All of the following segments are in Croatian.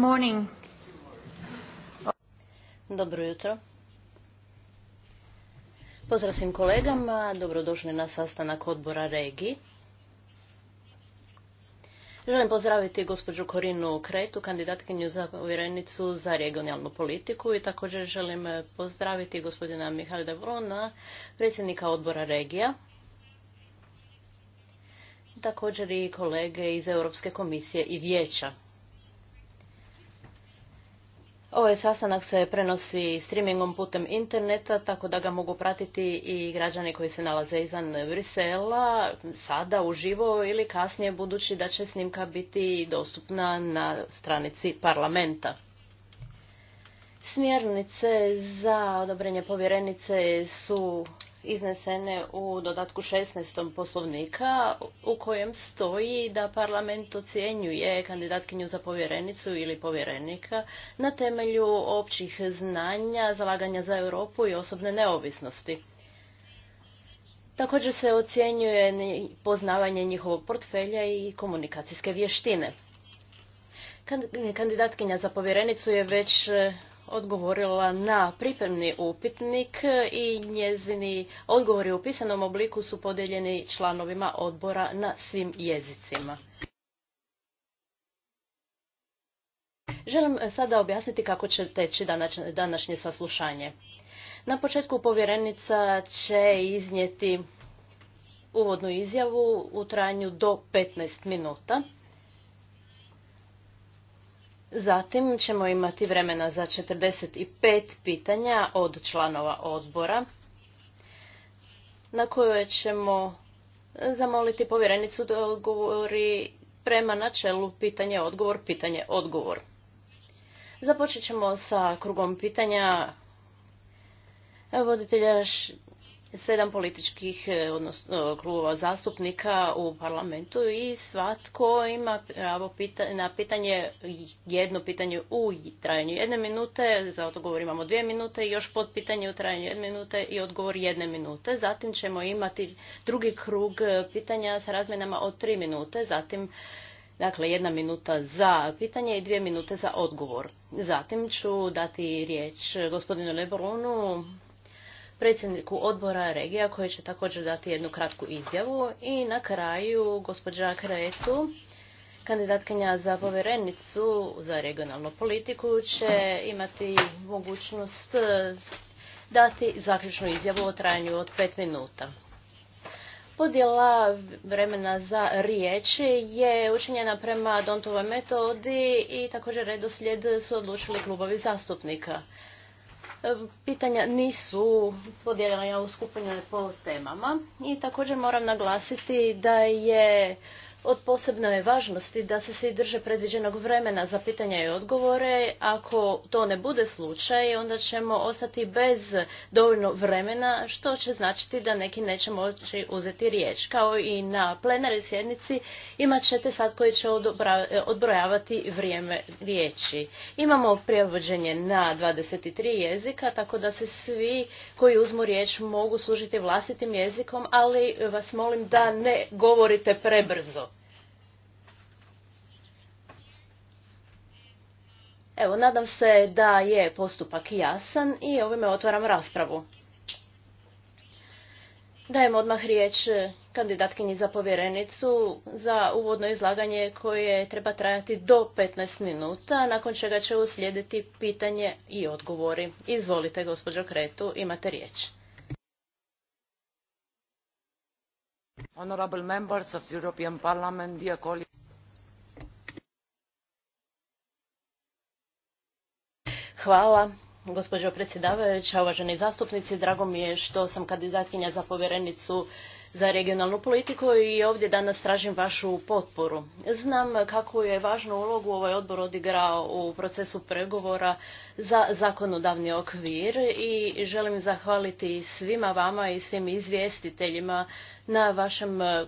morning. Dobro jutro. Pozdrav svim kolegama, dobrodošli na sastanak odbora Regi. Želim pozdraviti gospođu Korinu Kretu, kandidatkinju za povjerenicu za regionalnu politiku i također želim pozdraviti gospodina Mihajla Devrona, predsjednika odbora Regija također i kolege iz Europske komisije i vijeća. Ovaj sastanak se prenosi streamingom putem interneta, tako da ga mogu pratiti i građani koji se nalaze izvan Brisela, sada uživo ili kasnije, budući da će snimka biti dostupna na stranici parlamenta. Smjernice za odobrenje povjerenice su iznesene u dodatku 16. poslovnika u kojem stoji da parlament ocjenjuje kandidatkinju za povjerenicu ili povjerenika na temelju općih znanja, zalaganja za Europu i osobne neovisnosti. Također se ocjenjuje poznavanje njihovog portfelja i komunikacijske vještine. Kandidatkinja za povjerenicu je već odgovorila na pripremni upitnik i njezini odgovori u pisanom obliku su podeljeni članovima odbora na svim jezicima. Želim sada objasniti kako će teći današnje saslušanje. Na početku povjerenica će iznijeti uvodnu izjavu u trajanju do 15 minuta. Zatim ćemo imati vremena za 45 pitanja od članova odbora na koje ćemo zamoliti povjerenicu da odgovori prema načelu pitanje odgovor pitanje odgovor. Započet ćemo sa krugom pitanja voditelja sedam političkih e, odnosno, klubova zastupnika u parlamentu i svatko ima pravo na pitanje, jedno pitanje u trajanju jedne minute, za odgovor imamo dvije minute i još pod pitanje u trajanju jedne minute i odgovor jedne minute. Zatim ćemo imati drugi krug e, pitanja sa razmenama od tri minute, zatim Dakle, jedna minuta za pitanje i dvije minute za odgovor. Zatim ću dati riječ gospodinu Lebronu, predsjedniku odbora regija koji će također dati jednu kratku izjavu i na kraju gospođa Kretu kandidatkinja za povjerenicu za regionalnu politiku će imati mogućnost dati zaključnu izjavu o trajanju od pet minuta. Podjela vremena za riječi je učinjena prema Dontovoj metodi i također redoslijed su odlučili klubovi zastupnika pitanja nisu podijeljena u skupine po temama i također moram naglasiti da je od posebne je važnosti da se svi drže predviđenog vremena za pitanja i odgovore. Ako to ne bude slučaj, onda ćemo ostati bez dovoljno vremena, što će značiti da neki neće moći uzeti riječ. Kao i na plenarnoj sjednici imat ćete sad koji će odbrojavati vrijeme riječi. Imamo prijevođenje na 23 jezika, tako da se svi koji uzmu riječ mogu služiti vlastitim jezikom, ali vas molim da ne govorite prebrzo. Evo, nadam se da je postupak jasan i ovime otvaram raspravu. Dajemo odmah riječ kandidatkinji za povjerenicu za uvodno izlaganje koje treba trajati do 15 minuta, nakon čega će uslijediti pitanje i odgovori. Izvolite, gospođo Kretu, imate riječ. Honorable members of the European Parliament, dear colleagues. Hvala. Gospođo predsjedavajuća, uvaženi zastupnici, drago mi je što sam kandidatkinja za povjerenicu za regionalnu politiku i ovdje danas tražim vašu potporu. Znam kako je važnu ulogu ovaj odbor odigrao u procesu pregovora za zakonodavni okvir i želim zahvaliti svima vama i svim izvjestiteljima na vašem eh,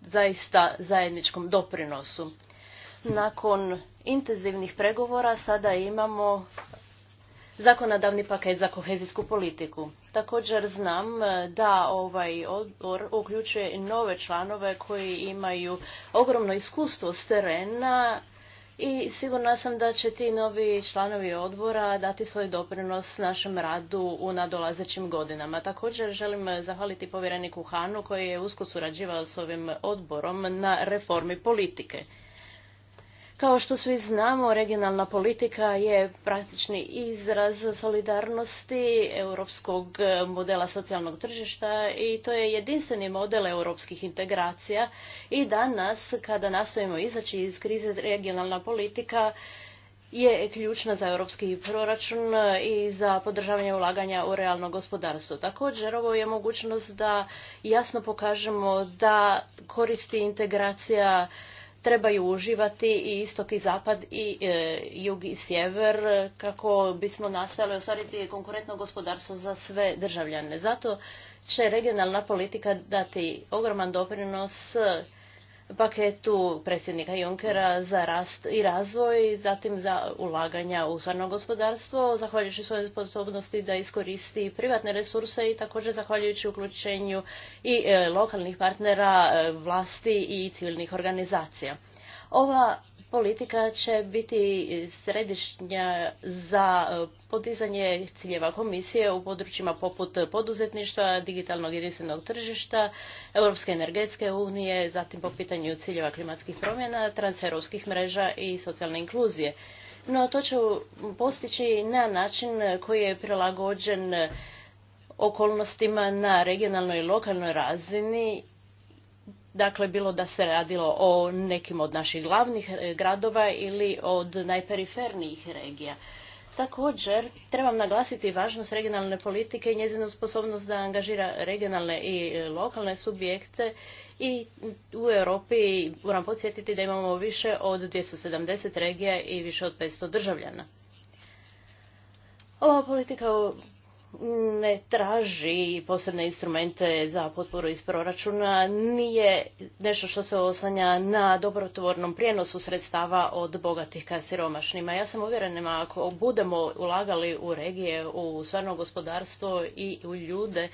zaista zajedničkom doprinosu. Nakon intenzivnih pregovora sada imamo zakonodavni paket za kohezijsku politiku. Također znam e, da ovaj odbor uključuje nove članove koji imaju ogromno iskustvo s terena i sigurna sam da će ti novi članovi odbora dati svoj doprinos našem radu u nadolazećim godinama. Također želim zahvaliti povjereniku Hanu koji je usko surađivao s ovim odborom na reformi politike. Kao što svi znamo, regionalna politika je praktični izraz solidarnosti europskog modela socijalnog tržišta i to je jedinstveni model europskih integracija i danas kada nastojimo izaći iz krize regionalna politika je ključna za europski proračun i za podržavanje ulaganja u realno gospodarstvo. Također, ovo je mogućnost da jasno pokažemo da koristi integracija trebaju uživati i istok i zapad i e, jug i sjever kako bismo nastojali ostvariti konkurentno gospodarstvo za sve državljane. Zato će regionalna politika dati ogroman doprinos paketu predsjednika Junckera za rast i razvoj, zatim za ulaganja u stvarno gospodarstvo, zahvaljujući svojoj sposobnosti da iskoristi privatne resurse i također zahvaljujući uključenju i e, lokalnih partnera, e, vlasti i civilnih organizacija. Ova politika će biti središnja za podizanje ciljeva komisije u područjima poput poduzetništva, digitalnog jedinstvenog tržišta, Europske energetske unije, zatim po pitanju ciljeva klimatskih promjena, transeuropskih mreža i socijalne inkluzije. No to će postići na način koji je prilagođen okolnostima na regionalnoj i lokalnoj razini Dakle, bilo da se radilo o nekim od naših glavnih e, gradova ili od najperifernijih regija. Također, trebam naglasiti važnost regionalne politike i njezinu sposobnost da angažira regionalne i e, lokalne subjekte i u Europi moram podsjetiti da imamo više od 270 regija i više od 500 državljana. Ova politika ne traži posebne instrumente za potporu iz proračuna, nije nešto što se oslanja na dobrotvornom prijenosu sredstava od bogatih ka siromašnima. Ja sam uvjerena ako budemo ulagali u regije, u stvarno gospodarstvo i u ljude,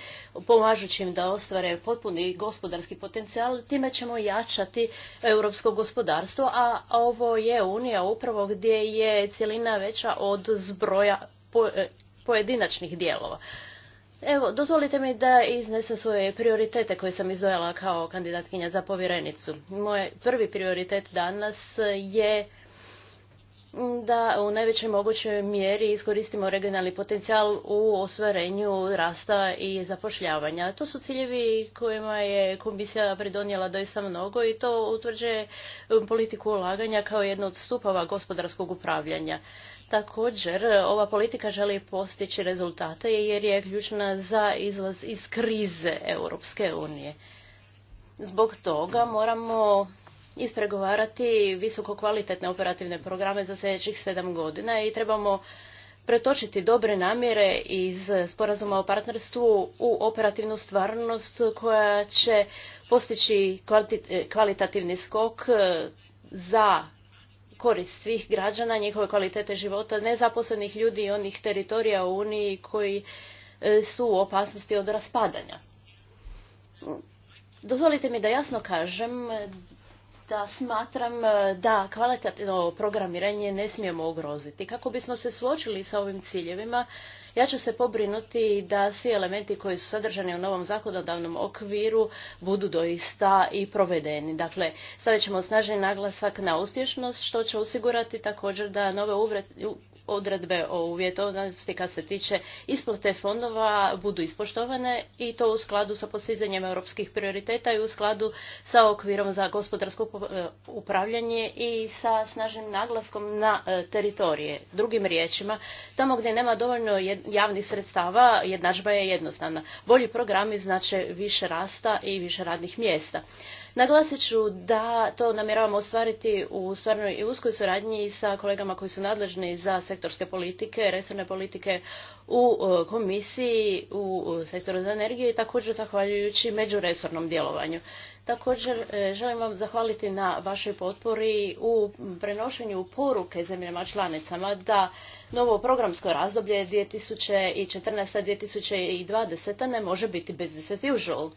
pomažući im da ostvare potpuni gospodarski potencijal, time ćemo jačati europsko gospodarstvo, a ovo je Unija upravo gdje je cjelina veća od zbroja pojedinačnih dijelova. Evo, dozvolite mi da iznesem svoje prioritete koje sam izvojala kao kandidatkinja za povjerenicu. Moj prvi prioritet danas je da u najvećoj mogućoj mjeri iskoristimo regionalni potencijal u ostvarenju rasta i zapošljavanja. To su ciljevi kojima je komisija pridonijela doista mnogo i to utvrđuje politiku ulaganja kao jednu od stupova gospodarskog upravljanja. Također, ova politika želi postići rezultate jer je ključna za izlaz iz krize Europske unije. Zbog toga moramo ispregovarati visoko kvalitetne operativne programe za sljedećih sedam godina i trebamo pretočiti dobre namjere iz sporazuma o partnerstvu u operativnu stvarnost koja će postići kvalitativni skok za korist svih građana, njihove kvalitete života, nezaposlenih ljudi i onih teritorija u Uniji koji e, su u opasnosti od raspadanja. Dozvolite mi da jasno kažem da smatram e, da kvalitativno programiranje ne smijemo ugroziti. Kako bismo se suočili sa ovim ciljevima, ja ću se pobrinuti da svi elementi koji su sadržani u novom zakonodavnom okviru budu doista i provedeni. Dakle, stavit ćemo snažni naglasak na uspješnost, što će osigurati također da nove odredbe o uvjetovanosti kad se tiče isplate fondova budu ispoštovane i to u skladu sa postizanjem europskih prioriteta i u skladu sa okvirom za gospodarsko e, upravljanje i sa snažnim naglaskom na e, teritorije. Drugim riječima, tamo gdje nema dovoljno javnih sredstava, jednadžba je jednostavna. Bolji programi znače više rasta i više radnih mjesta. Naglasit ću da to namjeravamo ostvariti u stvarnoj i uskoj suradnji sa kolegama koji su nadležni za sektorske politike, resorne politike u e, komisiji, u sektoru za energiju i također zahvaljujući međuresornom djelovanju. Također e, želim vam zahvaliti na vašoj potpori u prenošenju poruke zemljama članicama da novo programsko razdoblje 2014-2020 ne može biti bez as usual.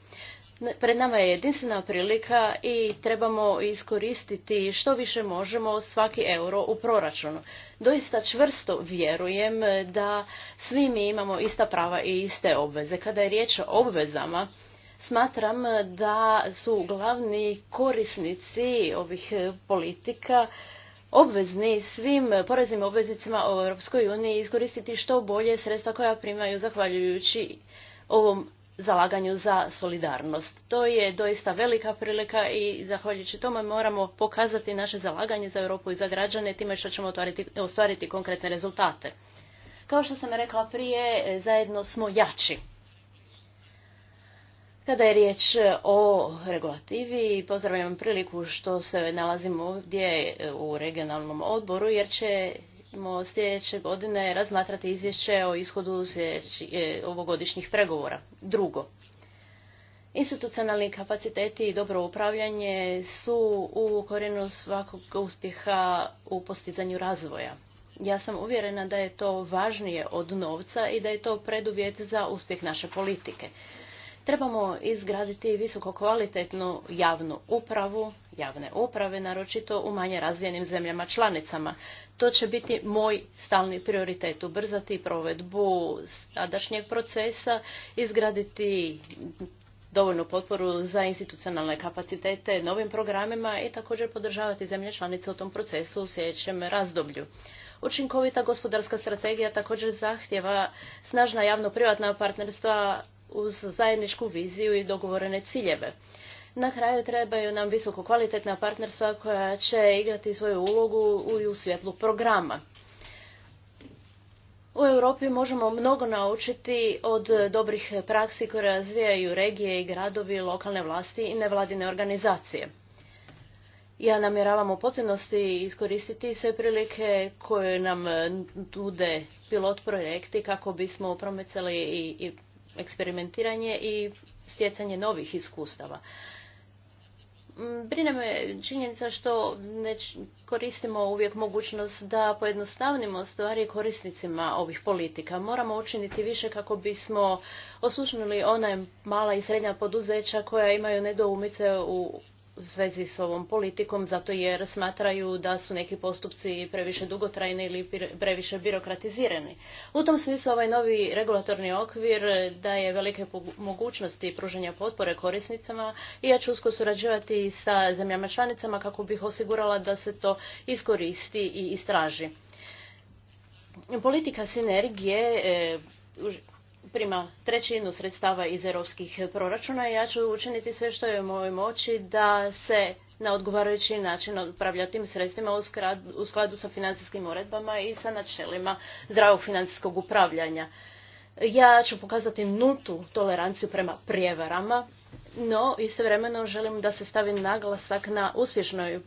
Pred nama je jedinstvena prilika i trebamo iskoristiti što više možemo svaki euro u proračunu. Doista čvrsto vjerujem da svi mi imamo ista prava i iste obveze. Kada je riječ o obvezama, smatram da su glavni korisnici ovih politika obvezni svim poreznim obveznicima u Europskoj uniji iskoristiti što bolje sredstva koja primaju zahvaljujući ovom zalaganju za solidarnost. To je doista velika prilika i zahvaljujući tome moramo pokazati naše zalaganje za Europu i za građane time što ćemo ostvariti konkretne rezultate. Kao što sam rekla prije, zajedno smo jači. Kada je riječ o regulativi, pozdravljam priliku što se nalazimo ovdje u regionalnom odboru, jer će ćemo sljedeće godine razmatrati izvješće o ishodu e, ovogodišnjih pregovora. Drugo, institucionalni kapaciteti i dobro upravljanje su u korijenu svakog uspjeha u postizanju razvoja. Ja sam uvjerena da je to važnije od novca i da je to preduvjet za uspjeh naše politike. Trebamo izgraditi visoko kvalitetnu javnu upravu, javne uprave, naročito u manje razvijenim zemljama članicama. To će biti moj stalni prioritet, ubrzati provedbu sadašnjeg procesa, izgraditi dovoljnu potporu za institucionalne kapacitete novim programima i također podržavati zemlje članice u tom procesu u sljedećem razdoblju. Učinkovita gospodarska strategija također zahtjeva snažna javno-privatna partnerstva uz zajedničku viziju i dogovorene ciljeve. Na kraju trebaju nam visoko kvalitetna partnerstva koja će igrati svoju ulogu i u svjetlu programa. U Europi možemo mnogo naučiti od dobrih praksi koje razvijaju regije i gradovi, lokalne vlasti i nevladine organizacije. Ja namjeravam u potpunosti iskoristiti sve prilike koje nam nude pilot projekti kako bismo promicali i eksperimentiranje i stjecanje novih iskustava. Mm, Brine me činjenica što ne koristimo uvijek mogućnost da pojednostavnimo stvari korisnicima ovih politika. Moramo učiniti više kako bismo osušnili ona mala i srednja poduzeća koja imaju nedoumice u svezi s ovom politikom zato jer smatraju da su neki postupci previše dugotrajni ili previše birokratizirani. U tom smislu ovaj novi regulatorni okvir daje velike mogućnosti pružanja potpore korisnicama i ja ću usko surađivati sa zemljama članicama kako bih osigurala da se to iskoristi i istraži. Politika sinergije e, prima trećinu sredstava iz europskih proračuna i ja ću učiniti sve što je u mojoj moći da se na odgovarajući način upravlja tim sredstvima u skladu sa financijskim uredbama i sa načelima zdravog financijskog upravljanja. Ja ću pokazati nultu toleranciju prema prijevarama, no istovremeno želim da se stavi naglasak na uspješnoj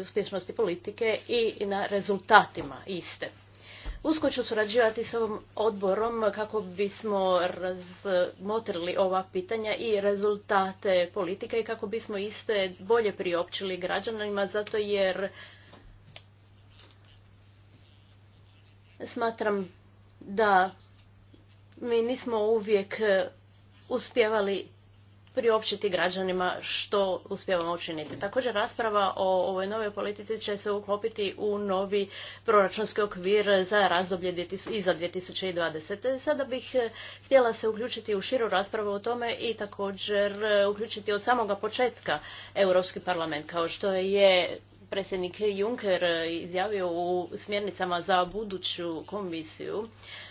uspješnosti politike i na rezultatima iste. Usko ću surađivati s ovom odborom kako bismo razmotrili ova pitanja i rezultate politike i kako bismo iste bolje priopćili građanima zato jer smatram da mi nismo uvijek uspjevali priopćiti građanima što uspijevamo učiniti. Također rasprava o ovoj novoj politici će se uklopiti u novi proračunski okvir za razdoblje iza 2020. Sada bih eh, htjela se uključiti u širu raspravu o tome i također eh, uključiti od samoga početka Europski parlament kao što je predsjednik Juncker izjavio u smjernicama za buduću komisiju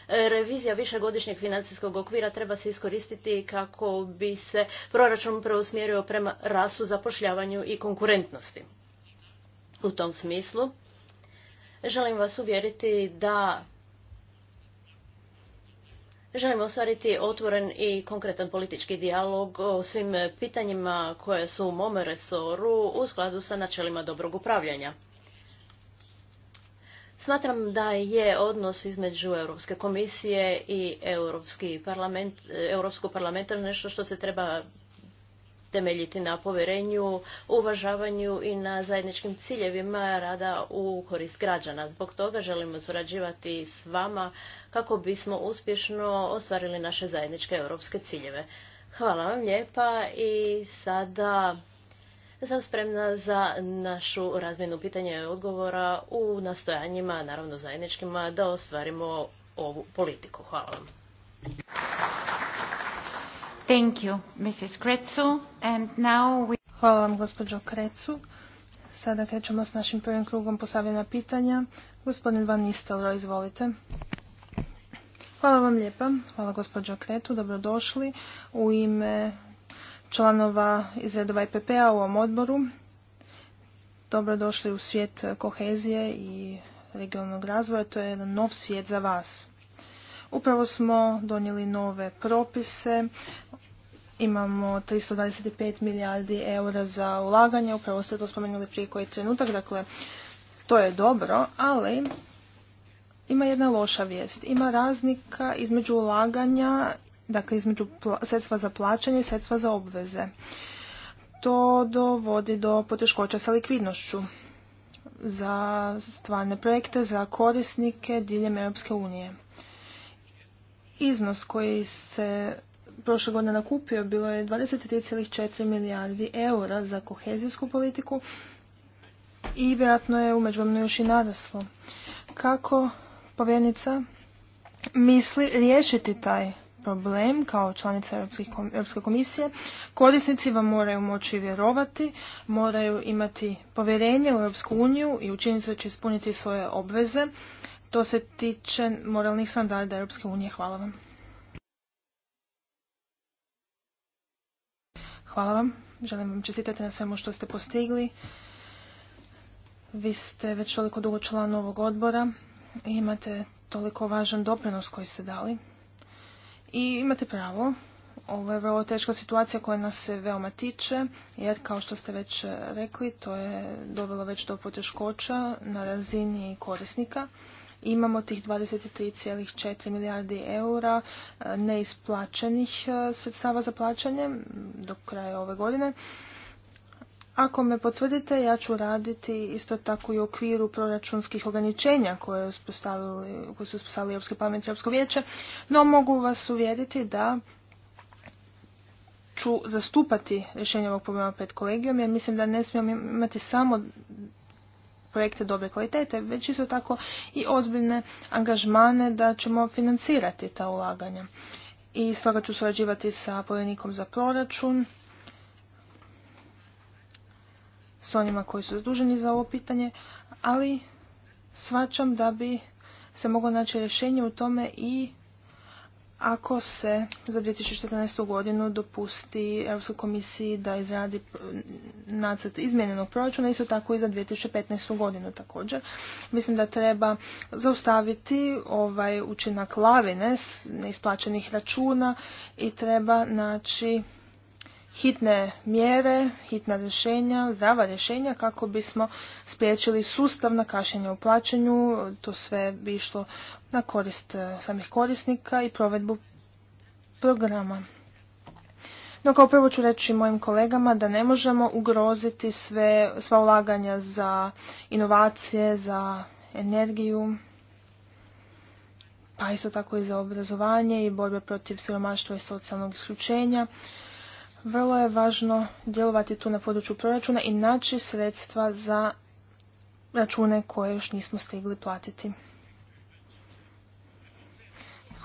Revizija višegodišnjeg financijskog okvira treba se iskoristiti kako bi se proračun preusmjerio prema rastu zapošljavanju i konkurentnosti. U tom smislu želim vas uvjeriti da želim ostvariti otvoren i konkretan politički dijalog o svim pitanjima koje su u mome resoru u skladu sa načelima dobrog upravljanja. Smatram da je odnos između Europske komisije i Europski parlament, Europskog parlamenta nešto što se treba temeljiti na povjerenju, uvažavanju i na zajedničkim ciljevima rada u korist građana. Zbog toga želimo surađivati s vama kako bismo uspješno ostvarili naše zajedničke europske ciljeve. Hvala vam lijepa i sada sam spremna za našu razmjenu pitanja i odgovora u nastojanjima, naravno zajedničkima, da ostvarimo ovu politiku. Hvala vam. Thank Hvala vam, gospođo Krecu. Sada krećemo s našim prvim krugom postavljena pitanja. Gospodin Van Nistelro, izvolite. Hvala vam lijepa. Hvala gospođo Kretu. Dobrodošli u ime članova iz redova IPP-a u ovom odboru. Dobro došli u svijet kohezije i regionalnog razvoja. To je jedan nov svijet za vas. Upravo smo donijeli nove propise. Imamo 325 milijardi eura za ulaganje. Upravo ste to spomenuli prije koji trenutak. Dakle, to je dobro, ali ima jedna loša vijest. Ima razlika između ulaganja dakle između sredstva za plaćanje i sredstva za obveze. To dovodi do poteškoća sa likvidnošću za stvarne projekte, za korisnike diljem Europske unije. Iznos koji se prošle godine nakupio bilo je 23,4 milijardi eura za kohezijsku politiku i vjerojatno je umeđuvremenu još i naraslo. Kako povjernica misli riješiti taj problem kao članica Europske komisije. Korisnici vam moraju moći vjerovati, moraju imati povjerenje u Europsku uniju i učiniti da će ispuniti svoje obveze. To se tiče moralnih standarda Europske unije. Hvala vam. Hvala vam. Želim vam čestitati na svemu što ste postigli. Vi ste već toliko dugo član ovog odbora i imate toliko važan doprinos koji ste dali. I imate pravo, ovo je vrlo teška situacija koja nas se veoma tiče, jer kao što ste već e, rekli, to je dovelo već do poteškoća na razini korisnika. Imamo tih 23,4 milijardi eura e, neisplaćenih e, sredstava za plaćanje do kraja ove godine ako me potvrdite, ja ću raditi isto tako i u okviru proračunskih ograničenja koje, koje su uspostavili Europski parlament i Europsko vijeće, no mogu vas uvjeriti da ću zastupati rješenje ovog problema pred kolegijom, jer mislim da ne smijemo imati samo projekte dobre kvalitete, već isto tako i ozbiljne angažmane da ćemo financirati ta ulaganja. I stoga ću surađivati sa povjerenikom za proračun, s onima koji su zaduženi za ovo pitanje, ali svačam da bi se moglo naći rješenje u tome i ako se za 2014. godinu dopusti Europskoj komisiji da izradi nacrt izmjenjenog proračuna, isto tako i za 2015. godinu također. Mislim da treba zaustaviti ovaj učinak lavine neisplaćenih računa i treba naći hitne mjere, hitna rješenja, zdrava rješenja kako bismo spriječili na kašenje u plaćanju, to sve bi išlo na korist eh, samih korisnika i provedbu programa. No kao prvo ću reći mojim kolegama da ne možemo ugroziti sve, sva ulaganja za inovacije, za energiju, pa isto tako i za obrazovanje i borbe protiv siromaštva i socijalnog isključenja. Vrlo je važno djelovati tu na području proračuna i naći sredstva za račune koje još nismo stigli platiti.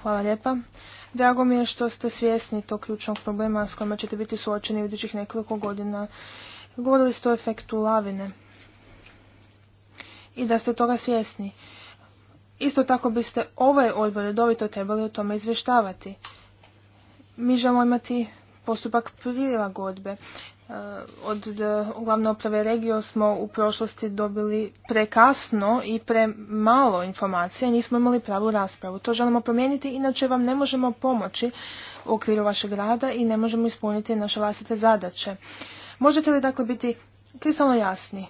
Hvala lijepa. Drago mi je što ste svjesni tog ključnog problema s kojima ćete biti suočeni u idućih nekoliko godina. Govorili ste o efektu lavine i da ste toga svjesni. Isto tako biste ovaj odbor redovito trebali o tome izvještavati. Mi želimo imati postupak prilagodbe. E, od e, glavne uprave regio smo u prošlosti dobili prekasno i premalo informacija, nismo imali pravu raspravu. To želimo promijeniti, inače vam ne možemo pomoći u okviru vašeg rada i ne možemo ispuniti naše vlastite zadaće. Možete li dakle biti kristalno jasni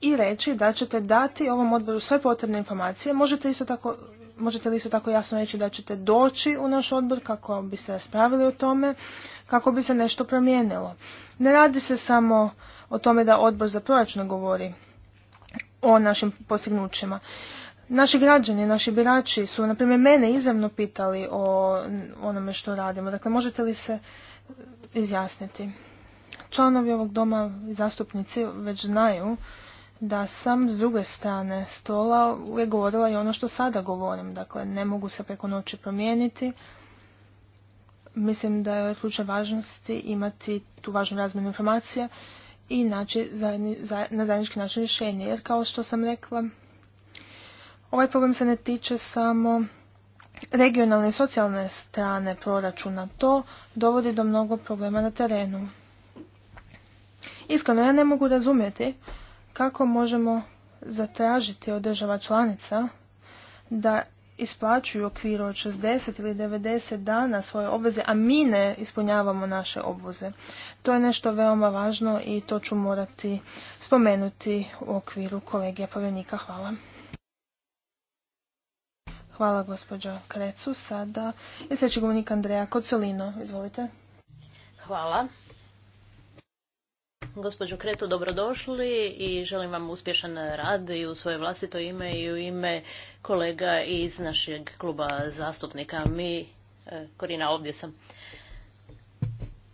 i reći da ćete dati ovom odboru sve potrebne informacije. Možete isto tako možete li isto tako jasno reći da ćete doći u naš odbor kako biste raspravili o tome, kako bi se nešto promijenilo. Ne radi se samo o tome da odbor za proračun govori o našim postignućima. Naši građani, naši birači su, na primjer, mene izravno pitali o onome što radimo. Dakle, možete li se izjasniti? Članovi ovog doma i zastupnici već znaju da sam s druge strane stola je govorila i ono što sada govorim. Dakle, ne mogu se preko noći promijeniti. Mislim da je ovaj slučaj važnosti imati tu važnu razmjenu informacija i naći na zajednički način rješenje. Jer kao što sam rekla, ovaj problem se ne tiče samo regionalne i socijalne strane proračuna. To dovodi do mnogo problema na terenu. Iskreno, ja ne mogu razumjeti kako možemo zatražiti od država članica da isplaćuju okviru od 60 ili 90 dana svoje obveze, a mi ne ispunjavamo naše obveze. To je nešto veoma važno i to ću morati spomenuti u okviru kolegija povjenika. Hvala. Hvala gospođo Krecu. Sada je sljedeći govornik Andreja Kocelino. Izvolite. Hvala. Gospođo Kreto, dobrodošli i želim vam uspješan rad i u svoje vlastito ime i u ime kolega iz našeg kluba zastupnika. Mi, e, Korina, ovdje sam.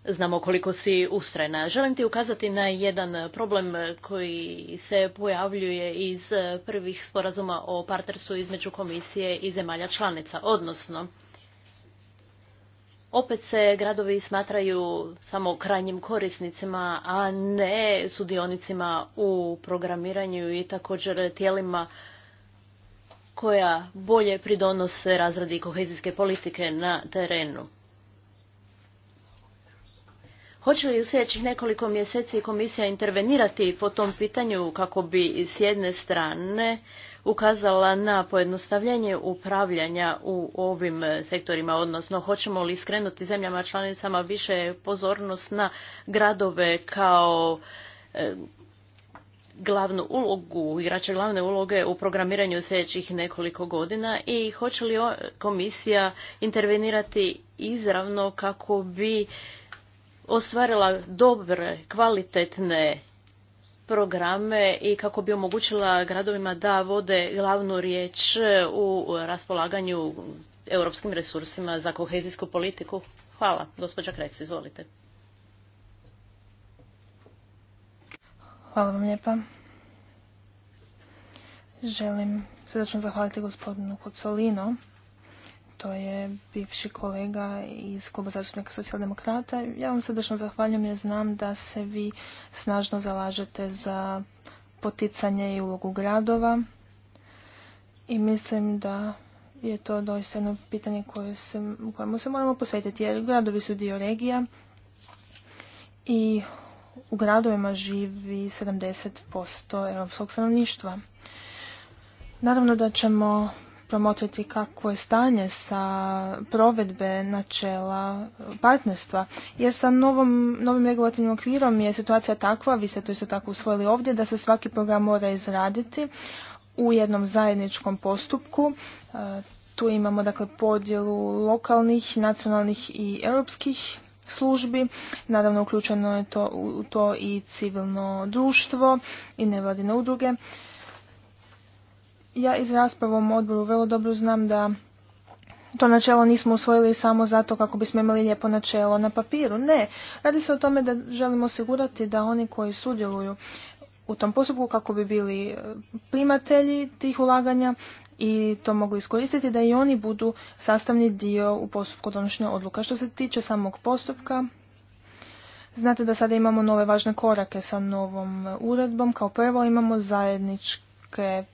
Znamo koliko si ustrajna. Želim ti ukazati na jedan problem koji se pojavljuje iz prvih sporazuma o partnerstvu između komisije i zemalja članica, odnosno opet se gradovi smatraju samo krajnjim korisnicima, a ne sudionicima u programiranju i također tijelima koja bolje pridonose razradi kohezijske politike na terenu. Hoće li u sljedećih nekoliko mjeseci komisija intervenirati po tom pitanju kako bi s jedne strane ukazala na pojednostavljenje upravljanja u ovim sektorima, odnosno hoćemo li skrenuti zemljama članicama više pozornost na gradove kao e, glavnu ulogu, igrače glavne uloge u programiranju sljedećih nekoliko godina i hoće li komisija intervenirati izravno kako bi ostvarila dobre, kvalitetne programe i kako bi omogućila gradovima da vode glavnu riječ u raspolaganju europskim resursima za kohezijsku politiku? Hvala. Gospođa Krec, izvolite. Hvala vam lijepa. Želim srdačno zahvaliti gospodinu Kocolino to je bivši kolega iz Kluba zastupnika socijaldemokrata. Ja vam srdečno zahvaljujem jer znam da se vi snažno zalažete za poticanje i ulogu gradova i mislim da je to doista jedno pitanje koje se, kojemu se moramo posvetiti jer gradovi su dio regija i u gradovima živi 70% europskog stanovništva. Naravno da ćemo promotriti kako je stanje sa provedbe načela partnerstva. Jer sa novom, novim regulativnim okvirom je situacija takva, vi ste to isto tako usvojili ovdje, da se svaki program mora izraditi u jednom zajedničkom postupku. E, tu imamo dakle podjelu lokalnih, nacionalnih i europskih službi. Naravno uključeno je to, u to i civilno društvo i nevladine udruge. Ja iz raspravom u odboru vrlo dobro znam da to načelo nismo usvojili samo zato kako bismo imali lijepo načelo na papiru. Ne, radi se o tome da želimo osigurati da oni koji sudjeluju u tom postupku kako bi bili e, primatelji tih ulaganja i to mogli iskoristiti da i oni budu sastavni dio u postupku donošenja odluka. Što se tiče samog postupka, znate da sada imamo nove važne korake sa novom uredbom. Kao prvo imamo zajedničke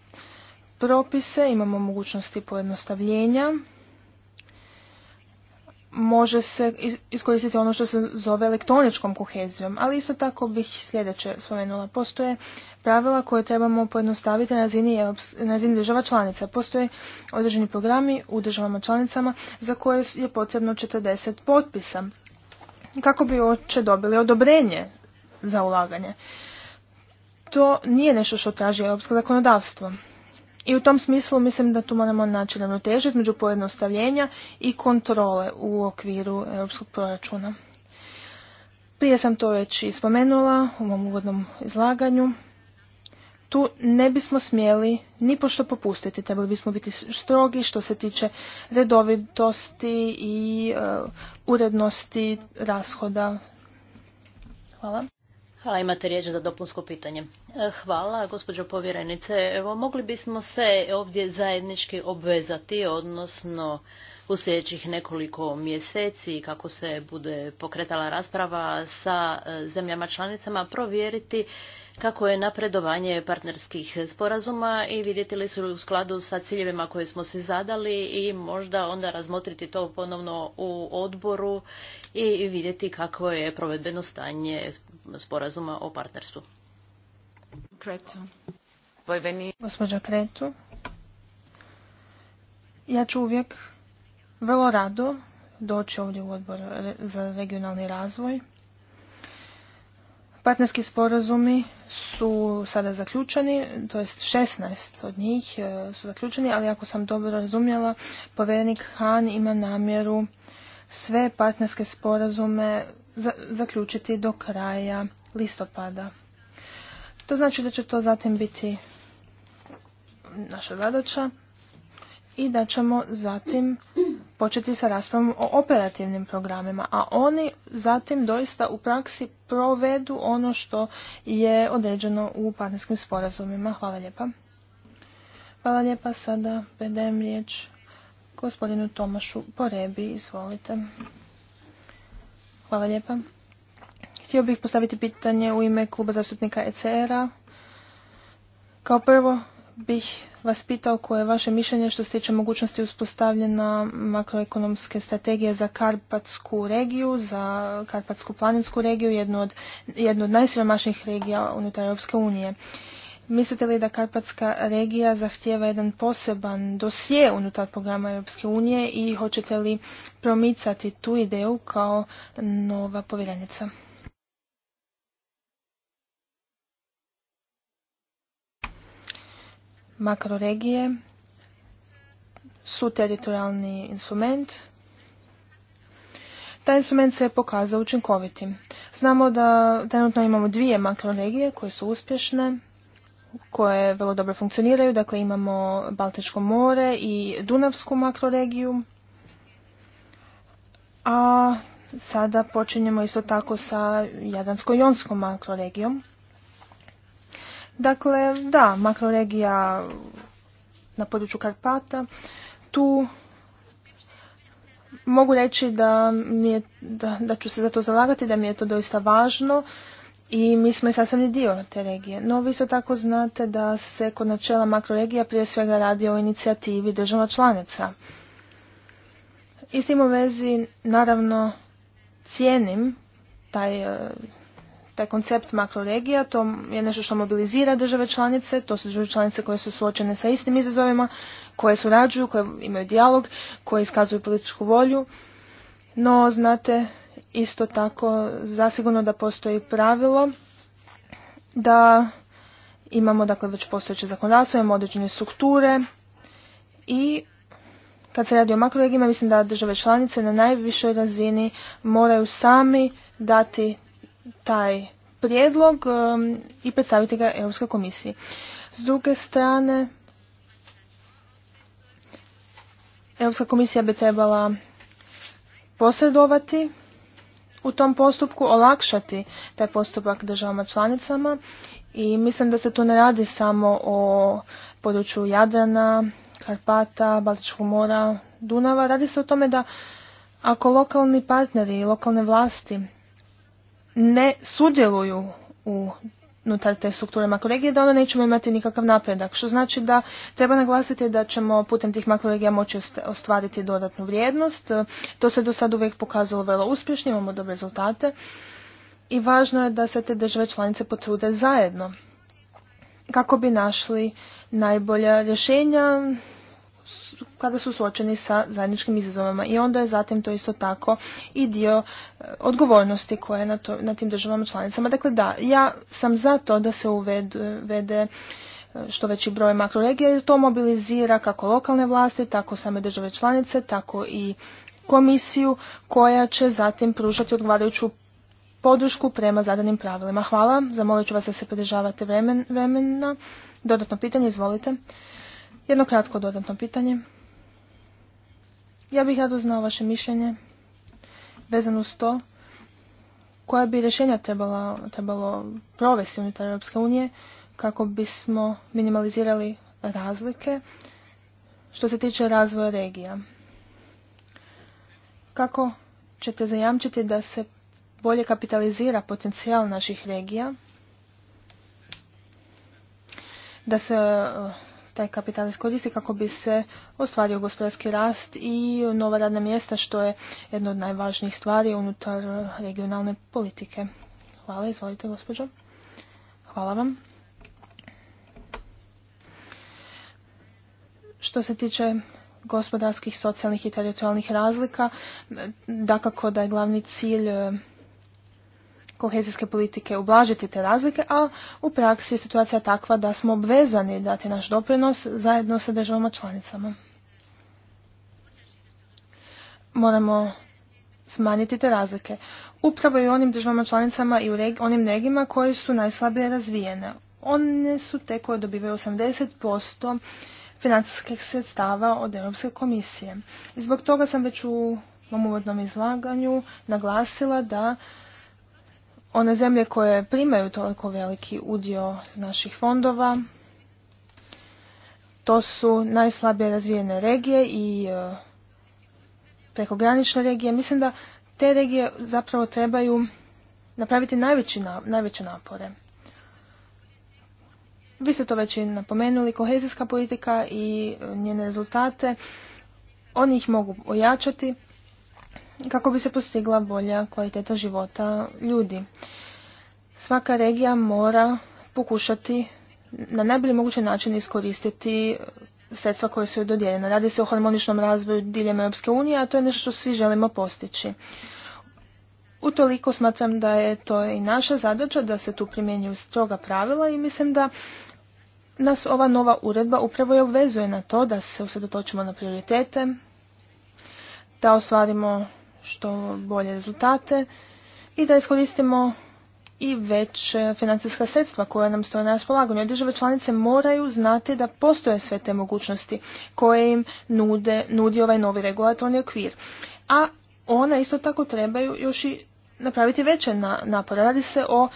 propise, imamo mogućnosti pojednostavljenja. Može se iskoristiti ono što se zove elektroničkom kohezijom, ali isto tako bih sljedeće spomenula. Postoje pravila koje trebamo pojednostaviti na razini, država članica. Postoje određeni programi u državama članicama za koje je potrebno 40 potpisa kako bi oče dobili odobrenje za ulaganje. To nije nešto što traži europsko zakonodavstvo. I u tom smislu mislim da tu moramo naći ravnotežu između pojednostavljenja i kontrole u okviru europskog proračuna. Prije sam to već i spomenula u mom uvodnom izlaganju. Tu ne bismo smjeli ni pošto popustiti, trebali bismo biti strogi što se tiče redovitosti i e, urednosti rashoda. Hvala. Hvala, imate riječ za dopunsko pitanje. E, hvala, gospođo povjerenice. Evo, mogli bismo se ovdje zajednički obvezati, odnosno u sljedećih nekoliko mjeseci, kako se bude pokretala rasprava sa e, zemljama članicama, provjeriti kako je napredovanje partnerskih sporazuma i vidjeti li su u skladu sa ciljevima koje smo si zadali i možda onda razmotriti to ponovno u odboru i vidjeti kako je provedbeno stanje sporazuma o partnerstvu. Gospođa Kretu, ja ću uvijek vrlo rado doći ovdje u odbor za regionalni razvoj. Partnerski sporazumi su sada zaključeni, to je 16 od njih e, su zaključeni, ali ako sam dobro razumjela, povjerenik Han ima namjeru sve partnerske sporazume zaključiti do kraja listopada. To znači da će to zatim biti naša zadaća i da ćemo zatim početi sa raspravom o operativnim programima, a oni zatim doista u praksi provedu ono što je određeno u partnerskim sporazumima. Hvala lijepa. Hvala lijepa, sada predajem riječ gospodinu Tomašu Porebi, izvolite. Hvala lijepa. Htio bih postaviti pitanje u ime kluba zastupnika ECR-a. Kao prvo bih vas pitao koje je vaše mišljenje što se tiče mogućnosti uspostavljena makroekonomske strategije za Karpatsku regiju, za Karpatsku planinsku regiju, jednu od, jednu od najsiromašnijih regija unutar Europske unije. Mislite li da Karpatska regija zahtjeva jedan poseban dosje unutar programa Europske unije i hoćete li promicati tu ideju kao nova povjerenica? Makroregije su teritorijalni instrument. Taj instrument se je pokazao učinkovitim. Znamo da trenutno imamo dvije makroregije koje su uspješne koje vrlo dobro funkcioniraju. Dakle, imamo Baltičko more i Dunavsku makroregiju. A sada počinjemo isto tako sa Jadransko-Jonskom makroregijom. Dakle, da, makroregija na području Karpata. Tu mogu reći da, da, da ću se za to zalagati, da mi je to doista važno i mi smo i sastavni dio te regije. No, vi isto tako znate da se kod načela makroregija prije svega radi o inicijativi država članica. I s tim u vezi, naravno, cijenim taj, e, taj koncept makroregija, to je nešto što mobilizira države članice, to su države članice koje su suočene sa istim izazovima, koje surađuju, koje imaju dijalog, koje iskazuju političku volju. No, znate, Isto tako, zasigurno da postoji pravilo da imamo dakle već postojeće zakonodavstvo, imamo određene strukture i kad se radi o makroregijima, mislim da države članice na najvišoj razini moraju sami dati taj prijedlog um, i predstaviti ga Europskoj komisiji. S druge strane, Europska komisija bi trebala posredovati u tom postupku olakšati taj postupak državama članicama i mislim da se tu ne radi samo o području Jadrana, Karpata, Baltičkog mora, Dunava. Radi se o tome da ako lokalni partneri i lokalne vlasti ne sudjeluju u unutar te strukture makroregije da onda nećemo imati nikakav napredak. Što znači da treba naglasiti da ćemo putem tih makroregija moći ostvariti dodatnu vrijednost. To se do sad uvijek pokazalo vrlo uspješno, imamo dobre rezultate i važno je da se te države članice potrude zajedno kako bi našli najbolja rješenja kada su suočeni sa zajedničkim izazovama i onda je zatim to isto tako i dio e, odgovornosti koja je na, na tim državama članicama. Dakle da, ja sam za to da se uvede e, što veći broj makroregija jer to mobilizira kako lokalne vlasti, tako same države članice, tako i komisiju koja će zatim pružati odgovarajuću podršku prema zadanim pravilima. Hvala, zamolit ću vas da se pridržavate vremena. Dodatno pitanje, izvolite. Jedno kratko dodatno pitanje. Ja bih rado znao vaše mišljenje vezano uz to koja bi rješenja trebalo provesti unutar Europske unije kako bismo minimalizirali razlike što se tiče razvoja regija. Kako ćete zajamčiti da se bolje kapitalizira potencijal naših regija, da se taj kapital iskoristi kako bi se ostvario gospodarski rast i nova radna mjesta što je jedna od najvažnijih stvari unutar regionalne politike. Hvala, izvolite gospođo. Hvala vam. Što se tiče gospodarskih, socijalnih i teritorijalnih razlika, dakako da je glavni cilj kohezijske politike ublažiti te razlike, a u praksi je situacija takva da smo obvezani dati naš doprinos zajedno sa državama članicama. Moramo smanjiti te razlike. Upravo i u onim državama članicama i u onim regijima koji su najslabije razvijene. One su te koje dobivaju 80% financijskih sredstava od Europske komisije. I zbog toga sam već u mom uvodnom izlaganju naglasila da one zemlje koje primaju toliko veliki udio naših fondova, to su najslabije razvijene regije i e, prekogranične regije. Mislim da te regije zapravo trebaju napraviti najveće napore. Vi ste to već i napomenuli, kohezijska politika i e, njene rezultate, oni ih mogu ojačati, kako bi se postigla bolja kvaliteta života ljudi. Svaka regija mora pokušati na najbolji mogući način iskoristiti sredstva koje su joj dodijeljena. Radi se o harmoničnom razvoju diljem Europske unije, a to je nešto što svi želimo postići. Utoliko smatram da je to i naša zadaća da se tu primjenjuju stroga pravila i mislim da nas ova nova uredba upravo je obvezuje na to da se usredotočimo na prioritete, da ostvarimo što bolje rezultate i da iskoristimo i već financijska sredstva koja nam stoje na raspolaganju. Države članice moraju znati da postoje sve te mogućnosti koje im nude, nudi ovaj novi regulatorni okvir. A one isto tako trebaju još i napraviti veće napore. Radi se o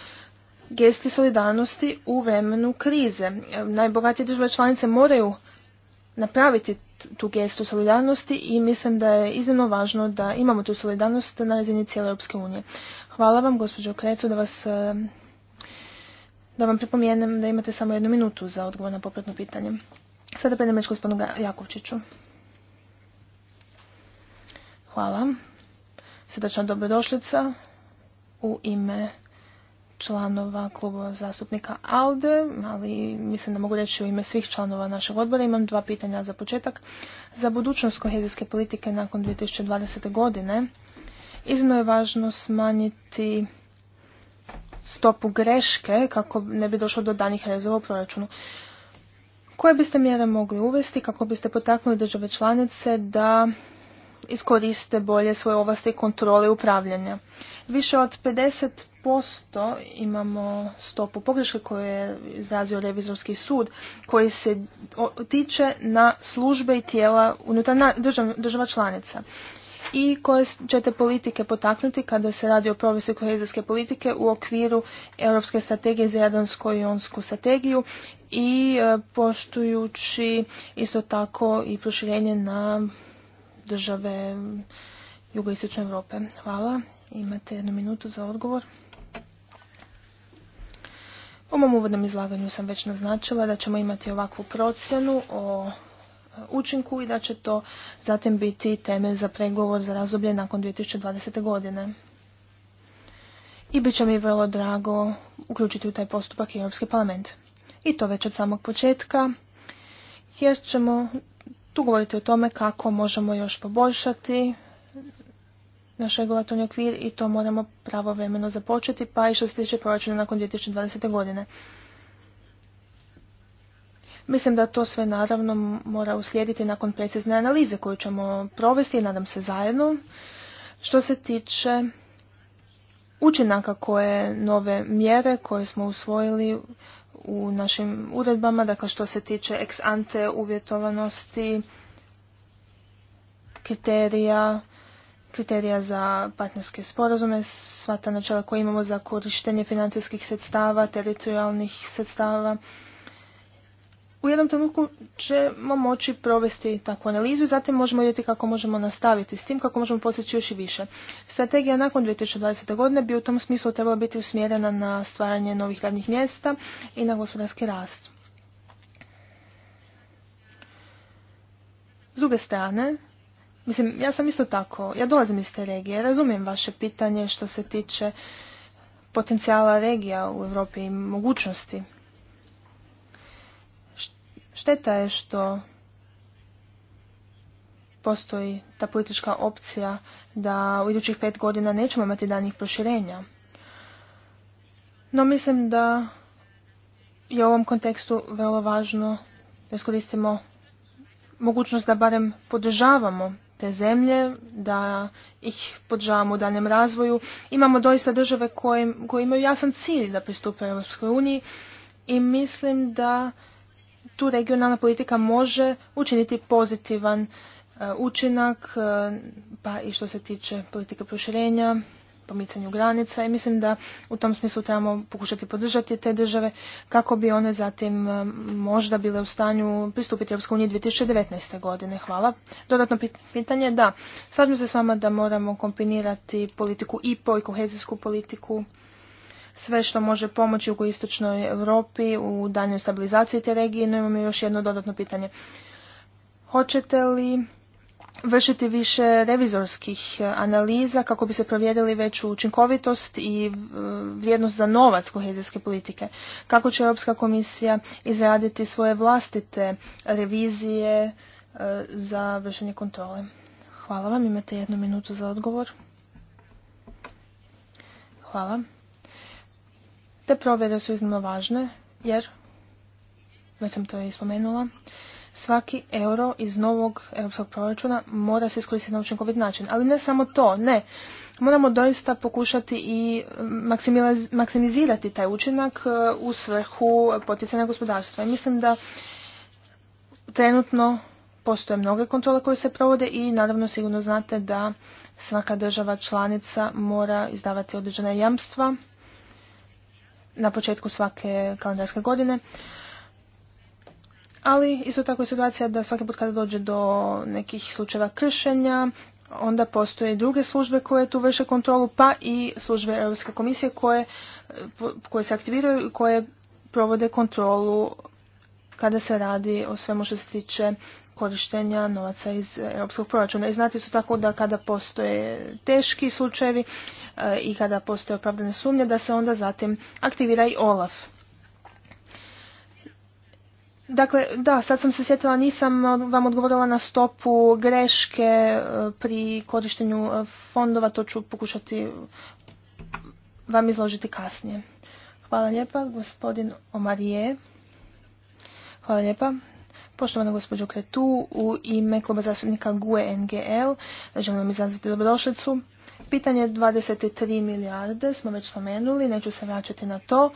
gesti solidarnosti u vremenu krize. Najbogatije države članice moraju napraviti tu gestu solidarnosti i mislim da je iznimno važno da imamo tu solidarnost na razini cijele Europske unije. Hvala vam, gospođo Krecu, da vas eh, da vam pripomijenem da imate samo jednu minutu za odgovor na popratno pitanje. Sada predem reći gospodinu Jakovčiću. Hvala. Srdačna dobrodošlica u ime članova klubova zastupnika ALDE, ali mislim da mogu reći u ime svih članova našeg odbora. Imam dva pitanja za početak. Za budućnost kohezijske politike nakon 2020. godine iznimno je važno smanjiti stopu greške kako ne bi došlo do danih rezova u proračunu. Koje biste mjere mogli uvesti kako biste potaknuli države članice da iskoriste bolje svoje ovlasti kontrole upravljanja. Više od 50% imamo stopu pogreške koju je izrazio revizorski sud koji se tiče na službe i tijela unutar država članica i koje ćete politike potaknuti kada se radi o provisu kohezijske politike u okviru Europske strategije za Jadansko i Jonsku strategiju i e, poštujući isto tako i proširenje na države jugoistočne Europe. Hvala. Imate jednu minutu za odgovor. U mom uvodnom izlaganju sam već naznačila da ćemo imati ovakvu procjenu o e, učinku i da će to zatim biti temelj za pregovor za razdoblje nakon 2020. godine. I bit će mi vrlo drago uključiti u taj postupak i Europski parlament. I to već od samog početka, jer ćemo tu govorite o tome kako možemo još poboljšati naš regulatorni okvir i to moramo pravovremeno započeti, pa i što se tiče proračuna nakon 2020. godine. Mislim da to sve naravno mora uslijediti nakon precizne analize koju ćemo provesti, nadam se zajedno. Što se tiče učinaka koje nove mjere koje smo usvojili u našim uredbama, dakle što se tiče ex ante uvjetovanosti, kriterija, kriterija za partnerske sporazume, svata načela koja imamo za korištenje financijskih sredstava, teritorijalnih sredstava, u jednom trenutku ćemo moći provesti takvu analizu i zatim možemo vidjeti kako možemo nastaviti s tim, kako možemo postići još i više. Strategija nakon 2020. godine bi u tom smislu trebala biti usmjerena na stvaranje novih radnih mjesta i na gospodarski rast. S druge strane, mislim, ja sam isto tako, ja dolazim iz te regije, razumijem vaše pitanje što se tiče potencijala regija u Europi i mogućnosti Šteta je što postoji ta politička opcija da u idućih pet godina nećemo imati danih proširenja. No mislim da je u ovom kontekstu vrlo važno da iskoristimo mogućnost da barem podržavamo te zemlje, da ih podržavamo u daljem razvoju. Imamo doista države koje, imaju jasan cilj da pristupe Europskoj uniji i mislim da tu regionalna politika može učiniti pozitivan e, učinak, e, pa i što se tiče politike proširenja, pomicanju granica i mislim da u tom smislu trebamo pokušati podržati te države kako bi one zatim e, možda bile u stanju pristupiti Europsku uniji 2019. godine. Hvala. Dodatno pitanje, da, slažem se s vama da moramo kombinirati politiku IPO i kohezijsku politiku sve što može pomoći u istočnoj Europi u daljnjoj stabilizaciji te regije. No imamo još jedno dodatno pitanje. Hoćete li vršiti više revizorskih eh, analiza kako bi se provjerili veću učinkovitost i eh, vrijednost za novac kohezijske politike. Kako će Europska komisija izraditi svoje vlastite revizije eh, za vršenje kontrole? Hvala vam, imate jednu minutu za odgovor. Hvala. Te provjere su iznimno važne jer, već sam to i spomenula, svaki euro iz novog europskog proračuna mora se iskoristiti na učinkovit način. Ali ne samo to, ne. Moramo doista pokušati i mm, maksimizirati taj učinak e, u svrhu poticanja gospodarstva. I mislim da trenutno postoje mnoge kontrole koje se provode i naravno sigurno znate da svaka država članica mora izdavati određene jamstva na početku svake kalendarske godine. Ali isto tako je situacija da svaki put kada dođe do nekih slučajeva kršenja, onda postoje druge službe koje tu vrše kontrolu, pa i službe Europske komisije koje, koje se aktiviraju i koje provode kontrolu kada se radi o svemu što se tiče korištenja novaca iz europskog proračuna. I znate su tako da kada postoje teški slučajevi e, i kada postoje opravdane sumnje da se onda zatim aktivira i OLAF. Dakle, da, sad sam se sjetila, nisam vam odgovorila na stopu greške e, pri korištenju e, fondova, to ću pokušati vam izložiti kasnije. Hvala lijepa, gospodin Omarije. Hvala lijepa. Poštovana gospođo Kretu, u ime kluba zastupnika GUE NGL želim vam izraziti dobrodošlicu. Pitanje 23 milijarde smo već spomenuli, neću se vraćati na to.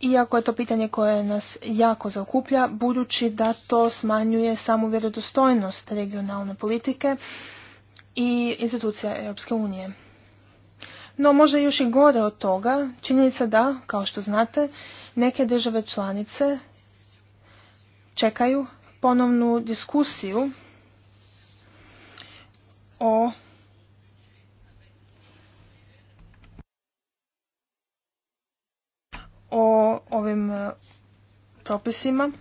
Iako je to pitanje koje nas jako zaokuplja, budući da to smanjuje samu vjerodostojnost regionalne politike i institucija Europske unije. No možda još i gore od toga, činjenica da, kao što znate, neke države članice čekaju ponovnu diskusiju o o ovim e, propisima.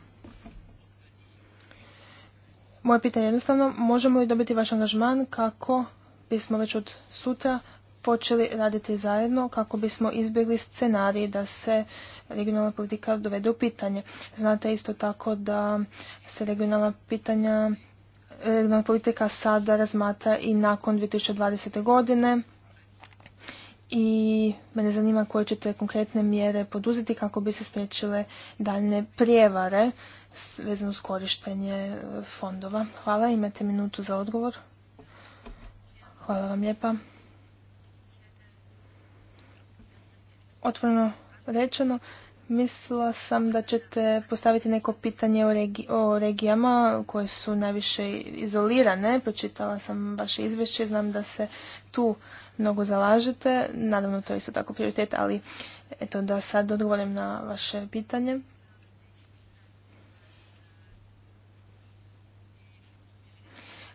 Moje pitanje je jednostavno, možemo li dobiti vaš angažman kako bismo već od sutra počeli raditi zajedno kako bismo izbjegli scenarij da se regionalna politika dovede u pitanje. Znate isto tako da se regionalna pitanja regionalna politika sada razmatra i nakon 2020. godine i mene zanima koje ćete konkretne mjere poduzeti kako bi se spriječile daljne prijevare vezano s korištenje e, fondova. Hvala, imate minutu za odgovor. Hvala vam lijepa. otvoreno rečeno, mislila sam da ćete postaviti neko pitanje o, o regijama koje su najviše izolirane. Pročitala sam vaše izvješće, znam da se tu mnogo zalažete. Naravno, to je isto tako prioritet, ali eto da sad odgovorim na vaše pitanje.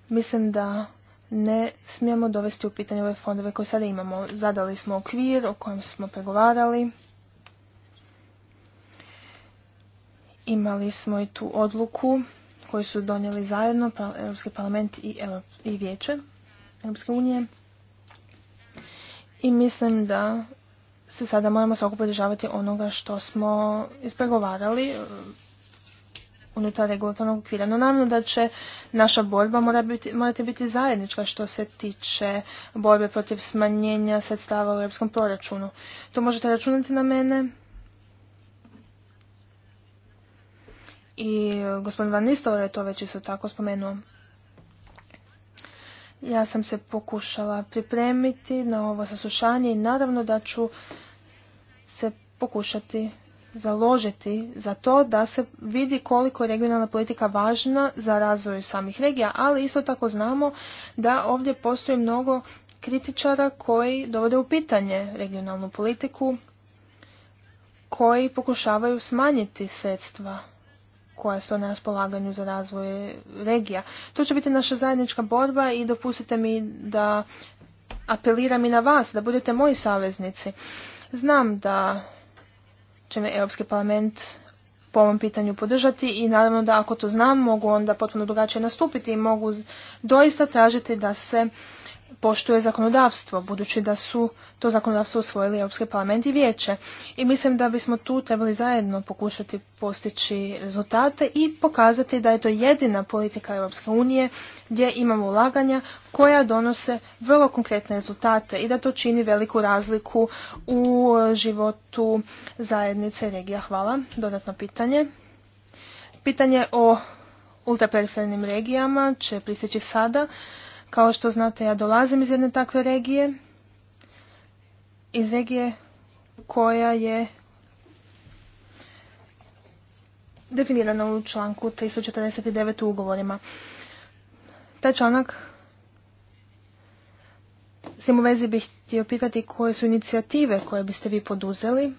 Mislim da ne smijemo dovesti u pitanje ove fondove koje sada imamo. Zadali smo okvir o kojem smo pregovarali. Imali smo i tu odluku koju su donijeli zajedno Europski parlament i, i vijeće Europske unije. I mislim da se sada moramo svako podržavati onoga što smo ispregovarali unutar regulatornog okvira. No naravno da će naša borba mora morati biti zajednička što se tiče borbe protiv smanjenja sredstava u europskom proračunu. To možete računati na mene. I eh, gospodin Van Nistelor je to već isto tako spomenuo. Ja sam se pokušala pripremiti na ovo saslušanje i naravno da ću se pokušati založiti za to da se vidi koliko je regionalna politika važna za razvoj samih regija, ali isto tako znamo da ovdje postoji mnogo kritičara koji dovode u pitanje regionalnu politiku, koji pokušavaju smanjiti sredstva koja su na raspolaganju za razvoj regija. To će biti naša zajednička borba i dopustite mi da apeliram i na vas, da budete moji saveznici. Znam da će me Europski parlament po ovom pitanju podržati i naravno da ako to znam mogu onda potpuno drugačije nastupiti i mogu doista tražiti da se poštuje zakonodavstvo, budući da su to zakonodavstvo usvojili Europski parlament i vijeće. I mislim da bismo tu trebali zajedno pokušati postići rezultate i pokazati da je to jedina politika Europske unije gdje imamo ulaganja koja donose vrlo konkretne rezultate i da to čini veliku razliku u životu zajednice regija. Hvala. Dodatno pitanje. Pitanje o ultraperifernim regijama će pristići sada. Kao što znate, ja dolazim iz jedne takve regije, iz regije koja je definirana u članku 349 u ugovorima. Taj članak s tim u vezi bih htio pitati koje su inicijative koje biste vi poduzeli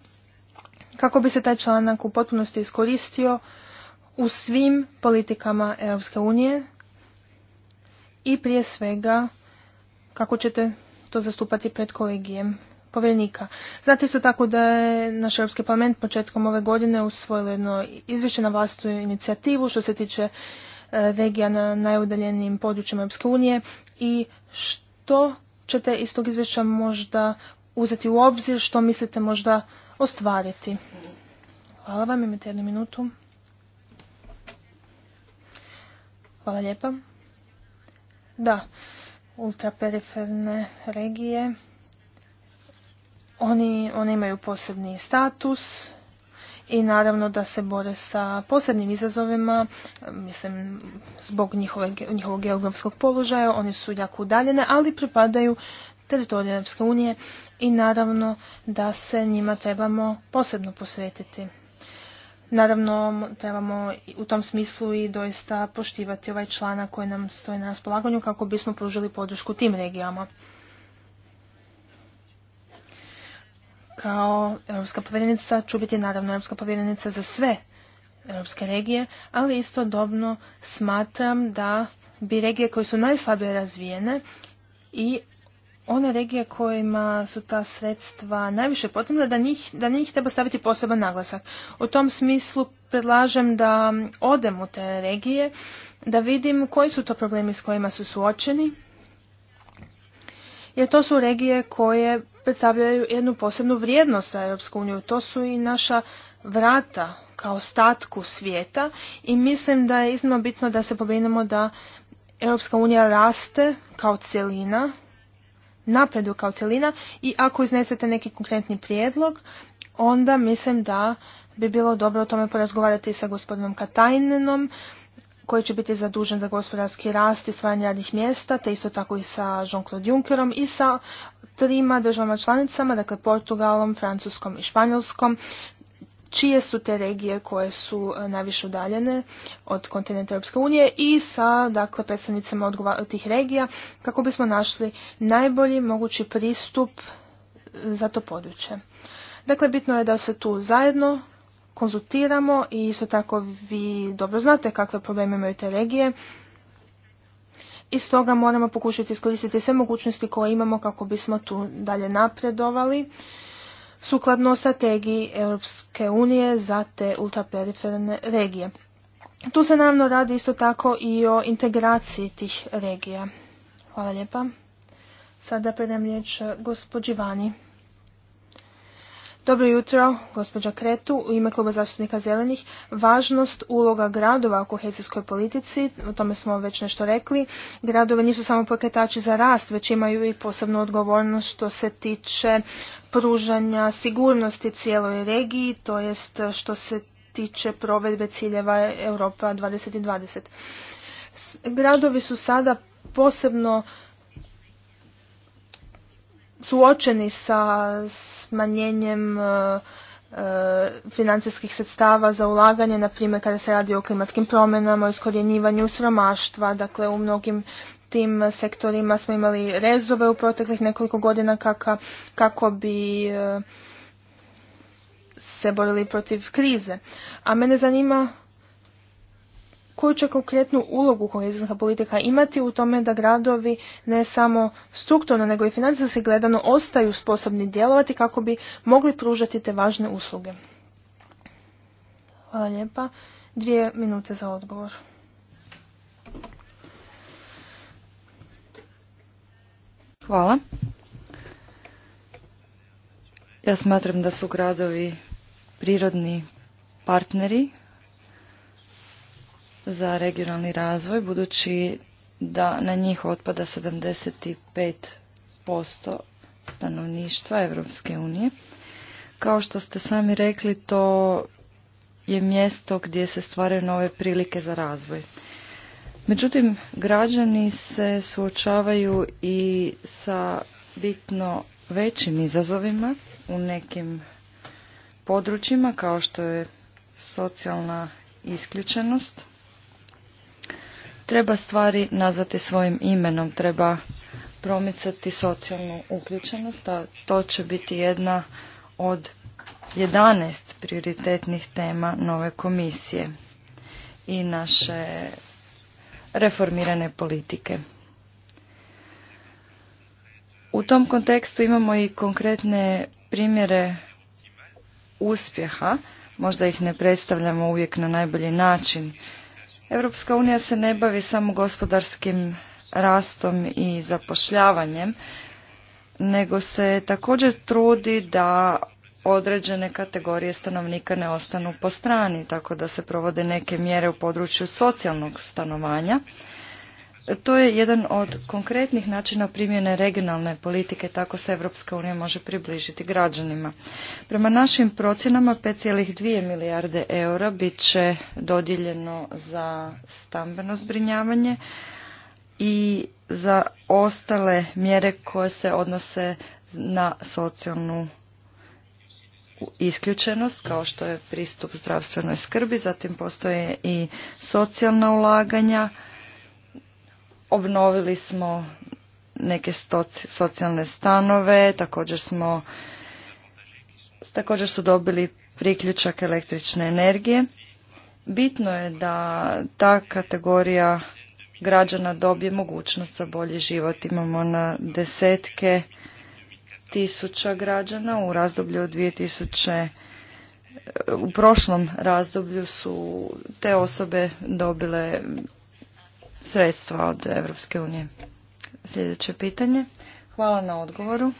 kako bi se taj članak u potpunosti iskoristio u svim politikama Europske unije i prije svega kako ćete to zastupati pred kolegijem poveljnika. Znate isto tako da je naš Europski parlament početkom ove godine usvojilo jedno izvješće na vlastitu inicijativu što se tiče e, regija na najudaljenijim područjima Europske unije i što ćete iz tog izvješća možda uzeti u obzir, što mislite možda ostvariti. Hvala vam, imate jednu minutu. Hvala lijepa. Da, ultraperiferne regije, oni, one imaju posebni status i naravno da se bore sa posebnim izazovima, mislim, zbog njihove, njihovog geografskog položaja, oni su jako udaljene, ali pripadaju teritoriju Europske unije i naravno da se njima trebamo posebno posvetiti. Naravno, trebamo u tom smislu i doista poštivati ovaj članak koji nam stoji na raspolaganju kako bismo pružili podršku tim regijama. Kao europska povjerenica ću biti naravno europska povjerenica za sve europske regije, ali istodobno smatram da bi regije koje su najslabije razvijene i one regije kojima su ta sredstva najviše potrebna, da, njih, da njih treba staviti poseban naglasak. U tom smislu predlažem da odem u te regije, da vidim koji su to problemi s kojima su suočeni, jer to su regije koje predstavljaju jednu posebnu vrijednost za Europsku uniju. To su i naša vrata kao statku svijeta i mislim da je iznimno bitno da se pobrinemo da Europska unija raste kao cjelina, napredu kao cjelina i ako iznesete neki konkretni prijedlog, onda mislim da bi bilo dobro o tome porazgovarati sa gospodinom Katajnenom, koji će biti zadužen za gospodarski rast i stvaranje radnih mjesta, te isto tako i sa Jean-Claude Junckerom i sa trima državama članicama, dakle Portugalom, Francuskom i Španjolskom, čije su te regije koje su e, najviše udaljene od kontinenta Europske unije i sa dakle, predstavnicama tih regija kako bismo našli najbolji mogući pristup e, za to područje. Dakle, bitno je da se tu zajedno konzultiramo i isto tako vi dobro znate kakve probleme imaju te regije. I stoga moramo pokušati iskoristiti sve mogućnosti koje imamo kako bismo tu dalje napredovali sukladno strategiji Europske unije za te ultraperiferne regije. Tu se naravno radi isto tako i o integraciji tih regija. Hvala lijepa. Sada predam riječ gospođi Vani. Dobro jutro, gospođa Kretu, u ime Kluba zastupnika zelenih. Važnost uloga gradova u kohezijskoj politici, o tome smo već nešto rekli. Gradove nisu samo pokretači za rast, već imaju i posebnu odgovornost što se tiče pružanja sigurnosti cijeloj regiji, to jest što se tiče provedbe ciljeva Europa 2020. Gradovi su sada posebno suočeni sa smanjenjem e, e, financijskih sredstava za ulaganje, na primjer kada se radi o klimatskim promjenama, o iskorjenjivanju sromaštva, dakle u mnogim tim sektorima smo imali rezove u proteklih nekoliko godina kako bi e, se borili protiv krize. A mene zanima koju će konkretnu ulogu kohezijska politika imati u tome da gradovi ne samo strukturno nego i financijski gledano ostaju sposobni djelovati kako bi mogli pružati te važne usluge. Hvala lijepa. Dvije minute za odgovor. Hvala. Ja smatram da su gradovi prirodni partneri za regionalni razvoj, budući da na njih otpada 75% stanovništva Europske unije. Kao što ste sami rekli, to je mjesto gdje se stvaraju nove prilike za razvoj. Međutim, građani se suočavaju i sa bitno većim izazovima u nekim područjima kao što je socijalna isključenost, Treba stvari nazvati svojim imenom, treba promicati socijalnu uključenost, a to će biti jedna od 11 prioritetnih tema nove komisije i naše reformirane politike. U tom kontekstu imamo i konkretne primjere uspjeha, možda ih ne predstavljamo uvijek na najbolji način Europska unija se ne bavi samo gospodarskim rastom i zapošljavanjem, nego se također trudi da određene kategorije stanovnika ne ostanu po strani, tako da se provode neke mjere u području socijalnog stanovanja to je jedan od konkretnih načina primjene regionalne politike, tako se Evropska unija može približiti građanima. Prema našim procjenama 5,2 milijarde eura bit će dodijeljeno za stambeno zbrinjavanje i za ostale mjere koje se odnose na socijalnu isključenost kao što je pristup zdravstvenoj skrbi, zatim postoje i socijalna ulaganja, Obnovili smo neke socijalne stanove, također smo također su dobili priključak električne energije. Bitno je da ta kategorija građana dobije mogućnost za bolji život. Imamo na desetke tisuća građana u razdoblju od 2000 u prošlom razdoblju su te osobe dobile sredstva od Europske unije. Sljedeće pitanje. Hvala na odgovoru.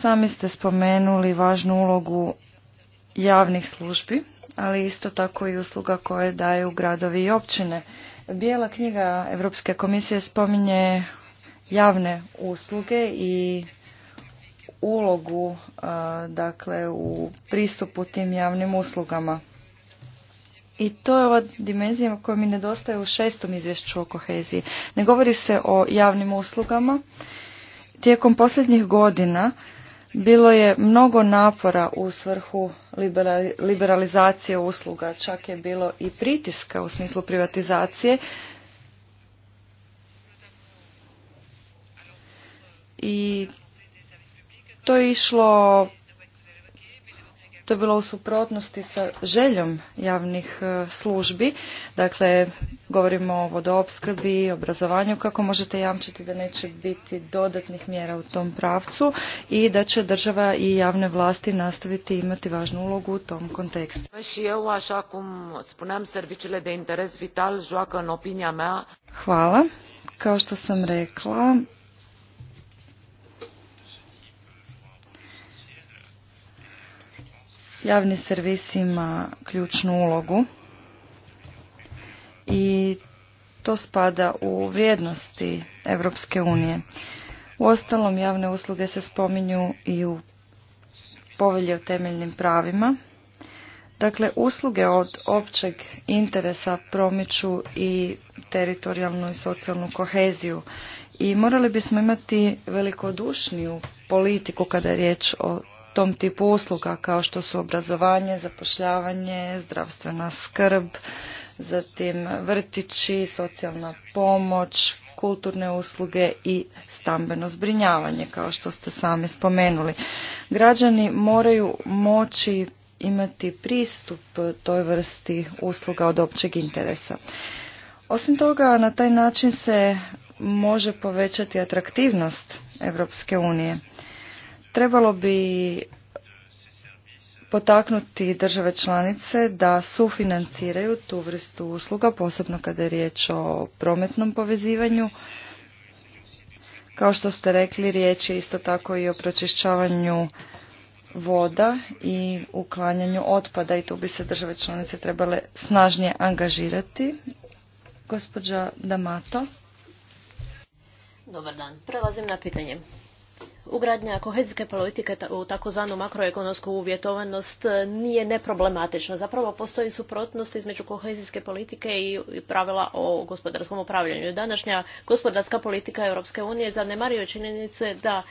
Sami ste spomenuli važnu ulogu javnih službi, ali isto tako i usluga koje daju gradovi i općine. Bijela knjiga Europske komisije spominje javne usluge i ulogu dakle u pristupu tim javnim uslugama. I to je ova dimenzija koja mi nedostaje u šestom izvješću o koheziji. Ne govori se o javnim uslugama. Tijekom posljednjih godina bilo je mnogo napora u svrhu liberalizacije usluga, čak je bilo i pritiska u smislu privatizacije. I to je išlo to je bilo u suprotnosti sa željom javnih e, službi. Dakle, govorimo o vodoopskrbi, obrazovanju, kako možete jamčiti da neće biti dodatnih mjera u tom pravcu i da će država i javne vlasti nastaviti imati važnu ulogu u tom kontekstu. Hvala. Kao što sam rekla, Javni servis ima ključnu ulogu i to spada u vrijednosti Europske unije. U ostalom javne usluge se spominju i u povelje o temeljnim pravima. Dakle, usluge od općeg interesa promiču i teritorijalnu i socijalnu koheziju i morali bismo imati velikodušniju politiku kada je riječ o tom tipu usluga kao što su obrazovanje, zapošljavanje, zdravstvena skrb, zatim vrtići, socijalna pomoć, kulturne usluge i stambeno zbrinjavanje kao što ste sami spomenuli. Građani moraju moći imati pristup toj vrsti usluga od općeg interesa. Osim toga, na taj način se može povećati atraktivnost Europske unije. Trebalo bi potaknuti države članice da sufinanciraju tu vrstu usluga, posebno kada je riječ o prometnom povezivanju. Kao što ste rekli, riječ je isto tako i o pročišćavanju voda i uklanjanju otpada i tu bi se države članice trebale snažnije angažirati. Gospođa Damato. Dobar dan. Prelazim na pitanje. Ugradnja kohezijske politike u takozvanu makroekonomsku uvjetovanost e, nije neproblematična. Zapravo postoji suprotnost između kohezijske politike i pravila o gospodarskom upravljanju. Današnja gospodarska politika Europske unije zanemaruje činjenice da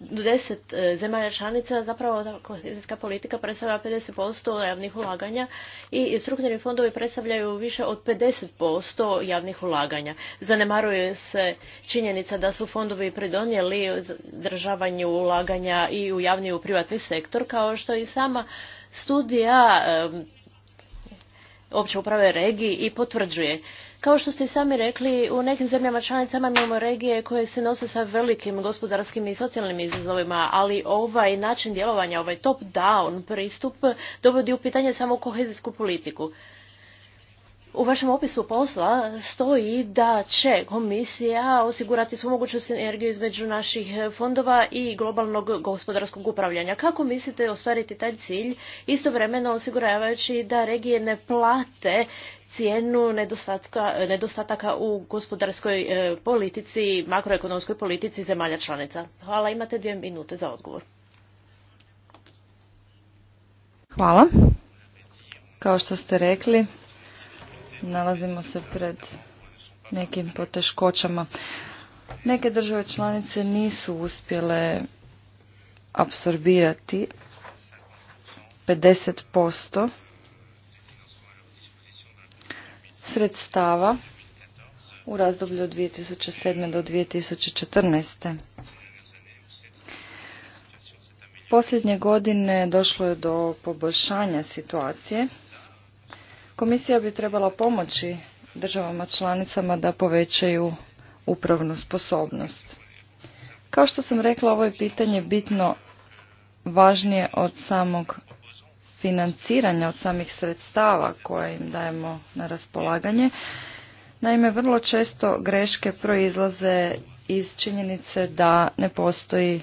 deset e, zemalja članica zapravo kohezijska politika predstavlja 50% javnih ulaganja i strukturni fondovi predstavljaju više od 50% javnih ulaganja. Zanemaruje se činjenica da su fondovi pridonijeli država ulaganja i u javni i u privatni sektor, kao što i sama studija opće uprave regiji i potvrđuje. Kao što ste i sami rekli, u nekim zemljama članicama imamo regije koje se nose sa velikim gospodarskim i socijalnim izazovima, ali ovaj način djelovanja, ovaj top-down pristup dovodi u pitanje samo kohezijsku politiku u vašem opisu posla stoji da će komisija osigurati svu moguću sinergiju između naših fondova i globalnog gospodarskog upravljanja. Kako mislite ostvariti taj cilj istovremeno osiguravajući da regije ne plate cijenu nedostataka u gospodarskoj e, politici, makroekonomskoj politici zemalja članica? Hvala, imate dvije minute za odgovor. Hvala. Kao što ste rekli, nalazimo se pred nekim poteškoćama. Neke države članice nisu uspjele apsorbirati 50% sredstava u razdoblju od 2007. do 2014. Posljednje godine došlo je do poboljšanja situacije Komisija bi trebala pomoći državama članicama da povećaju upravnu sposobnost. Kao što sam rekla, ovo je pitanje bitno važnije od samog financiranja, od samih sredstava koje im dajemo na raspolaganje. Naime, vrlo često greške proizlaze iz činjenice da ne postoji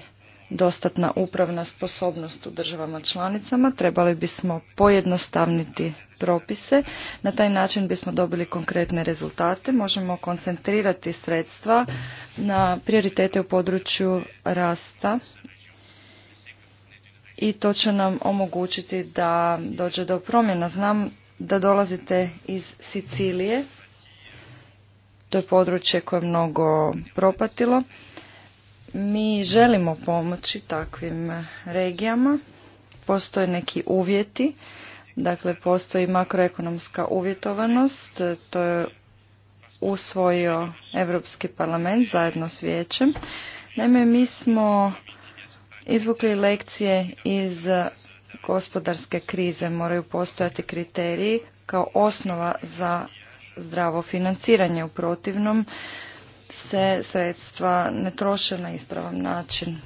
dostatna upravna sposobnost u državama članicama, trebali bismo pojednostavniti propise. Na taj način bismo dobili konkretne rezultate. Možemo koncentrirati sredstva na prioritete u području rasta i to će nam omogućiti da dođe do promjena. Znam da dolazite iz Sicilije, to je područje koje je mnogo propatilo mi želimo pomoći takvim regijama. Postoje neki uvjeti, dakle postoji makroekonomska uvjetovanost, to je usvojio Europski parlament zajedno s vijećem. Naime, mi smo izvukli lekcije iz gospodarske krize. Moraju postojati kriteriji kao osnova za zdravo financiranje. U protivnom, se sredstva ne troše na ispravan način.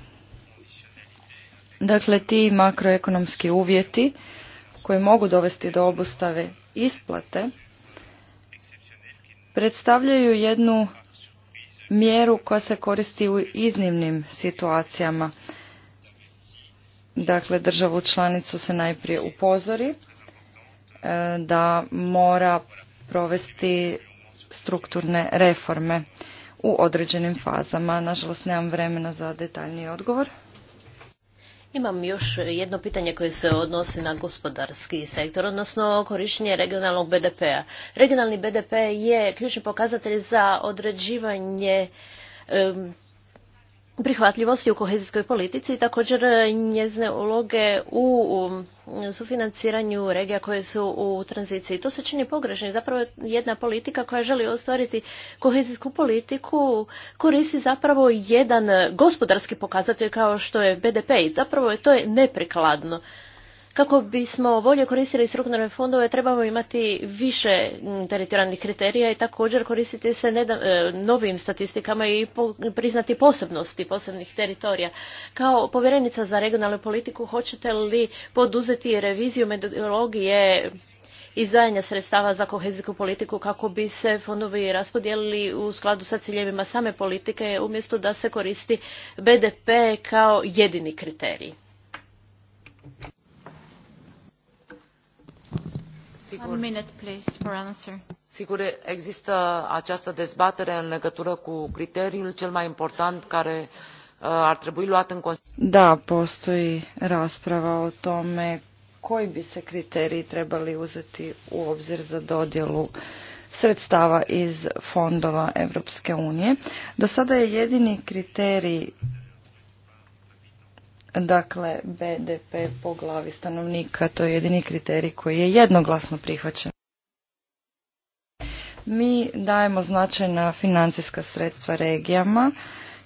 Dakle, ti makroekonomski uvjeti koji mogu dovesti do obustave isplate predstavljaju jednu mjeru koja se koristi u iznimnim situacijama. Dakle, državu članicu se najprije upozori e, da mora provesti strukturne reforme u određenim fazama. Nažalost, nemam vremena za detaljniji odgovor. Imam još jedno pitanje koje se odnosi na gospodarski sektor, odnosno korištenje regionalnog BDP-a. Regionalni BDP je ključni pokazatelj za određivanje prihvatljivosti u kohezijskoj politici i također e, njezne uloge u sufinanciranju regija koje su u tranziciji. To se čini pogrešno. Zapravo jedna politika koja želi ostvariti kohezijsku politiku koristi zapravo jedan gospodarski pokazatelj kao što je BDP i zapravo je to je neprikladno. Kako bismo bolje koristili strukturne fondove, trebamo imati više mm, teritorijalnih kriterija i također koristiti se e, novim statistikama i priznati posebnosti posebnih teritorija. Kao povjerenica za regionalnu politiku, hoćete li poduzeti reviziju metodologije izdvajanja sredstava za kohezijsku politiku kako bi se fondovi raspodijelili u skladu sa ciljevima same politike umjesto da se koristi BDP kao jedini kriterij? Sigur, minute, please, for answer. sigur există această dezbatere în legătură cu criteriul cel mai important care uh, ar trebui luat în considerare. Da, postoji rasprava o tome koji bi se kriteriji trebali uzeti u obzir za dodjelu sredstava iz fondova Europske unije. Do sada je jedini kriterij Dakle, BDP po glavi stanovnika, to je jedini kriterij koji je jednoglasno prihvaćen. Mi dajemo značajna financijska sredstva regijama,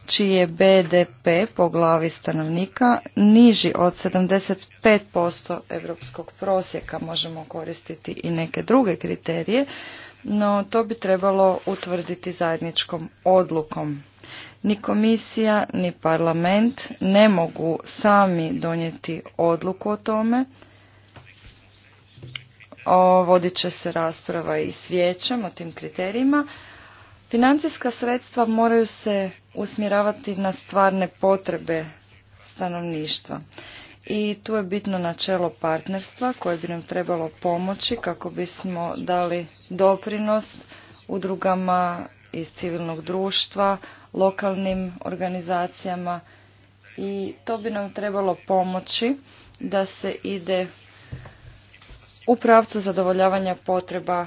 čiji je BDP po glavi stanovnika niži od 75% europskog prosjeka. Možemo koristiti i neke druge kriterije, no to bi trebalo utvrditi zajedničkom odlukom. Ni komisija, ni parlament ne mogu sami donijeti odluku o tome. O, vodit će se rasprava i s vijećem o tim kriterijima. Financijska sredstva moraju se usmjeravati na stvarne potrebe stanovništva. I tu je bitno načelo partnerstva koje bi nam trebalo pomoći kako bismo dali doprinost udrugama iz civilnog društva, lokalnim organizacijama i to bi nam trebalo pomoći da se ide u pravcu zadovoljavanja potreba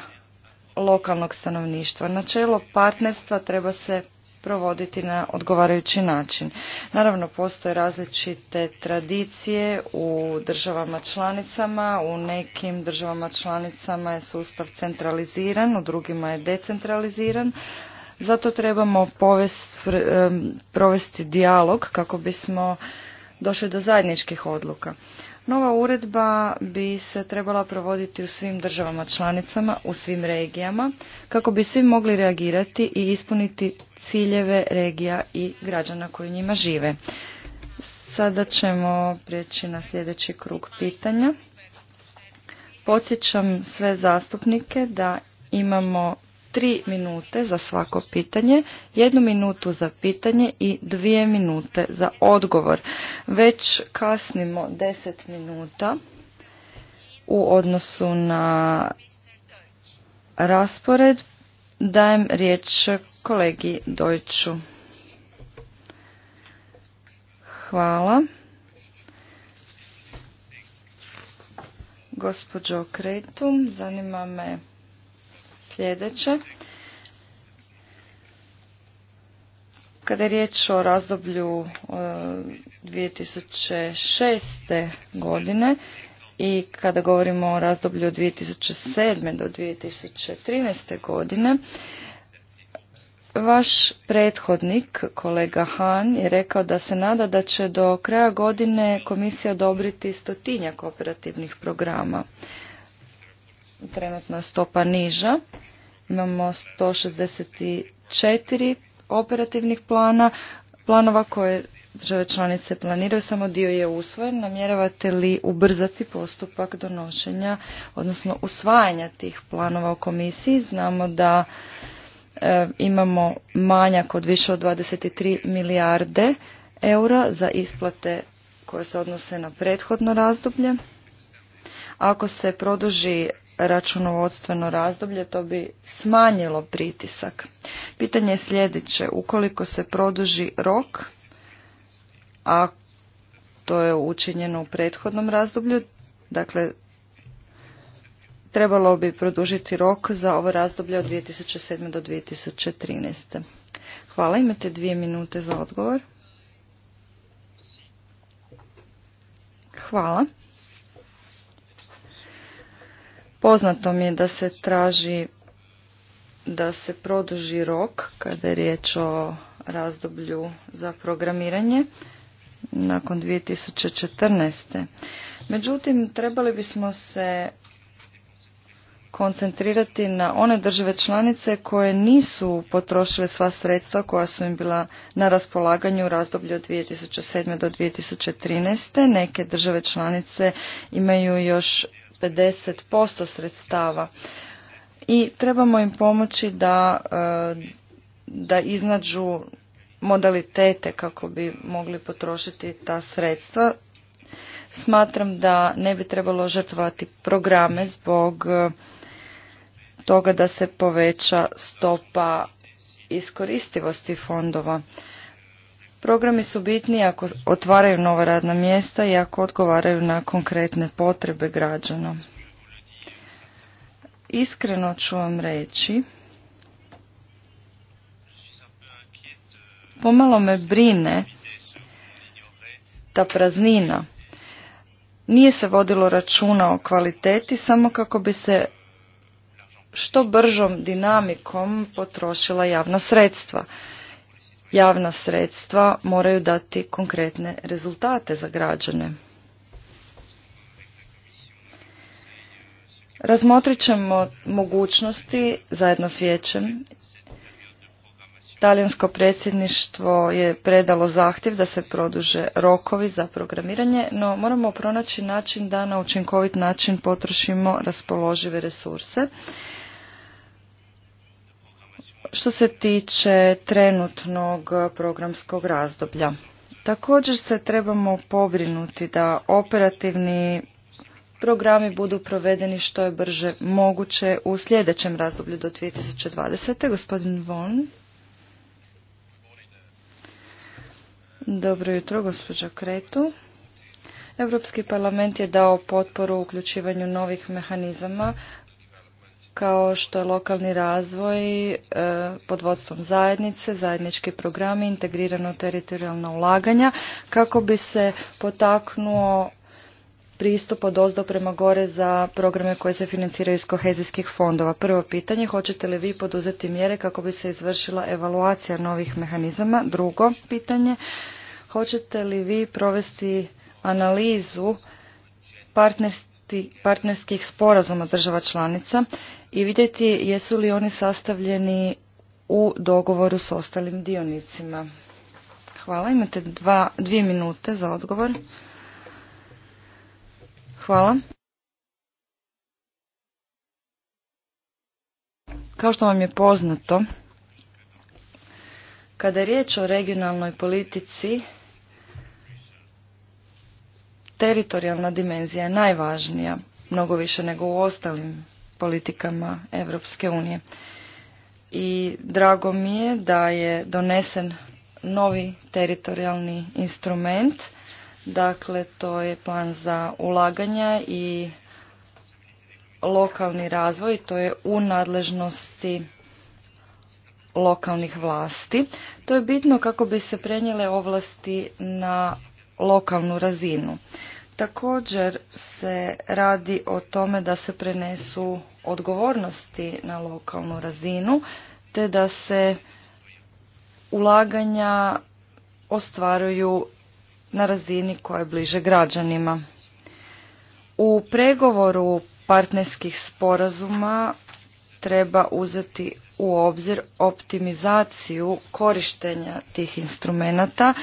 lokalnog stanovništva. Načelo partnerstva treba se provoditi na odgovarajući način. Naravno, postoje različite tradicije u državama članicama. U nekim državama članicama je sustav centraliziran, u drugima je decentraliziran. Zato trebamo povest, provesti dijalog kako bismo došli do zajedničkih odluka. Nova uredba bi se trebala provoditi u svim državama članicama, u svim regijama, kako bi svi mogli reagirati i ispuniti ciljeve regija i građana koji u njima žive. Sada ćemo prijeći na sljedeći krug pitanja. Podsjećam sve zastupnike da imamo tri minute za svako pitanje, jednu minutu za pitanje i dvije minute za odgovor. Već kasnimo deset minuta u odnosu na raspored. Dajem riječ kolegi Dojču. Hvala. Gospođo Kretum, zanima me sljedeće. Kada je riječ o razdoblju 2006. E, godine i kada govorimo o razdoblju od 2007. do 2013. godine, vaš prethodnik, kolega Han, je rekao da se nada da će do kraja godine komisija odobriti stotinjak operativnih programa. Trenutno je stopa niža Imamo 164 operativnih plana, planova koje države članice planiraju, samo dio je usvojen. Namjeravate li ubrzati postupak donošenja, odnosno usvajanja tih planova u komisiji? Znamo da e, imamo manjak od više od 23 milijarde eura za isplate koje se odnose na prethodno razdoblje. Ako se produži računovodstveno razdoblje, to bi smanjilo pritisak. Pitanje je sljedeće, ukoliko se produži rok, a to je učinjeno u prethodnom razdoblju, dakle trebalo bi produžiti rok za ovo razdoblje od 2007. do 2013. Hvala, imate dvije minute za odgovor. Hvala. Poznato mi je da se traži da se produži rok kada je riječ o razdoblju za programiranje nakon 2014. Međutim, trebali bismo se koncentrirati na one države članice koje nisu potrošile sva sredstva koja su im bila na raspolaganju u razdoblju od 2007. do 2013. Neke države članice imaju još 50% sredstava i trebamo im pomoći da, e, da iznađu modalitete kako bi mogli potrošiti ta sredstva. Smatram da ne bi trebalo žrtvovati programe zbog e, toga da se poveća stopa iskoristivosti fondova. Programi su bitni ako otvaraju nova radna mjesta i ako odgovaraju na konkretne potrebe građana. Iskreno ću vam reći, pomalo me brine ta praznina. Nije se vodilo računa o kvaliteti samo kako bi se što bržom dinamikom potrošila javna sredstva javna sredstva moraju dati konkretne rezultate za građane. Razmotrit ćemo mogućnosti zajedno s vijećem. Talijansko predsjedništvo je predalo zahtjev da se produže rokovi za programiranje, no moramo pronaći način da na učinkovit način potrošimo raspoložive resurse što se tiče trenutnog programskog razdoblja. Također se trebamo pobrinuti da operativni programi budu provedeni što je brže moguće u sljedećem razdoblju do 2020. Gospodin Von. Dobro jutro, gospođo Kretu. Europski parlament je dao potporu uključivanju novih mehanizama kao što je lokalni razvoj e, pod vodstvom zajednice, zajednički programi, integrirano teritorijalna ulaganja, kako bi se potaknuo pristup od ozdo prema gore za programe koje se financiraju iz kohezijskih fondova. Prvo pitanje, hoćete li vi poduzeti mjere kako bi se izvršila evaluacija novih mehanizama? Drugo pitanje, hoćete li vi provesti analizu partnerstva partnerskih sporazuma država članica i vidjeti jesu li oni sastavljeni u dogovoru s ostalim dionicima. Hvala, imate dva, dvije minute za odgovor. Hvala. Kao što vam je poznato, kada je riječ o regionalnoj politici, teritorijalna dimenzija je najvažnija, mnogo više nego u ostalim politikama Europske unije. I drago mi je da je donesen novi teritorijalni instrument, dakle to je plan za ulaganja i lokalni razvoj, to je u nadležnosti lokalnih vlasti. To je bitno kako bi se prenijele ovlasti na lokalnu razinu. Također se radi o tome da se prenesu odgovornosti na lokalnu razinu, te da se ulaganja ostvaruju na razini koja je bliže građanima. U pregovoru partnerskih sporazuma treba uzeti u obzir optimizaciju korištenja tih instrumenata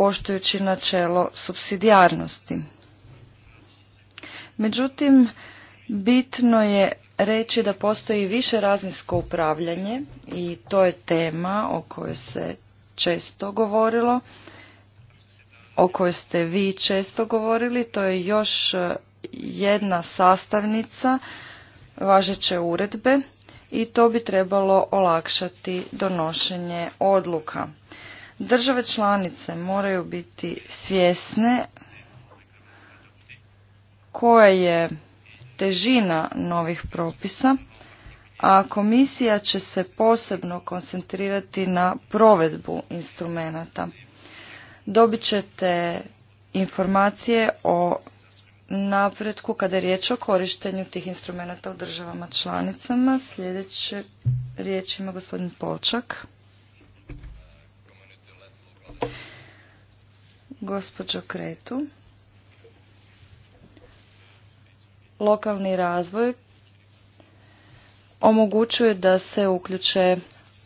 poštujući načelo subsidijarnosti. Međutim, bitno je reći da postoji više razinsko upravljanje i to je tema o kojoj se često govorilo, o kojoj ste vi često govorili, to je još jedna sastavnica važeće uredbe i to bi trebalo olakšati donošenje odluka. Države članice moraju biti svjesne koja je težina novih propisa, a komisija će se posebno koncentrirati na provedbu instrumenata. Dobit ćete informacije o napretku kada je riječ o korištenju tih instrumenata u državama članicama. Sljedeće riječ ima gospodin Počak. Gospođo Kretu, lokalni razvoj omogućuje da se uključe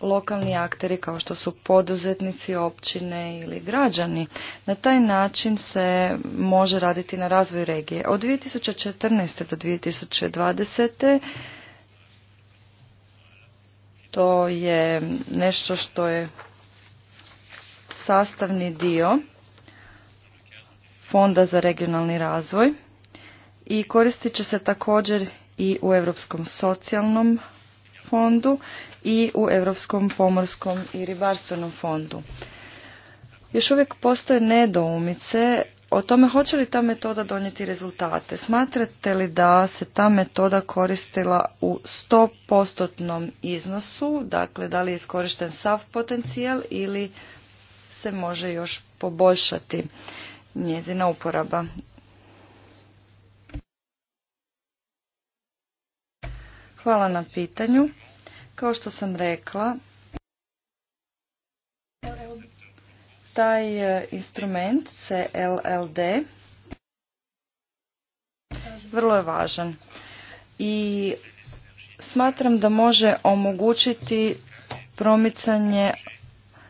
lokalni akteri kao što su poduzetnici, općine ili građani. Na taj način se može raditi na razvoju regije. Od 2014. do 2020. to je nešto što je sastavni dio Fonda za regionalni razvoj i koristit će se također i u Europskom socijalnom fondu i u Europskom pomorskom i ribarstvenom fondu. Još uvijek postoje nedoumice o tome hoće li ta metoda donijeti rezultate. Smatrate li da se ta metoda koristila u 100% iznosu, dakle da li je iskorišten sav potencijal ili se može još poboljšati njezina uporaba. Hvala na pitanju. Kao što sam rekla, taj e, instrument CLLD vrlo je važan i smatram da može omogućiti promicanje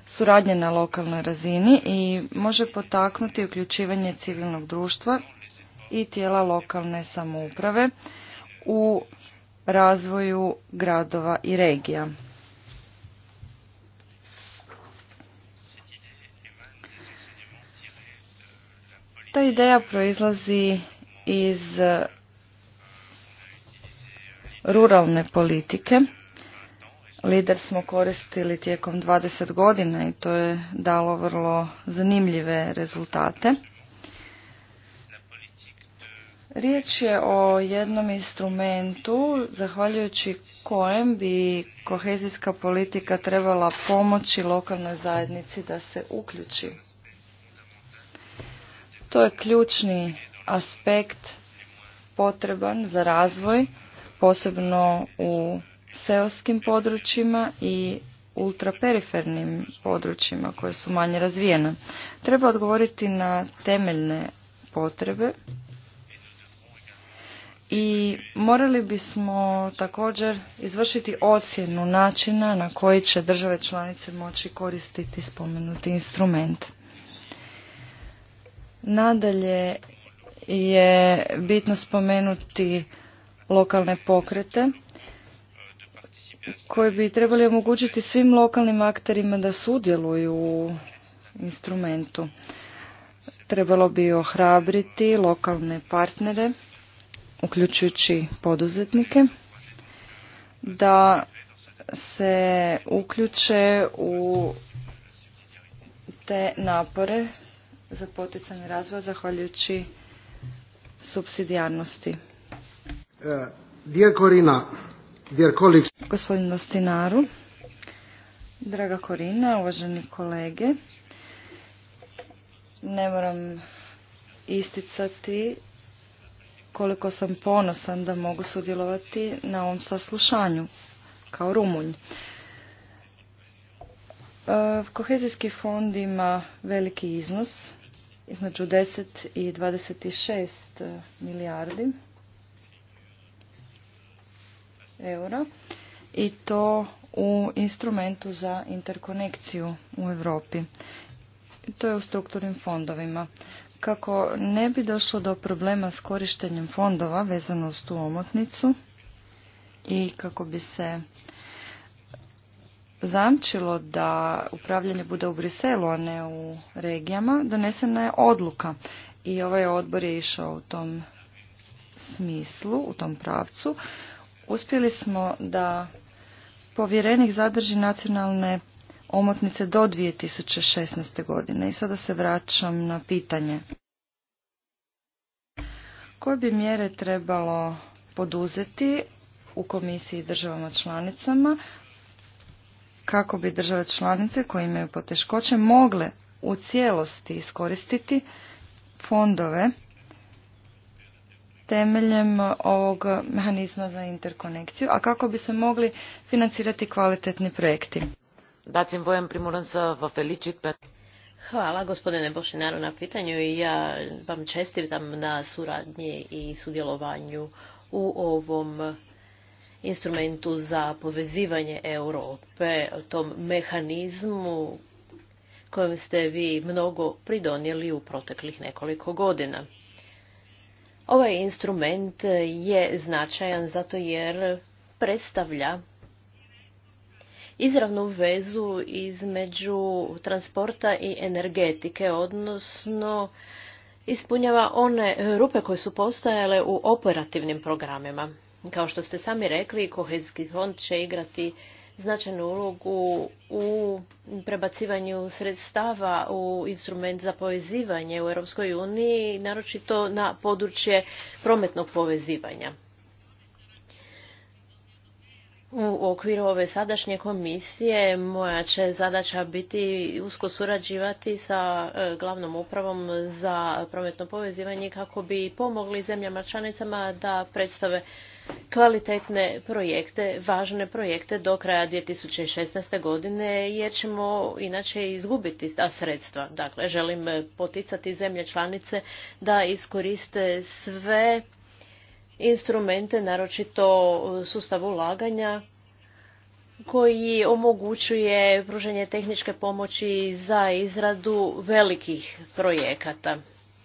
suradnje na lokalnoj razini i može potaknuti uključivanje civilnog društva i tijela lokalne samouprave u razvoju gradova i regija. Ta ideja proizlazi iz ruralne politike lider smo koristili tijekom 20 godina i to je dalo vrlo zanimljive rezultate. Riječ je o jednom instrumentu zahvaljujući kojem bi kohezijska politika trebala pomoći lokalnoj zajednici da se uključi. To je ključni aspekt potreban za razvoj, posebno u seoskim područjima i ultraperifernim područjima koje su manje razvijena. Treba odgovoriti na temeljne potrebe i morali bismo također izvršiti ocjenu načina na koji će države članice moći koristiti spomenuti instrument. Nadalje je bitno spomenuti lokalne pokrete koji bi trebali omogućiti svim lokalnim akterima da sudjeluju u instrumentu. Trebalo bi ohrabriti lokalne partnere, uključujući poduzetnike, da se uključe u te napore za poticanje razvoja zahvaljujući subsidijarnosti. Eh, Dear Korina, Gospodin Stinaru draga Korina, uvaženi kolege, ne moram isticati koliko sam ponosan da mogu sudjelovati na ovom saslušanju kao Rumunj. E, kohezijski fond ima veliki iznos, između 10 i 26 milijardi eura i to u instrumentu za interkonekciju u Europi. To je u strukturnim fondovima. Kako ne bi došlo do problema s korištenjem fondova vezano uz tu omotnicu i kako bi se zamčilo da upravljanje bude u Briselu, a ne u regijama, donesena je odluka. I ovaj odbor je išao u tom smislu, u tom pravcu uspjeli smo da povjerenik zadrži nacionalne omotnice do 2016. godine. I sada se vraćam na pitanje. Koje bi mjere trebalo poduzeti u komisiji državama članicama kako bi države članice koje imaju poteškoće mogle u cijelosti iskoristiti fondove temeljem ovog mehanizma za interkonekciju, a kako bi se mogli financirati kvalitetni projekti. Dacim vojem Hvala gospodine Bošinaru na pitanju i ja vam čestitam na suradnji i sudjelovanju u ovom instrumentu za povezivanje Europe, tom mehanizmu kojem ste vi mnogo pridonijeli u proteklih nekoliko godina. Ovaj instrument je značajan zato jer predstavlja izravnu vezu između transporta i energetike, odnosno ispunjava one rupe koje su postojale u operativnim programima. Kao što ste sami rekli, kohezijski fond će igrati značajnu ulogu u prebacivanju sredstava u instrument za povezivanje u Europskoj uniji, naročito na područje prometnog povezivanja. U okviru ove sadašnje komisije moja će zadaća biti usko surađivati sa e, glavnom upravom za prometno povezivanje kako bi pomogli zemljama članicama da predstave kvalitetne projekte, važne projekte do kraja 2016. godine jer ćemo inače izgubiti ta sredstva. Dakle, želim poticati zemlje članice da iskoriste sve instrumente, naročito sustav ulaganja koji omogućuje pružanje tehničke pomoći za izradu velikih projekata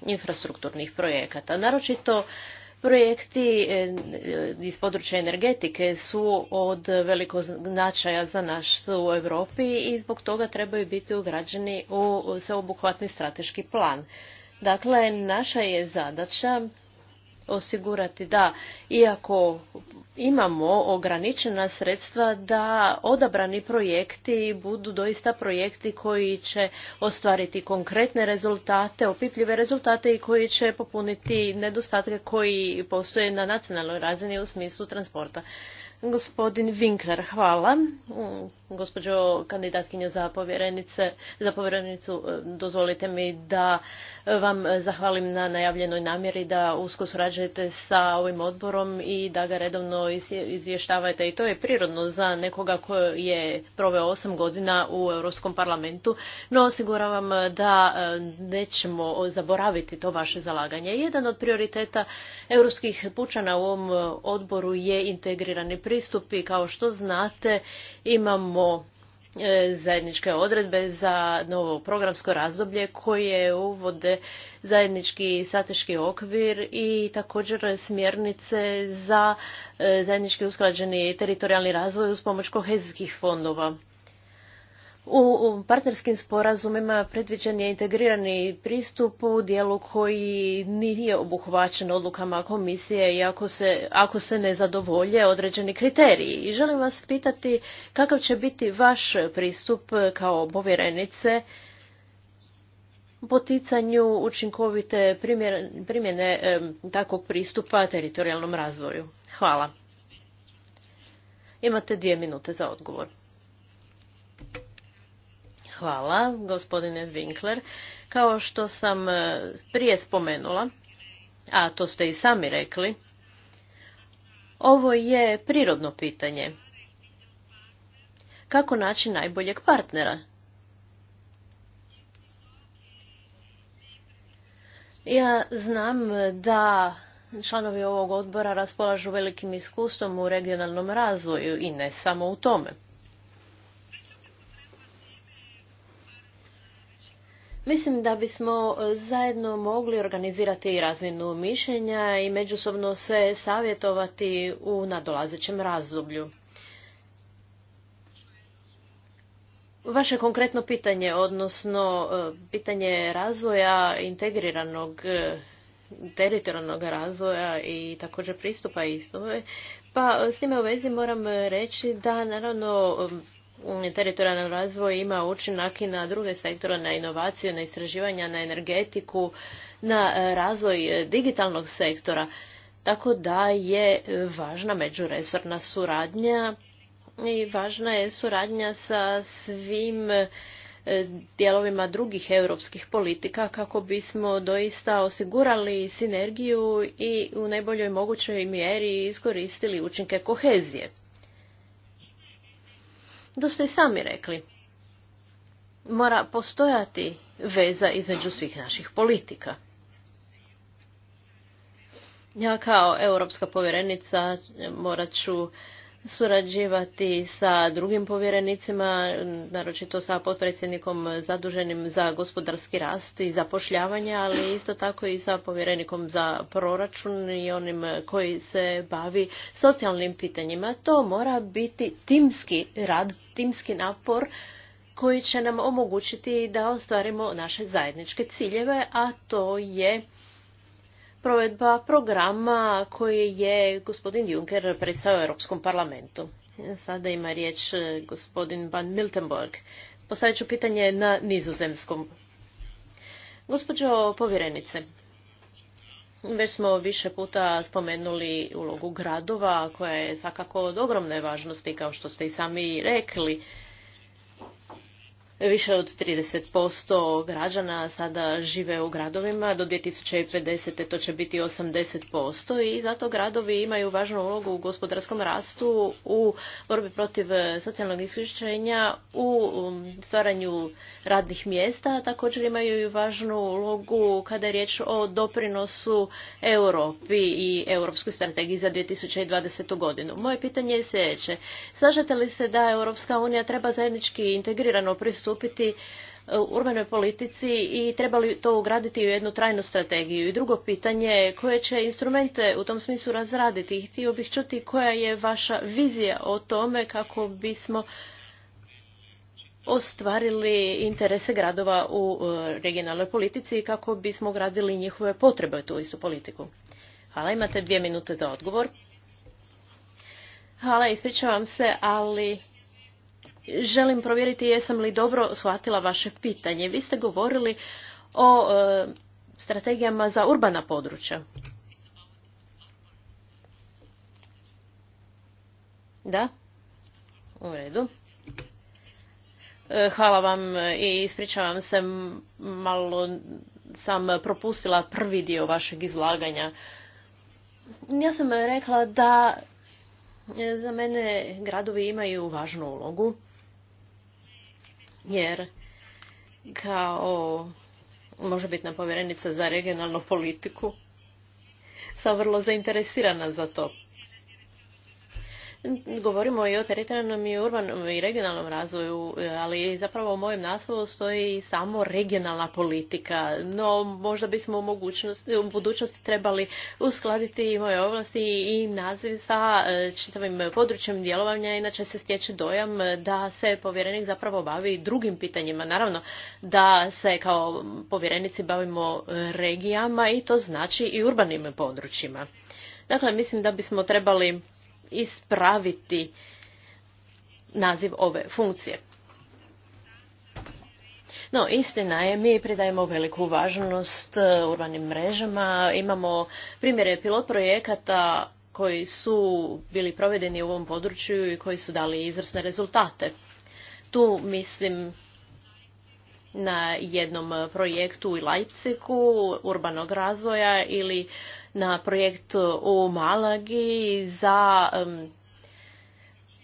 infrastrukturnih projekata. Naročito Projekti e, iz područja energetike su od velikog značaja za naš u Europi i zbog toga trebaju biti ugrađeni u sveobuhvatni strateški plan. Dakle, naša je zadaća osigurati da iako imamo ograničena sredstva da odabrani projekti budu doista projekti koji će ostvariti konkretne rezultate, opipljive rezultate i koji će popuniti nedostatke koji postoje na nacionalnoj razini u smislu transporta. Gospodin Winkler, hvala. Gospođo kandidatkinja za, povjerenice, za povjerenicu, e, dozvolite mi da e, vam zahvalim na najavljenoj namjeri da usko surađujete sa ovim odborom i da ga redovno izvještavate. I to je prirodno za nekoga koji je proveo osam godina u Europskom parlamentu, no osiguravam da e, nećemo zaboraviti to vaše zalaganje. Jedan od prioriteta europskih pučana u ovom odboru je integrirani pristup i kao što znate imamo imamo e, zajedničke odredbe za novo programsko razdoblje koje uvode zajednički sateški okvir i također smjernice za e, zajednički usklađeni teritorijalni razvoj uz pomoć kohezijskih fondova. U partnerskim sporazumima predviđen je integrirani pristup u dijelu koji nije obuhvaćen odlukama komisije i ako se, ako se ne zadovolje određeni kriteriji. I želim vas pitati kakav će biti vaš pristup kao povjerenice poticanju učinkovite primjene takvog pristupa teritorijalnom razvoju. Hvala. Imate dvije minute za odgovor. Hvala, gospodine Winkler. Kao što sam e, prije spomenula, a to ste i sami rekli, ovo je prirodno pitanje. Kako naći najboljeg partnera? Ja znam da članovi ovog odbora raspolažu velikim iskustvom u regionalnom razvoju i ne samo u tome. Mislim da bismo e, zajedno mogli organizirati razinu mišljenja i međusobno se savjetovati u nadolazećem razdoblju. Vaše konkretno pitanje, odnosno e, pitanje razvoja integriranog e, teritorijalnog razvoja i također pristupa istove, pa s time u vezi moram reći da naravno teritorijalni razvoj ima učinak i na druge sektore, na inovacije, na istraživanja, na energetiku, na e, razvoj e, digitalnog sektora. Tako da je e, važna međuresorna suradnja i važna je suradnja sa svim dijelovima drugih europskih politika kako bismo doista osigurali sinergiju i u najboljoj mogućoj mjeri iskoristili učinke kohezije. To ste i sami rekli. Mora postojati veza između svih naših politika. Ja kao europska povjerenica morat ću surađivati sa drugim povjerenicima, naročito sa potpredsjednikom zaduženim za gospodarski rast i zapošljavanje, ali isto tako i sa povjerenikom za proračun i onim koji se bavi socijalnim pitanjima. To mora biti timski rad, timski napor koji će nam omogućiti da ostvarimo naše zajedničke ciljeve, a to je provedba programa koji je gospodin Juncker predstavio Europskom parlamentu. Sada ima riječ e, gospodin Van Miltenborg. Postavit ću pitanje na nizozemskom. Gospođo povjerenice, već smo više puta spomenuli ulogu gradova koja je svakako od ogromne važnosti kao što ste i sami rekli. Više od 30% građana sada žive u gradovima, do 2050. to će biti 80% i zato gradovi imaju važnu ulogu u gospodarskom rastu, u borbi protiv socijalnog isključenja, u um, stvaranju radnih mjesta, također imaju i važnu ulogu kada je riječ o doprinosu Europi i Europskoj strategiji za 2020. godinu. Moje pitanje je sljedeće. Slažete li se da Europska unija treba zajednički integrirano pristup u e, urbanoj politici i treba li to ugraditi u jednu trajnu strategiju? I drugo pitanje je koje će instrumente u tom smislu razraditi? I htio bih čuti koja je vaša vizija o tome kako bismo ostvarili interese gradova u e, regionalnoj politici i kako bismo gradili njihove potrebe u tu istu politiku. Hvala, imate dvije minute za odgovor. Hvala, ispričavam se, ali želim provjeriti jesam li dobro shvatila vaše pitanje. Vi ste govorili o e, strategijama za urbana područja. Da? U redu. E, hvala vam i ispričavam se malo sam propustila prvi dio vašeg izlaganja. Ja sam rekla da za mene gradovi imaju važnu ulogu jer kao na povjerenica za regionalnu politiku sam vrlo zainteresirana za to. Govorimo i o teritorijalnom i urbanom i regionalnom razvoju, ali zapravo u mojem naslovu stoji samo regionalna politika. No, možda bismo u, mogućnosti, u budućnosti trebali uskladiti i moje ovlasti i naziv sa e, čitavim područjem djelovanja, inače se stječe dojam da se povjerenik zapravo bavi drugim pitanjima. Naravno, da se kao povjerenici bavimo regijama i to znači i urbanim područjima. Dakle, mislim da bismo trebali ispraviti naziv ove funkcije. No, istina je, mi pridajemo veliku važnost e, urbanim mrežama. Imamo primjere pilot projekata koji su bili provedeni u ovom području i koji su dali izvrsne rezultate. Tu mislim na jednom projektu u Leipzigu urbanog razvoja ili na projekt u Malagi za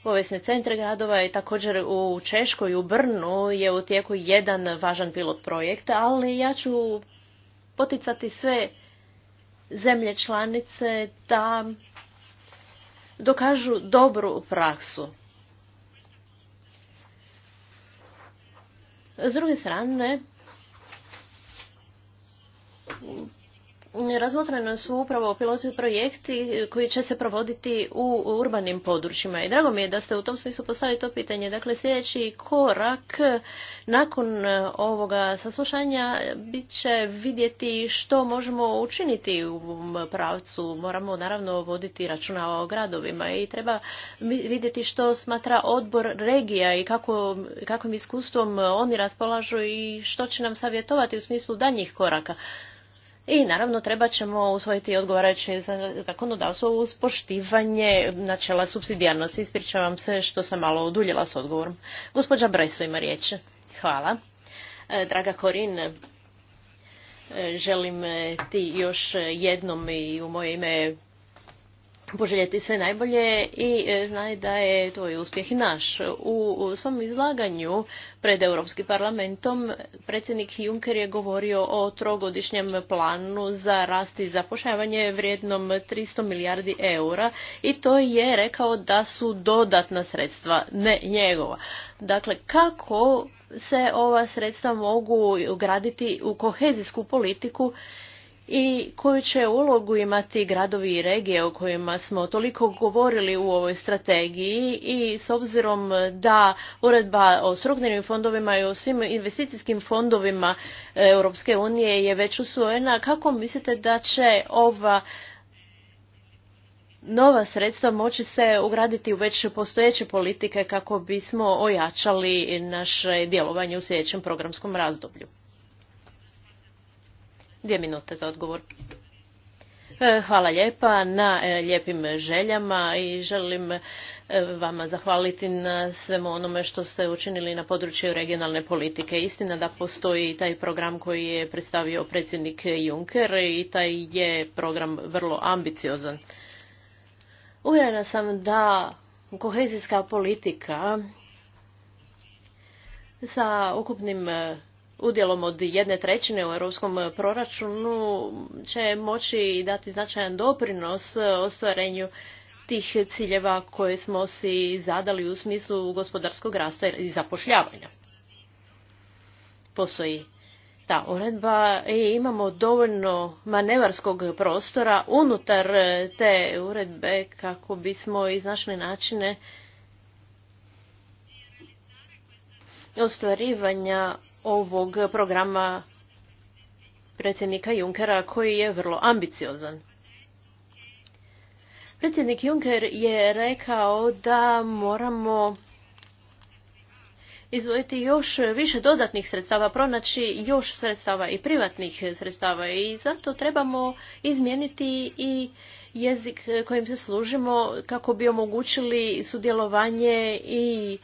povijesne centre gradova i također u Češkoj, u Brnu je u tijeku jedan važan pilot projekt, ali ja ću poticati sve zemlje članice da dokažu dobru praksu. S druge strane, razmotreno su upravo piloti projekti koji će se provoditi u urbanim područjima. I drago mi je da ste u tom smislu postavili to pitanje. Dakle, sljedeći korak nakon e, ovoga saslušanja bit će vidjeti što možemo učiniti u ovom pravcu. Moramo naravno voditi računa o gradovima i treba vidjeti što smatra odbor regija i kako, kakvim iskustvom oni raspolažu i što će nam savjetovati u smislu danjih koraka. I naravno treba ćemo usvojiti odgovarajuće zakonodavstvo uz poštivanje načela subsidijarnosti. Ispričavam se što sam malo oduljela s odgovorom. Gospođa Brajso ima riječ. Hvala. E, draga Korin, e, želim ti još jednom i u moje ime poželjeti sve najbolje i e, znaj da je i uspjeh naš. U svom izlaganju pred Europskim parlamentom predsjednik Juncker je govorio o trogodišnjem planu za rast i zapošljavanje vrijednom 300 milijardi eura i to je rekao da su dodatna sredstva, ne njegova. Dakle, kako se ova sredstva mogu ugraditi u kohezijsku politiku i koju će ulogu imati gradovi i regije o kojima smo toliko govorili u ovoj strategiji i s obzirom da uredba o strukturnim fondovima i o svim investicijskim fondovima e, Europske unije je već usvojena, kako mislite da će ova nova sredstva moći se ugraditi u već postojeće politike kako bismo ojačali naše djelovanje u sljedećem programskom razdoblju? Dvije minute za odgovor. E, hvala lijepa na e, lijepim željama i želim e, vama zahvaliti na svemu onome što ste učinili na području regionalne politike. Istina da postoji taj program koji je predstavio predsjednik Juncker i taj je program vrlo ambiciozan. Uvjerena sam da kohezijska politika sa ukupnim udjelom od jedne trećine u europskom proračunu će moći dati značajan doprinos ostvarenju tih ciljeva koje smo si zadali u smislu gospodarskog rasta i zapošljavanja. Postoji ta uredba i imamo dovoljno manevarskog prostora unutar te uredbe kako bismo iznašli načine ostvarivanja ovog programa predsjednika Junkera koji je vrlo ambiciozan. Predsjednik Juncker je rekao da moramo izvojiti još više dodatnih sredstava, pronaći još sredstava i privatnih sredstava i zato trebamo izmijeniti i jezik kojim se služimo kako bi omogućili sudjelovanje i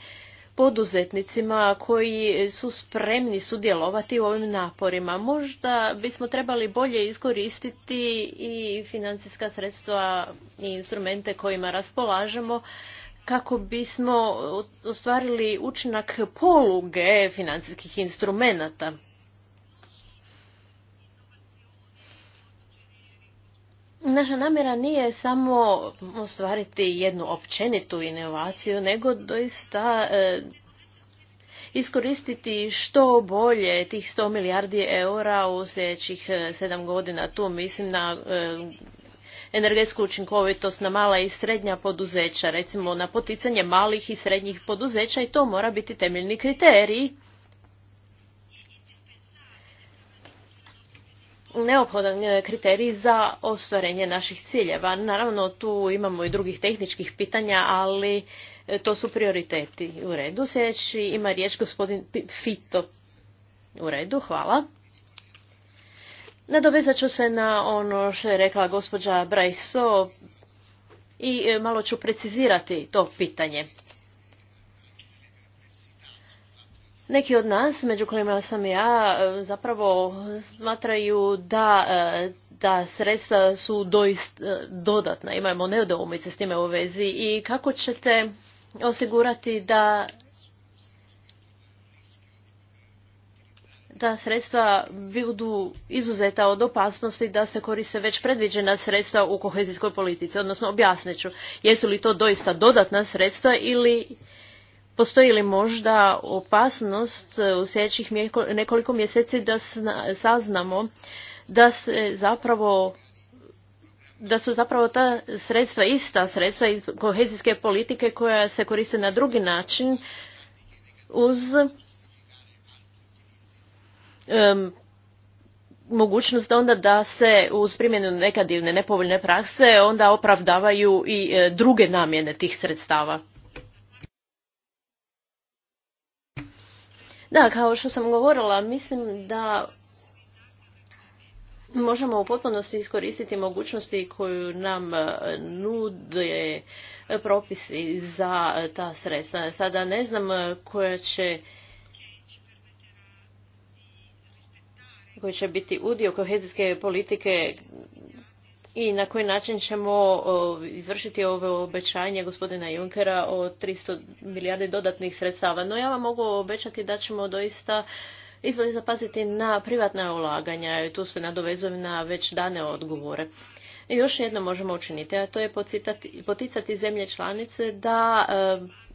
poduzetnicima koji su spremni sudjelovati u ovim naporima. Možda bismo trebali bolje iskoristiti i financijska sredstva i instrumente kojima raspolažemo kako bismo ostvarili učinak poluge financijskih instrumenata. Naša namjera nije samo ostvariti jednu općenitu inovaciju, nego doista e, iskoristiti što bolje tih 100 milijardi eura u sljedećih 7 e, godina. Tu mislim na e, energetsku učinkovitost na mala i srednja poduzeća, recimo na poticanje malih i srednjih poduzeća i to mora biti temeljni kriterij neophodan e, kriterij za ostvarenje naših ciljeva. Naravno, tu imamo i drugih tehničkih pitanja, ali e, to su prioriteti u redu. Sljedeći ima riječ gospodin Fito. U redu, hvala. Nadovezat ću se na ono što je rekla gospođa Brajso i e, malo ću precizirati to pitanje. Neki od nas, među kojima sam ja, e, zapravo smatraju da e, da sredstva su doista e, dodatna. Imamo nedoumice s time u vezi i kako ćete osigurati da da sredstva budu izuzeta od opasnosti da se koriste već predviđena sredstva u kohezijskoj politici. Odnosno, objasnit ću, jesu li to doista dodatna sredstva ili Postoji li možda opasnost e, u sljedećih nekoliko mjeseci da saznamo da se zapravo da su zapravo ta sredstva ista sredstva iz kohezijske politike koja se koriste na drugi način uz mogućnost da onda da se uz primjenu nekadivne nepovoljne prakse onda opravdavaju i e, druge namjene tih sredstava. Da, kao što sam govorila, mislim da možemo u potpunosti iskoristiti mogućnosti koju nam e, nude propisi za e, ta sredstva. Sada ne znam e, koja će koji će biti udio kohezijske politike i na koji način ćemo izvršiti ovo obećanje gospodina Junkera o 300 milijardi dodatnih sredstava. No ja vam mogu obećati da ćemo doista izvoli zapaziti na privatna ulaganja i tu se nadovezujem na već dane odgovore još jedno možemo učiniti, a to je poticati zemlje članice da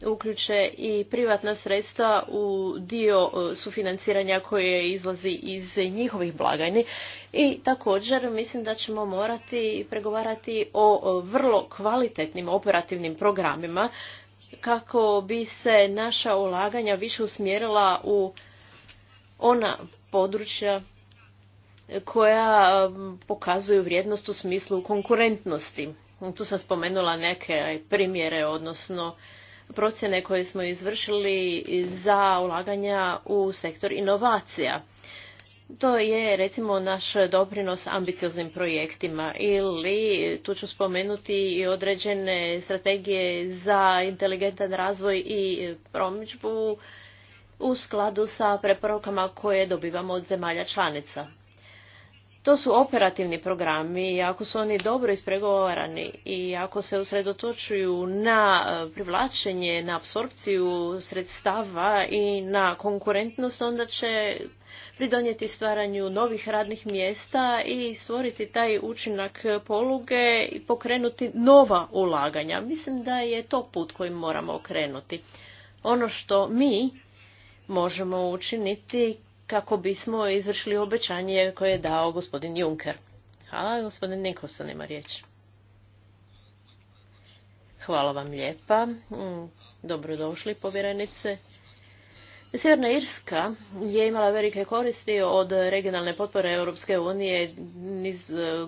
e, uključe i privatna sredstva u dio e, sufinanciranja koje izlazi iz njihovih blagajni. I također mislim da ćemo morati pregovarati o vrlo kvalitetnim operativnim programima kako bi se naša ulaganja više usmjerila u ona područja koja pokazuju vrijednost u smislu konkurentnosti. Tu sam spomenula neke primjere, odnosno procjene koje smo izvršili za ulaganja u sektor inovacija. To je recimo naš doprinos ambicioznim projektima ili tu ću spomenuti i određene strategije za inteligentan razvoj i promidžbu u skladu sa preporukama koje dobivamo od zemalja članica. To su operativni programi i ako su oni dobro ispregovarani i ako se usredotočuju na e, privlačenje, na apsorpciju sredstava i na konkurentnost, onda će pridonijeti stvaranju novih radnih mjesta i stvoriti taj učinak poluge i pokrenuti nova ulaganja. Mislim da je to put kojim moramo okrenuti. Ono što mi možemo učiniti kako bismo izvršili obećanje koje je dao gospodin Juncker. Hvala, gospodin Nikosa, nema riječ. Hvala vam lijepa. Mm, dobrodošli, povjerenice. Sjeverna Irska je imala velike koristi od regionalne potpore Europske unije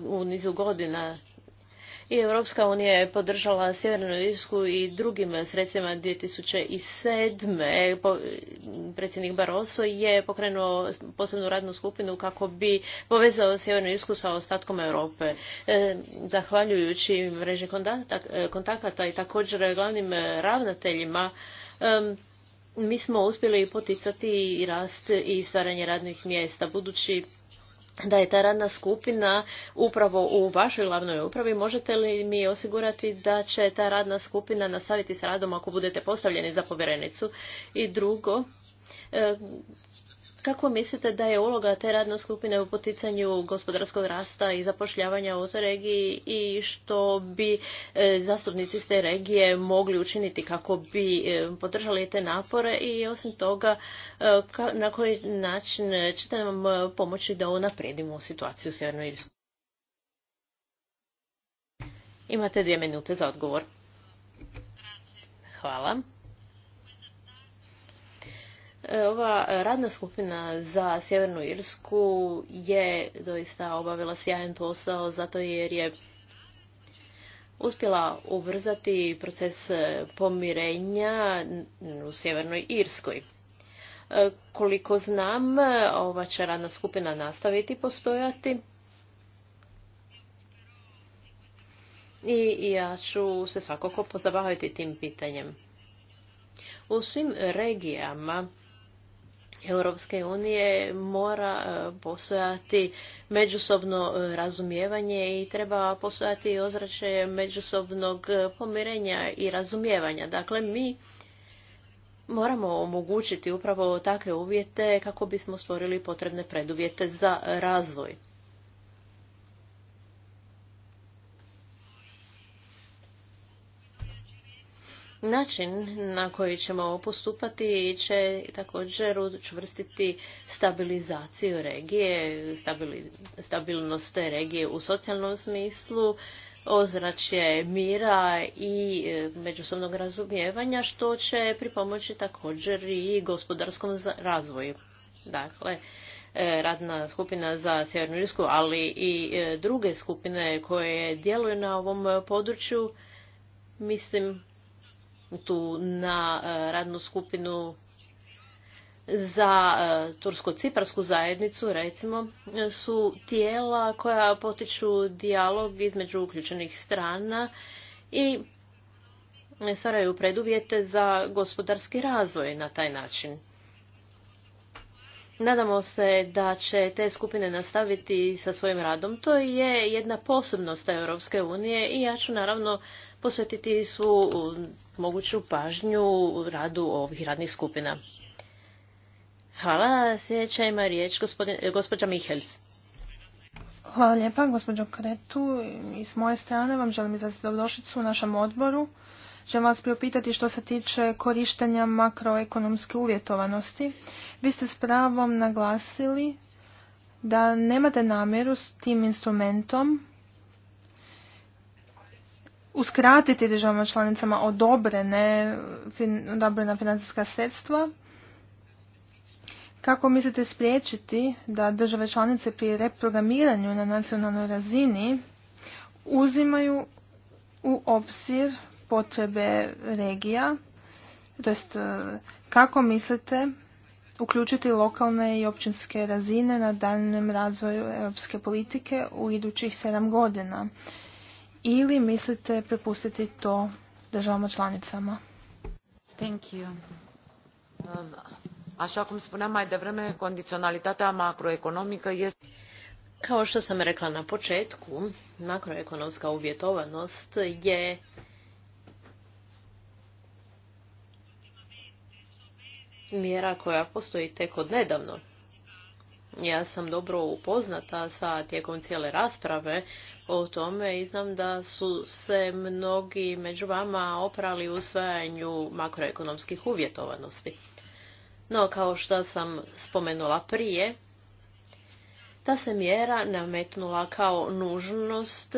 u nizu godina i Europska unija je podržala Sjevernu Irsku i drugim sredstvima 2007. Predsjednik Barroso je pokrenuo posebnu radnu skupinu kako bi povezao Sjevernu Irsku sa ostatkom Europe. E, zahvaljujući mreži kontakata i također glavnim ravnateljima mi smo uspjeli poticati i rast i stvaranje radnih mjesta. Budući da je ta radna skupina upravo u vašoj glavnoj upravi. Možete li mi osigurati da će ta radna skupina nastaviti s radom ako budete postavljeni za povjerenicu? I drugo, kako mislite da je uloga te radne skupine u poticanju gospodarskog rasta i zapošljavanja u toj regiji i što bi e, zastupnici iz te regije mogli učiniti kako bi e, podržali te napore i osim toga e, na koji način ćete nam pomoći da unaprijedimo situaciju u Sjevernoj Irsku? Imate dvije minute za odgovor. Hvala. E, ova radna skupina za Sjevernu Irsku je doista obavila sjajan posao zato jer je uspjela ubrzati proces e, pomirenja u Sjevernoj Irskoj. E, koliko znam, ova će radna skupina nastaviti postojati. I ja ću se svakako pozabaviti tim pitanjem. U svim regijama Europske unije mora e, postojati međusobno e, razumijevanje i treba postojati ozračje međusobnog e, pomirenja i razumijevanja. Dakle, mi moramo omogućiti upravo takve uvjete kako bismo stvorili potrebne preduvjete za razvoj. Način na koji ćemo postupati će također učvrstiti stabilizaciju regije, stabilnost te regije u socijalnom smislu, ozračje mira i e, međusobnog razumijevanja, što će pripomoći također i gospodarskom razvoju. Dakle, e, radna skupina za Sjevernu Irsku, ali i e, druge skupine koje djeluju na ovom području, mislim tu na e, radnu skupinu za e, tursko-ciparsku zajednicu, recimo, su tijela koja potiču dijalog između uključenih strana i stvaraju preduvjete za gospodarski razvoj na taj način. Nadamo se da će te skupine nastaviti sa svojim radom. To je jedna posebnost Europske unije i ja ću naravno posvetiti su um, moguću pažnju radu ovih radnih skupina. Hvala. Sljedeća ima riječ eh, gospođa Mihels. Hvala lijepa gospođo Kretu. I s moje strane vam želim izraziti dobrošicu u našem odboru. Želim vas priopitati što se tiče korištenja makroekonomske uvjetovanosti. Vi ste s pravom naglasili da nemate namjeru s tim instrumentom uskratiti državama članicama odobrene, fin, odobrena financijska sredstva. Kako mislite spriječiti da države članice pri reprogramiranju na nacionalnoj razini uzimaju u obzir potrebe regija, to jest kako mislite uključiti lokalne i općinske razine na daljnjem razvoju europske politike u idućih sedam godina ili mislite prepustiti to državama članicama? Thank you. Um, așa cum spuneam mai devreme, condiționalitatea macroeconomică este... Kao što sam rekla na početku, makroekonomska uvjetovanost je mjera koja postoji tek od nedavno. Ja sam dobro upoznata sa tijekom cijele rasprave o tome i znam da su se mnogi među vama oprali u usvajanju makroekonomskih uvjetovanosti. No, kao što sam spomenula prije, ta se mjera nametnula kao nužnost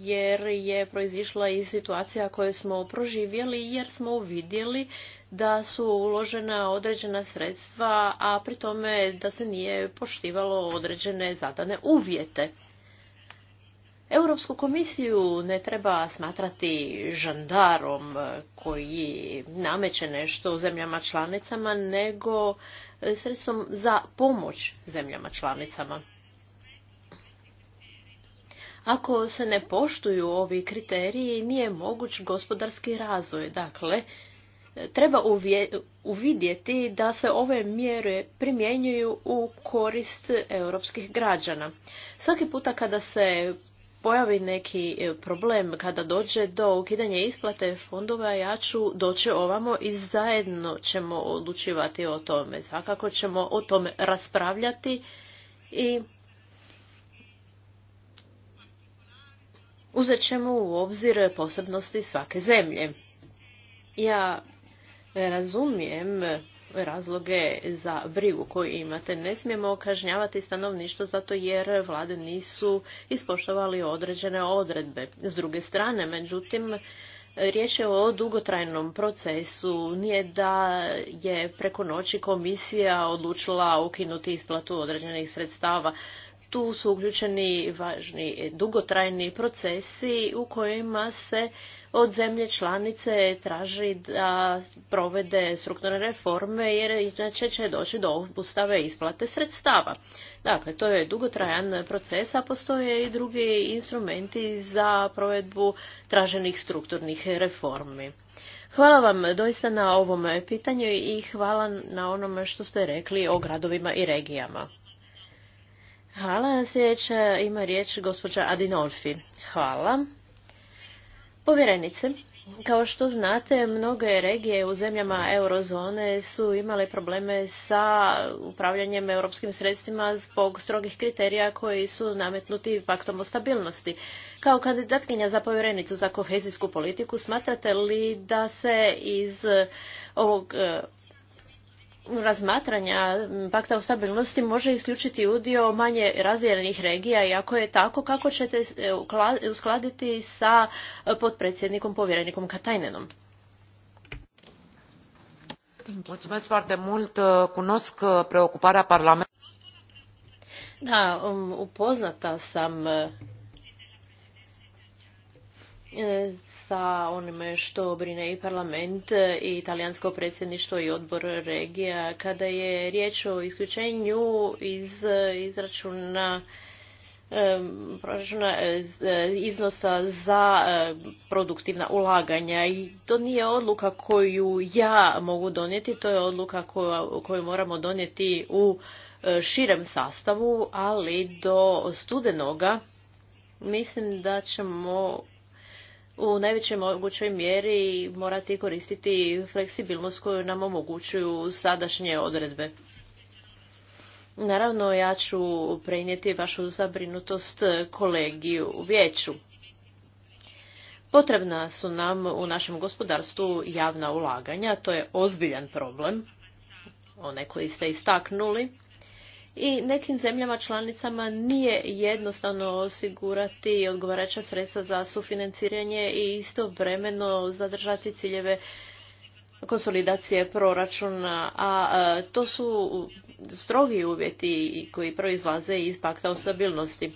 jer je proizišla i situacija koju smo proživjeli jer smo uvidjeli da su uložena određena sredstva, a pri tome da se nije poštivalo određene zadane uvjete. Europsku komisiju ne treba smatrati žandarom koji nameće nešto zemljama članicama, nego sredstvom za pomoć zemljama članicama. Ako se ne poštuju ovi kriteriji, nije moguć gospodarski razvoj. Dakle, treba uvidjeti da se ove mjere primjenjuju u korist europskih građana. Svaki puta kada se pojavi neki e, problem, kada dođe do ukidanja isplate fondova, ja ću doći ovamo i zajedno ćemo odlučivati o tome. Svakako ćemo o tome raspravljati i uzet ćemo u obzir posebnosti svake zemlje. Ja Razumijem razloge za brigu koju imate. Ne smijemo kažnjavati stanovništvo zato jer vlade nisu ispoštovali određene odredbe. S druge strane, međutim, Riječ je o dugotrajnom procesu. Nije da je preko noći komisija odlučila ukinuti isplatu određenih sredstava. Tu su uključeni važni dugotrajni procesi u kojima se od zemlje članice traži da provede strukturne reforme jer inače će doći do obustave isplate sredstava. Dakle, to je dugotrajan proces, a postoje i drugi instrumenti za provedbu traženih strukturnih reformi. Hvala vam doista na ovom pitanju i hvala na onome što ste rekli o gradovima i regijama. Hvala, sljedeća ima riječ gospođa Adinolfi. Hvala. Povjerenice, kao što znate, mnoge regije u zemljama eurozone su imale probleme sa upravljanjem europskim sredstvima zbog strogih kriterija koji su nametnuti paktom o stabilnosti. Kao kandidatkinja za povjerenicu za kohezijsku politiku, smatrate li da se iz ovog razmatranja pakta o stabilnosti može isključiti udio manje razvijenih regija i ako je tako, kako ćete e, uskladiti sa e, potpredsjednikom povjerenikom Katajnenom? Mulțumesc foarte mult. E, cunosc preocuparea Parlamentului. Da, um, upoznata sam sa onime što brine i parlament i italijansko predsjedništvo i odbor regija kada je riječ o isključenju iz izračuna proračuna eh, iznosa za eh, produktivna ulaganja i to nije odluka koju ja mogu donijeti, to je odluka koju moramo donijeti u eh, širem sastavu, ali do studenoga mislim da ćemo u najvećoj mogućoj mjeri morati koristiti fleksibilnost koju nam omogućuju sadašnje odredbe. Naravno, ja ću prenijeti vašu zabrinutost kolegi u vijeću. Potrebna su nam u našem gospodarstvu javna ulaganja, to je ozbiljan problem, one koji ste istaknuli i nekim zemljama članicama nije jednostavno osigurati odgovarajuća sredstva za sufinanciranje i istovremeno zadržati ciljeve konsolidacije proračuna, a e, to su strogi uvjeti koji proizlaze iz pakta o stabilnosti.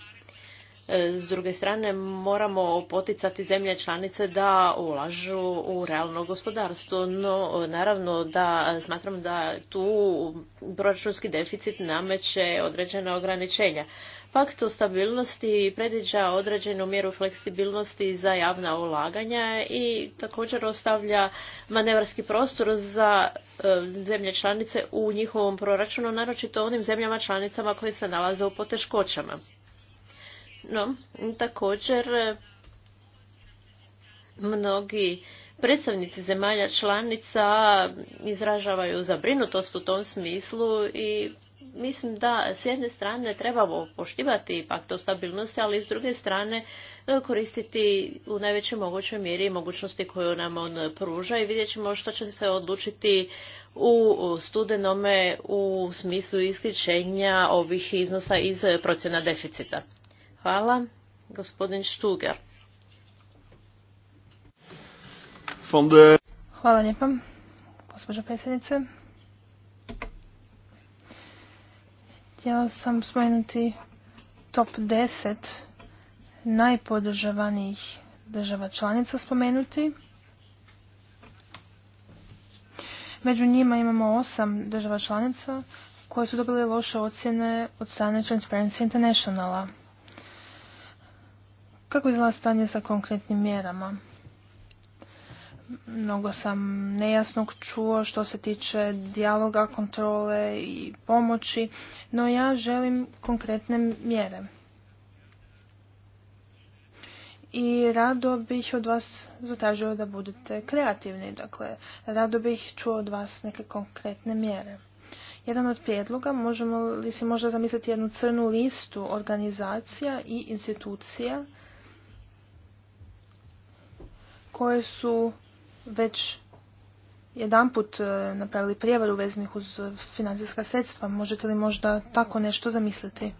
E, s druge strane, moramo poticati zemlje članice da ulažu u realno gospodarstvo, no naravno da smatram da tu proračunski deficit nameće određena ograničenja. Pakt o stabilnosti predviđa određenu mjeru fleksibilnosti za javna ulaganja i također ostavlja manevarski prostor za e, zemlje članice u njihovom proračunu, naročito onim zemljama članicama koje se nalaze u poteškoćama. No, također e, mnogi predstavnici zemalja članica izražavaju zabrinutost u tom smislu i mislim da s jedne strane trebamo poštivati pakt stabilnosti, ali s druge strane e, koristiti u najvećoj mogućoj mjeri mogućnosti koju nam on pruža i vidjet ćemo što će se odlučiti u studenome u smislu isključenja ovih iznosa iz procjena deficita. Hvala. Gospodin Hvala lijepa, gospođo predsjednice. Htjela sam spomenuti top 10 najpodržavanijih država članica spomenuti. Među njima imamo osam država članica koje su dobile loše ocjene od strane Transparency Internationala. Kako izgleda stanje sa konkretnim mjerama? Mnogo sam nejasnog čuo što se tiče dijaloga, kontrole i pomoći, no ja želim konkretne mjere. I rado bih od vas zatražio da budete kreativni, dakle, rado bih čuo od vas neke konkretne mjere. Jedan od prijedloga, možemo li se možda zamisliti jednu crnu listu organizacija i institucija koje su već jedanput e, napravili prijevaru veznih uz financijska sredstva. Možete li možda tako nešto zamisliti?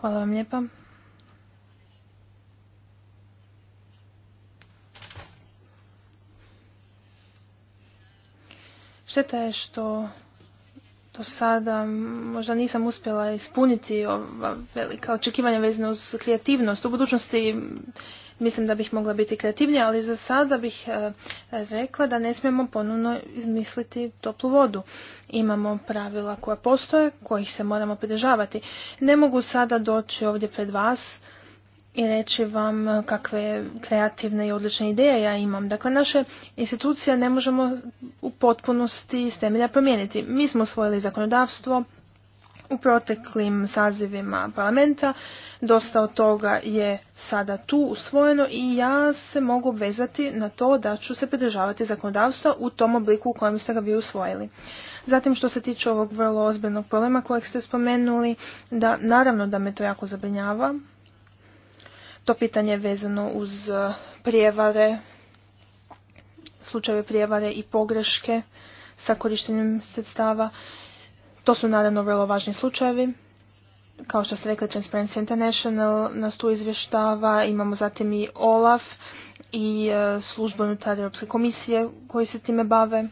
Hvala vam lijepa. Šteta je što do sada možda nisam uspjela ispuniti ova velika očekivanja vezano uz kreativnost. U budućnosti mislim da bih mogla biti kreativnija, ali za sada bih e, rekla da ne smijemo ponovno izmisliti toplu vodu. Imamo pravila koja postoje, kojih se moramo pridržavati. Ne mogu sada doći ovdje pred vas i reći vam kakve kreativne i odlične ideje ja imam. Dakle, naše institucije ne možemo u potpunosti s temelja promijeniti. Mi smo usvojili zakonodavstvo u proteklim sazivima parlamenta. Dosta od toga je sada tu usvojeno i ja se mogu obvezati na to da ću se pridržavati zakonodavstva u tom obliku u kojem ste ga vi usvojili. Zatim što se tiče ovog vrlo ozbiljnog problema kojeg ste spomenuli, da naravno da me to jako zabrinjava, to pitanje vezano uz e, prijevare, slučajeve prijevare i pogreške sa korištenjem sredstava. To su naravno vrlo važni slučajevi. Kao što ste rekli, Transparency International nas tu izvještava, imamo zatim i OLAF i e, službu unutar Europske komisije koji se time bave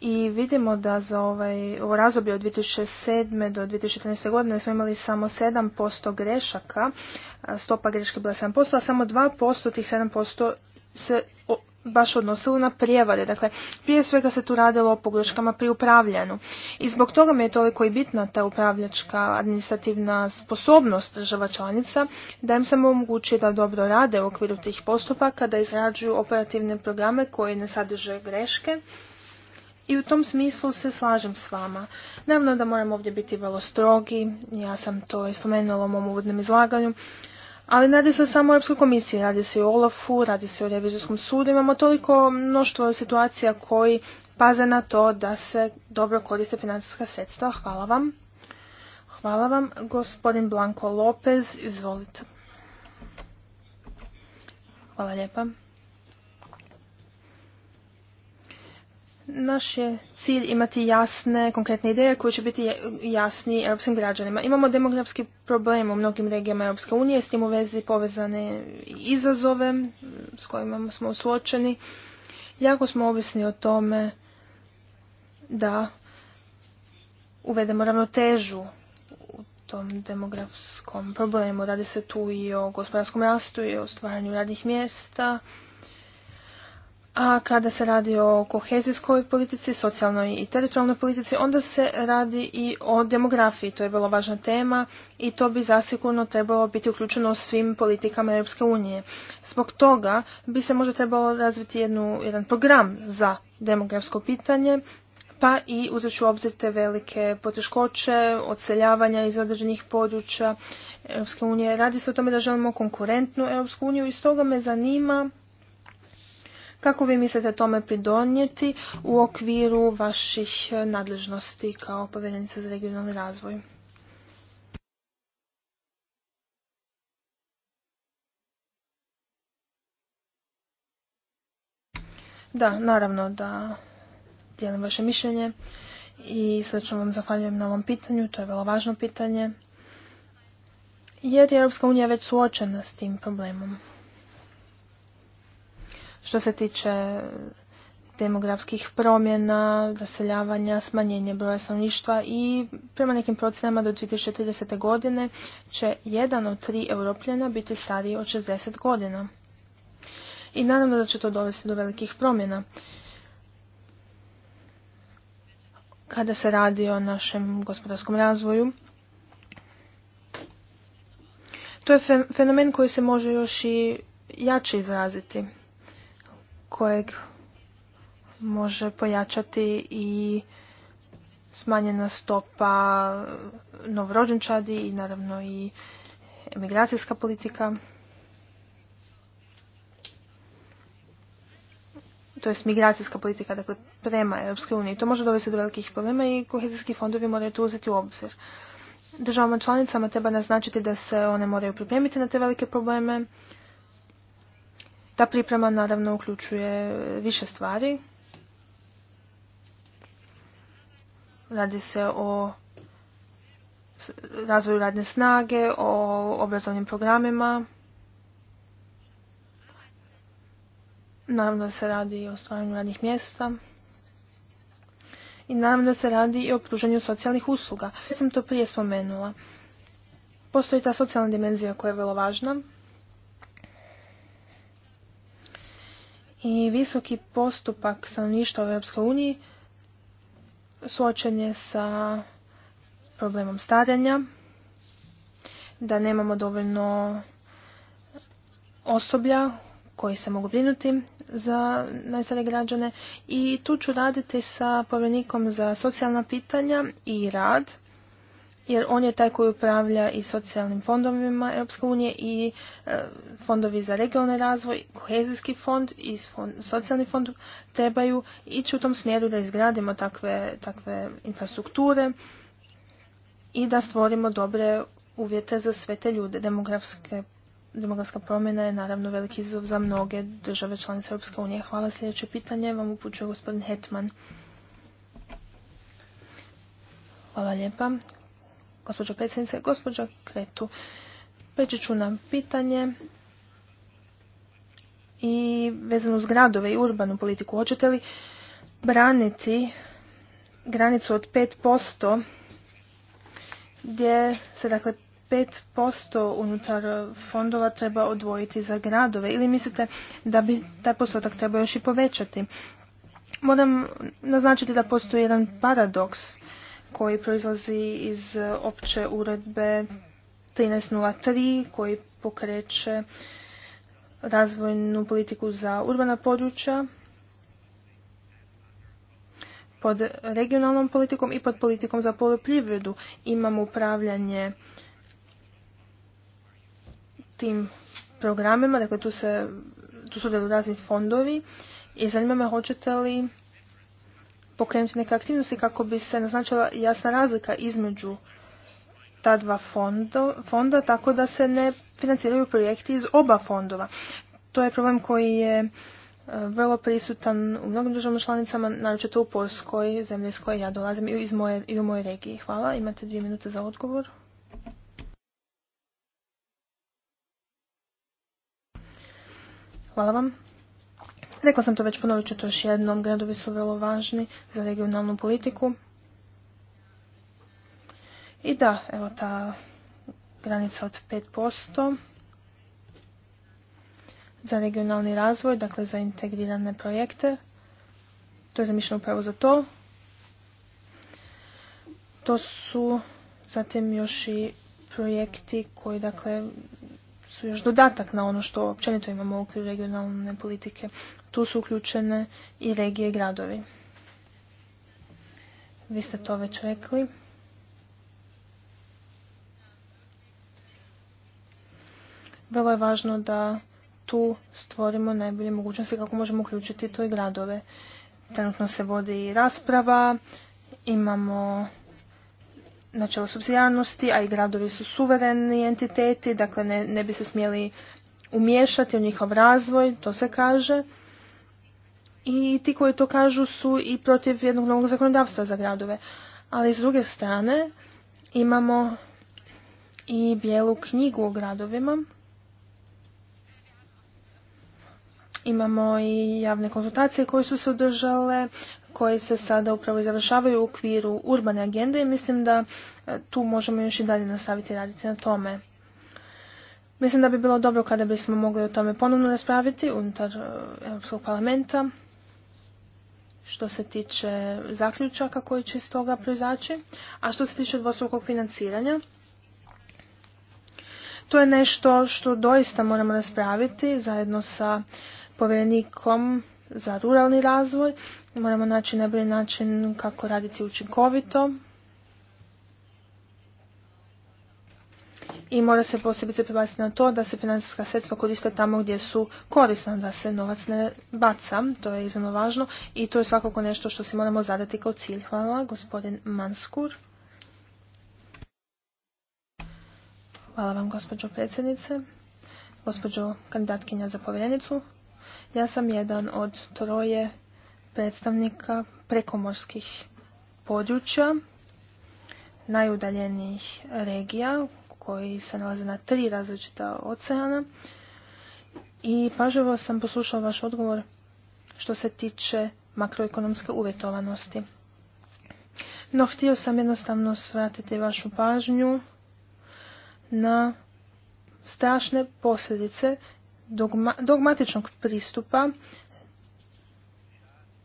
i vidimo da za ovaj, u razdoblju od 2007. do 2014. godine smo imali samo 7% grešaka, stopa greške bila 7%, a samo 2% tih 7% se baš odnosilo na prijevare. Dakle, prije svega se tu radilo o pogreškama pri upravljanju. I zbog toga mi je toliko i bitna ta upravljačka administrativna sposobnost država članica, da im se omogući da dobro rade u okviru tih postupaka, da izrađuju operativne programe koji ne sadrže greške, i u tom smislu se slažem s vama. Naravno da moramo ovdje biti vrlo strogi, ja sam to ispomenula u mom uvodnom izlaganju, ali radi se samo o Europskoj komisiji, radi se i o Olafu, radi se o revizorskom sudu, imamo toliko mnoštvo situacija koji paze na to da se dobro koriste financijska sredstva. Hvala vam. Hvala vam. Gospodin Blanko Lopez, izvolite. Hvala lijepa. Naš je cilj imati jasne, konkretne ideje koje će biti jasni europskim građanima. Imamo demografski problem u mnogim regijama Europske unije, s tim u vezi povezane izazove s kojima smo suočeni. Jako smo ovisni o tome da uvedemo ravnotežu u tom demografskom problemu. Radi se tu i o gospodarskom rastu i o stvaranju radnih mjesta, a kada se radi o kohezijskoj politici, socijalnoj i teritorijalnoj politici, onda se radi i o demografiji. To je vrlo važna tema i to bi zasigurno trebalo biti uključeno u svim politikama Europske unije. Zbog toga bi se možda trebalo razviti jednu, jedan program za demografsko pitanje, pa i uzet u obzir te velike poteškoće, odseljavanja iz određenih područja Europske unije. Radi se o tome da želimo konkurentnu Europsku uniju i stoga me zanima kako vi mislite tome pridonijeti u okviru vaših eh, nadležnosti kao povjerenica za regionalni razvoj? Da, naravno da dijelim vaše mišljenje i srčno vam zahvaljujem na ovom pitanju, to je vrlo važno pitanje. Jer je Europska unija već suočena s tim problemom. Što se tiče demografskih promjena, raseljavanja, smanjenje broja stanovništva i prema nekim procjenama do 2030. godine će jedan od tri europljena biti stariji od 60 godina. I naravno da će to dovesti do velikih promjena. Kada se radi o našem gospodarskom razvoju, to je fenomen koji se može još i jače izraziti kojeg može pojačati i smanjena stopa novorođenčadi i naravno i emigracijska politika. to je migracijska politika dakle, prema Europske unije. To može dovesti do velikih problema i kohezijski fondovi moraju to uzeti u obzir. Državama članicama treba naznačiti da se one moraju pripremiti na te velike probleme ta priprema naravno uključuje više stvari. Radi se o razvoju radne snage, o obrazovnim programima. Naravno da se radi i o stvaranju radnih mjesta. I naravno da se radi i o pružanju socijalnih usluga. Ja sam to prije spomenula. Postoji ta socijalna dimenzija koja je vrlo važna. i visoki postupak stanovništva u Europskoj uniji suočen je sa problemom staranja, da nemamo dovoljno osoblja koji se mogu brinuti za najstarije građane i tu ću raditi sa povjerenikom za socijalna pitanja i rad jer on je taj koji upravlja i socijalnim fondovima Europske unije i e, fondovi za regionalni razvoj, kohezijski fond i socijalni fond trebaju ići u tom smjeru da izgradimo takve, takve infrastrukture i da stvorimo dobre uvjete za sve te ljude. Demografske, demografska promjena je naravno veliki izazov za mnoge države članice Europske unije. Hvala. Sljedeće pitanje vam upućuje gospodin Hetman. Hvala lijepa gospođo predsjednice. Gospođo Kretu, preći ću nam pitanje i vezano uz gradove i urbanu politiku. Hoćete li braniti granicu od 5% gdje se dakle 5% unutar fondova treba odvojiti za gradove ili mislite da bi taj postotak treba još i povećati? Moram naznačiti da postoji jedan paradoks koji proizlazi iz opće uredbe 1303 koji pokreće razvojnu politiku za urbana područja pod regionalnom politikom i pod politikom za poljoprivredu. Imamo upravljanje tim programima, dakle tu se tu su razni fondovi i zanima me hoćete li pokrenuti neke aktivnosti kako bi se naznačila jasna razlika između ta dva fondo, fonda tako da se ne financiraju projekti iz oba fondova. To je problem koji je e, vrlo prisutan u mnogim državama članicama, naročito u Polskoj, zemlji iz koje ja dolazim i, iz moje, i u mojoj regiji. Hvala, imate dvije minute za odgovor. Hvala vam. Rekla sam to već, ponovit ću to još jednom, gradovi su vrlo važni za regionalnu politiku. I da, evo ta granica od 5% za regionalni razvoj, dakle za integrirane projekte. To je zamišljeno upravo za to. To su zatim još i projekti koji dakle su još dodatak na ono što općenito imamo u okviru regionalne politike. Tu su uključene i regije i gradovi. Vi ste to već rekli. Vrlo je važno da tu stvorimo najbolje mogućnosti kako možemo uključiti to i gradove. Trenutno se vodi i rasprava, imamo Načela subsidijarnosti, a i gradovi su suvereni entiteti, dakle ne, ne bi se smjeli umiješati u njihov razvoj, to se kaže. I ti koji to kažu su i protiv jednog novog zakonodavstva za gradove. Ali s druge strane imamo i bijelu knjigu o gradovima. Imamo i javne konzultacije koje su se održale koji se sada upravo završavaju u okviru urbane agende i mislim da e, tu možemo još i dalje nastaviti raditi na tome. Mislim da bi bilo dobro kada bismo mogli o tome ponovno raspraviti unutar e, Europskog parlamenta što se tiče zaključaka koji će iz toga proizaći. A što se tiče dvostrukog financiranja, to je nešto što doista moramo raspraviti zajedno sa povjerenikom za ruralni razvoj Moramo naći najbolji način kako raditi učinkovito. I mora se posebice prebaciti na to da se financijska sredstva koriste tamo gdje su korisna, da se novac ne baca, to je iznimno važno i to je svakako nešto što si moramo zadati kao cilj. Hvala, gospodin Manskur. Hvala vam, gospođo predsjednice, gospođo kandidatkinja za povjerenicu. Ja sam jedan od troje predstavnika prekomorskih područja, najudaljenijih regija koji se nalaze na tri različita oceana. I pažljivo sam poslušao vaš odgovor što se tiče makroekonomske uvjetovanosti. No htio sam jednostavno svratiti vašu pažnju na strašne posljedice dogmatičnog pristupa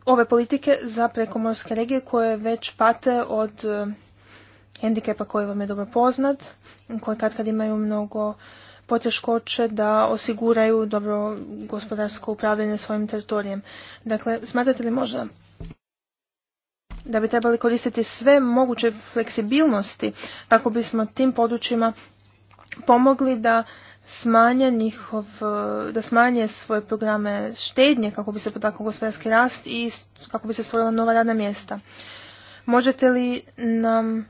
ove politike za prekomorske regije koje već pate od e, hendikepa koji vam je dobro poznat, koji kad kad imaju mnogo poteškoće da osiguraju dobro gospodarsko upravljanje svojim teritorijem. Dakle, smatrate li možda da bi trebali koristiti sve moguće fleksibilnosti kako bismo tim područjima pomogli da smanje njihov, e, da smanje svoje programe štednje kako bi se potakao gospodarski rast i kako bi se stvorila nova radna mjesta. Možete li nam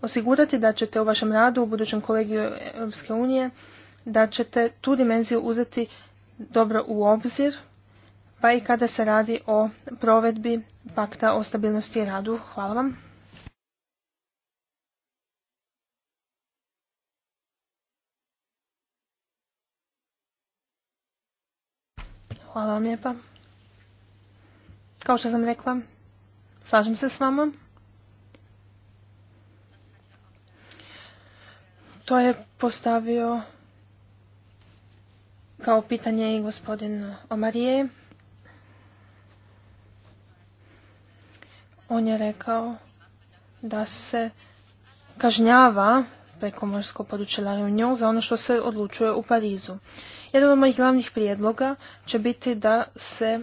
osigurati da ćete u vašem radu u budućem kolegiju Europske unije da ćete tu dimenziju uzeti dobro u obzir pa i kada se radi o provedbi pakta o stabilnosti i radu. Hvala vam. Hvala vam lijepa. Kao što sam rekla, slažem se s vama. To je postavio kao pitanje i gospodin Omarije. On je rekao da se kažnjava prekomorsko područje La za ono što se odlučuje u Parizu. Jedan od mojih glavnih prijedloga će biti da se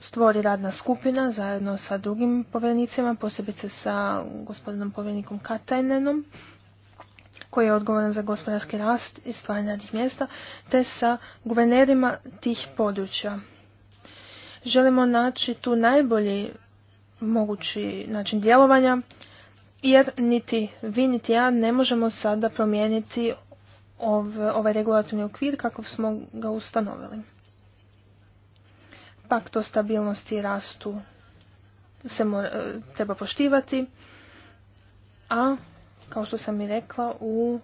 stvori radna skupina zajedno sa drugim povjerenicima, posebice sa gospodinom povjerenikom Katajnenom, koji je odgovoran za gospodarski rast i stvaranje radnih mjesta, te sa guvernerima tih područja. Želimo naći tu najbolji mogući način djelovanja, jer niti vi niti ja ne možemo sada promijeniti ovaj regulatorni okvir kako smo ga ustanovili. Pakt o stabilnosti i rastu se mora, e, treba poštivati, a kao što sam i rekla u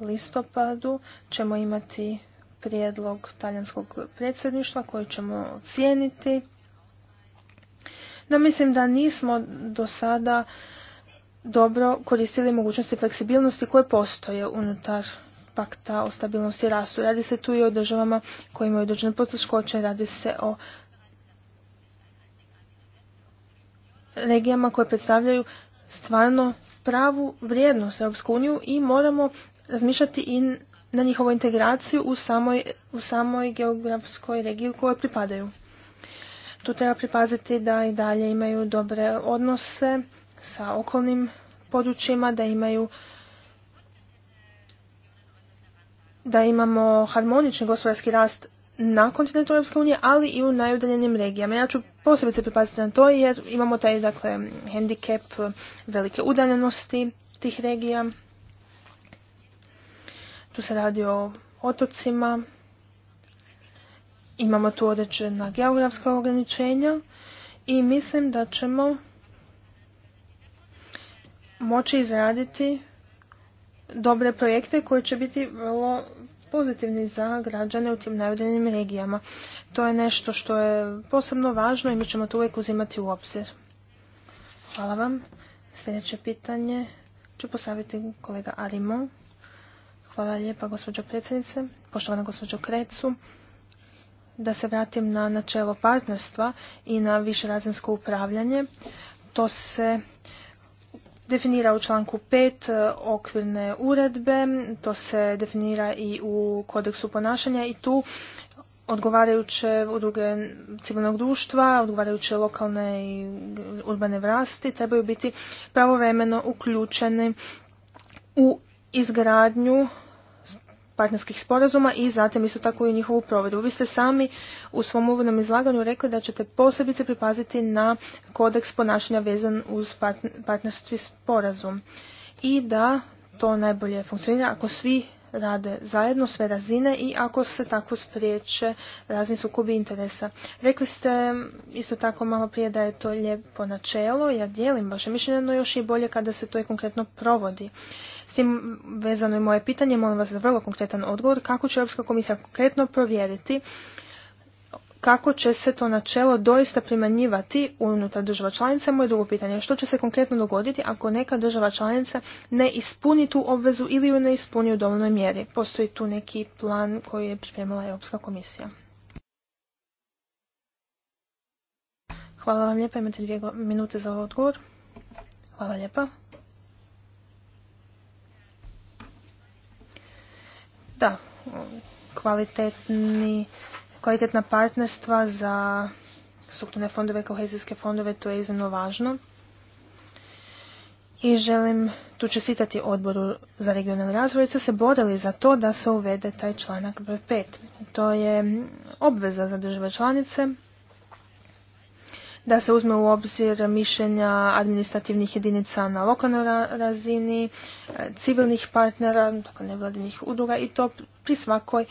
listopadu ćemo imati prijedlog talijanskog predsjedništva koji ćemo cijeniti. No mislim da nismo do sada dobro koristili mogućnosti fleksibilnosti koje postoje unutar pakta o stabilnosti i rastu. Radi se tu i o državama koje imaju određene poteškoće, radi se o regijama koje predstavljaju stvarno pravu vrijednost Europsku uniju i moramo razmišljati i na njihovu integraciju u samoj, u samoj geografskoj regiji u kojoj pripadaju. Tu treba pripaziti da i dalje imaju dobre odnose sa okolnim područjima, da imaju da imamo harmonični gospodarski rast na kontinentu Europske unije, ali i u najudaljenim regijama. Ja ću se pripaziti na to jer imamo taj dakle, hendikep velike udaljenosti tih regija. Tu se radi o otocima. Imamo tu određena geografska ograničenja i mislim da ćemo moći izraditi dobre projekte koji će biti vrlo pozitivni za građane u tim navedenim regijama. To je nešto što je posebno važno i mi ćemo to uvijek uzimati u obzir. Hvala vam. Sljedeće pitanje ću postaviti kolega Arimo. Hvala lijepa gospođo predsjednice, poštovana gospođo Krecu. Da se vratim na načelo partnerstva i na višerazinsko upravljanje. To se definira u članku 5 e, okvirne uredbe, to se definira i u kodeksu ponašanja i tu odgovarajuće udruge civilnog društva, odgovarajuće lokalne i urbane vlasti trebaju biti pravovremeno uključeni u izgradnju partnerskih sporazuma i zatim isto tako i njihovu provedbu. Vi ste sami u svom uvodnom izlaganju rekli da ćete posebice pripaziti na kodeks ponašanja vezan uz partnerski sporazum i da to najbolje funkcionira ako svi rade zajedno sve razine i ako se tako spriječe razni sukobi interesa. Rekli ste isto tako malo prije da je to lijepo načelo, ja dijelim vaše mišljenje, no još i bolje kada se to i konkretno provodi. S tim vezano je moje pitanje, molim vas za vrlo konkretan odgovor, kako će Europska komisija konkretno provjeriti kako će se to načelo doista primanjivati unutar država članica. Moje drugo pitanje što će se konkretno dogoditi ako neka država članica ne ispuni tu obvezu ili ju ne ispuni u dovoljnoj mjeri? Postoji tu neki plan koji je pripremila Europska komisija. Hvala vam lijepa, imate dvije minute za odgovor. Hvala lijepa. Da, kvalitetni kvalitetna partnerstva za strukturne fondove i kohezijske fondove, to je iznimno važno. I želim tu čestitati odboru za regionalni razvoj jer se borili za to da se uvede taj članak b 5. To je obveza za države članice da se uzme u obzir mišljenja administrativnih jedinica na lokalnoj razini, e, civilnih partnera, dakle nevladinih udruga i to pri svakoj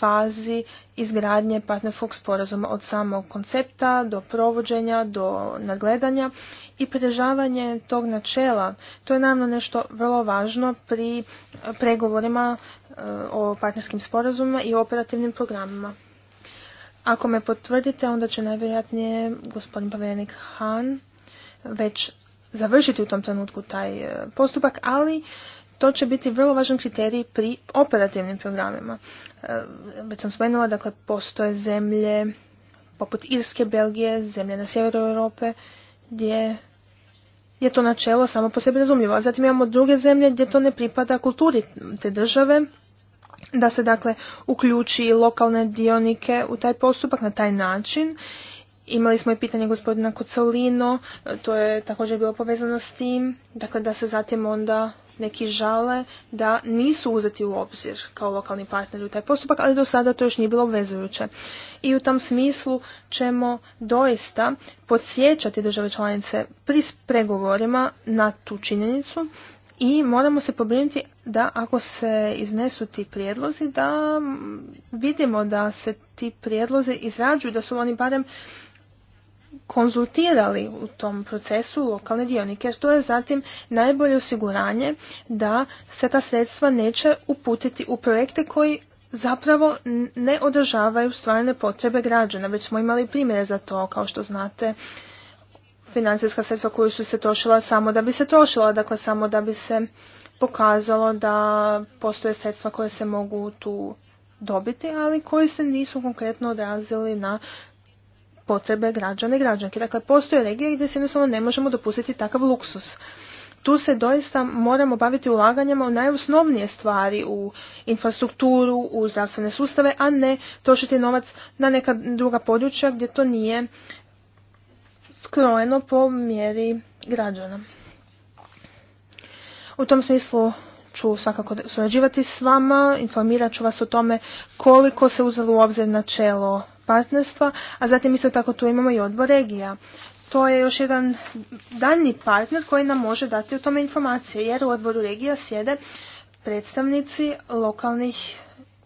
fazi izgradnje partnerskog sporazuma od samog koncepta do provođenja, do nagledanja i pridržavanje tog načela. To je naravno nešto vrlo važno pri eh, pregovorima eh, o partnerskim sporazumima i operativnim programima. Ako me potvrdite, onda će najvjerojatnije gospodin povjerenik Han već završiti u tom trenutku taj eh, postupak, ali to će biti vrlo važan kriterij pri operativnim programima. E, već sam spomenula, dakle, postoje zemlje poput Irske, Belgije, zemlje na sjeveru Europe, gdje je to načelo samo po sebi razumljivo. A zatim imamo druge zemlje gdje to ne pripada kulturi te države, da se dakle uključi lokalne dionike u taj postupak na taj način. Imali smo i pitanje gospodina Kocolino, to je također bilo povezano s tim, dakle da se zatim onda neki žale da nisu uzeti u obzir kao lokalni partneri u taj postupak, ali do sada to još nije bilo obvezujuće. I u tom smislu ćemo doista podsjećati države članice pri pregovorima na tu činjenicu i moramo se pobrinuti da ako se iznesu ti prijedlozi da vidimo da se ti prijedlozi izrađuju, da su oni barem konzultirali u tom procesu lokalne dionike, jer to je zatim najbolje osiguranje da se ta sredstva neće uputiti u projekte koji zapravo ne održavaju stvarne potrebe građana. Već smo imali primjere za to, kao što znate, financijska sredstva koju su se trošila samo da bi se trošila, dakle samo da bi se pokazalo da postoje sredstva koje se mogu tu dobiti, ali koji se nisu konkretno odrazili na potrebe građana i građanke. Dakle, postoje regije gdje se jednostavno ne možemo dopustiti takav luksus. Tu se doista moramo baviti ulaganjama u najosnovnije stvari, u infrastrukturu, u zdravstvene sustave, a ne trošiti novac na neka druga područja gdje to nije skrojeno po mjeri građana. U tom smislu ću svakako surađivati s vama, informirat ću vas o tome koliko se uzelo u obzir načelo partnerstva, a zatim isto tako tu imamo i odbor regija. To je još jedan daljni partner koji nam može dati o tome informacije, jer u odboru regija sjede predstavnici lokalnih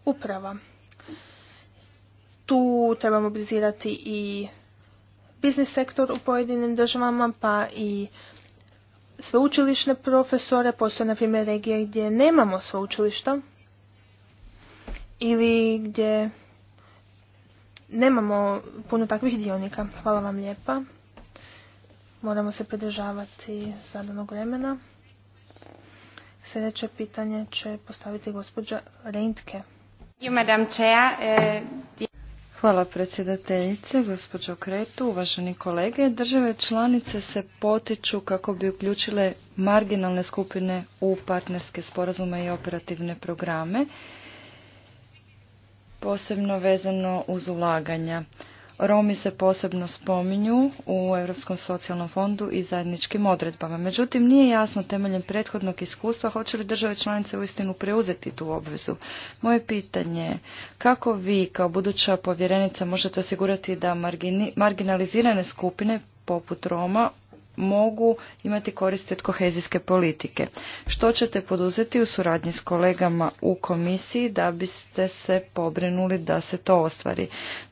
uprava. Tu trebamo mobilizirati i biznis sektor u pojedinim državama, pa i sveučilišne profesore. Postoje, na primjer, regije gdje nemamo sveučilišta ili gdje nemamo puno takvih dionika. Hvala vam lijepa. Moramo se pridržavati zadanog vremena. Sljedeće pitanje će postaviti gospođa Reintke. Uh, Hvala predsjedateljice, gospođo Kretu, uvaženi kolege. Države članice se potiču kako bi uključile marginalne skupine u partnerske sporazume i operativne programe posebno vezano uz ulaganja. Romi se posebno spominju u Europskom socijalnom fondu i zajedničkim odredbama. Međutim, nije jasno temeljem prethodnog iskustva hoće li države članice uistinu preuzeti tu obvezu. Moje pitanje je kako vi kao buduća povjerenica možete osigurati da marginalizirane skupine poput Roma mogu imati koristi od kohezijske politike. Što ćete poduzeti u suradnji s kolegama u komisiji da biste se pobrinuli da se to ostvari?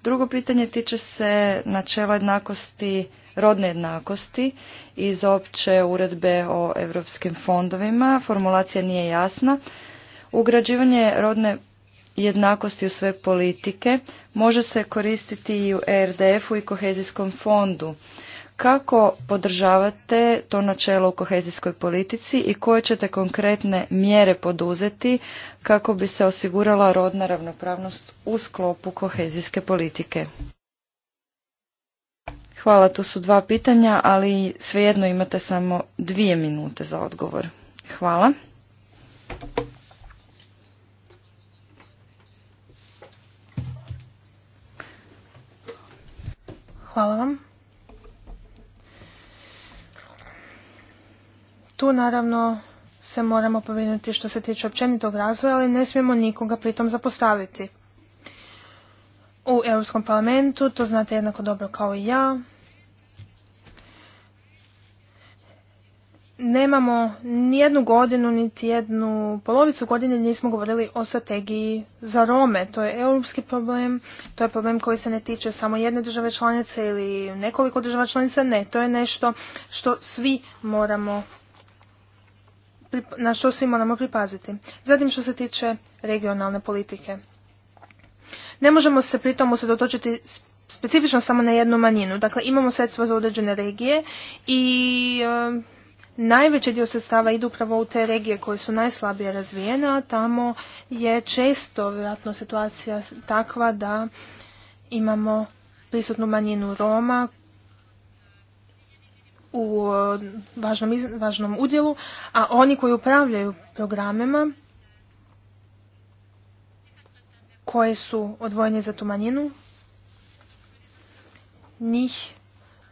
Drugo pitanje tiče se načela jednakosti, rodne jednakosti iz opće uredbe o europskim fondovima. Formulacija nije jasna. Ugrađivanje rodne jednakosti u sve politike može se koristiti i u ERDF-u i kohezijskom fondu kako podržavate to načelo u kohezijskoj politici i koje ćete konkretne mjere poduzeti kako bi se osigurala rodna ravnopravnost u sklopu kohezijske politike? Hvala, tu su dva pitanja, ali svejedno imate samo dvije minute za odgovor. Hvala. Hvala vam. Tu naravno se moramo povinuti što se tiče općenitog razvoja, ali ne smijemo nikoga pritom zapostaviti. U Europskom parlamentu, to znate jednako dobro kao i ja, nemamo jednu godinu, niti jednu polovicu godine nismo govorili o strategiji za Rome. To je europski problem, to je problem koji se ne tiče samo jedne države članice ili nekoliko država članica, ne, to je nešto što svi moramo na što svi moramo pripaziti. Zatim što se tiče regionalne politike. Ne možemo se pritom usredotočiti specifično samo na jednu manjinu. Dakle, imamo sredstva za određene regije i um, najveći dio sredstava idu upravo u te regije koje su najslabije razvijene, a tamo je često vjerojatno situacija takva da imamo prisutnu manjinu Roma u važnom, važnom udjelu, a oni koji upravljaju programima koje su odvojeni za tu manjinu, njih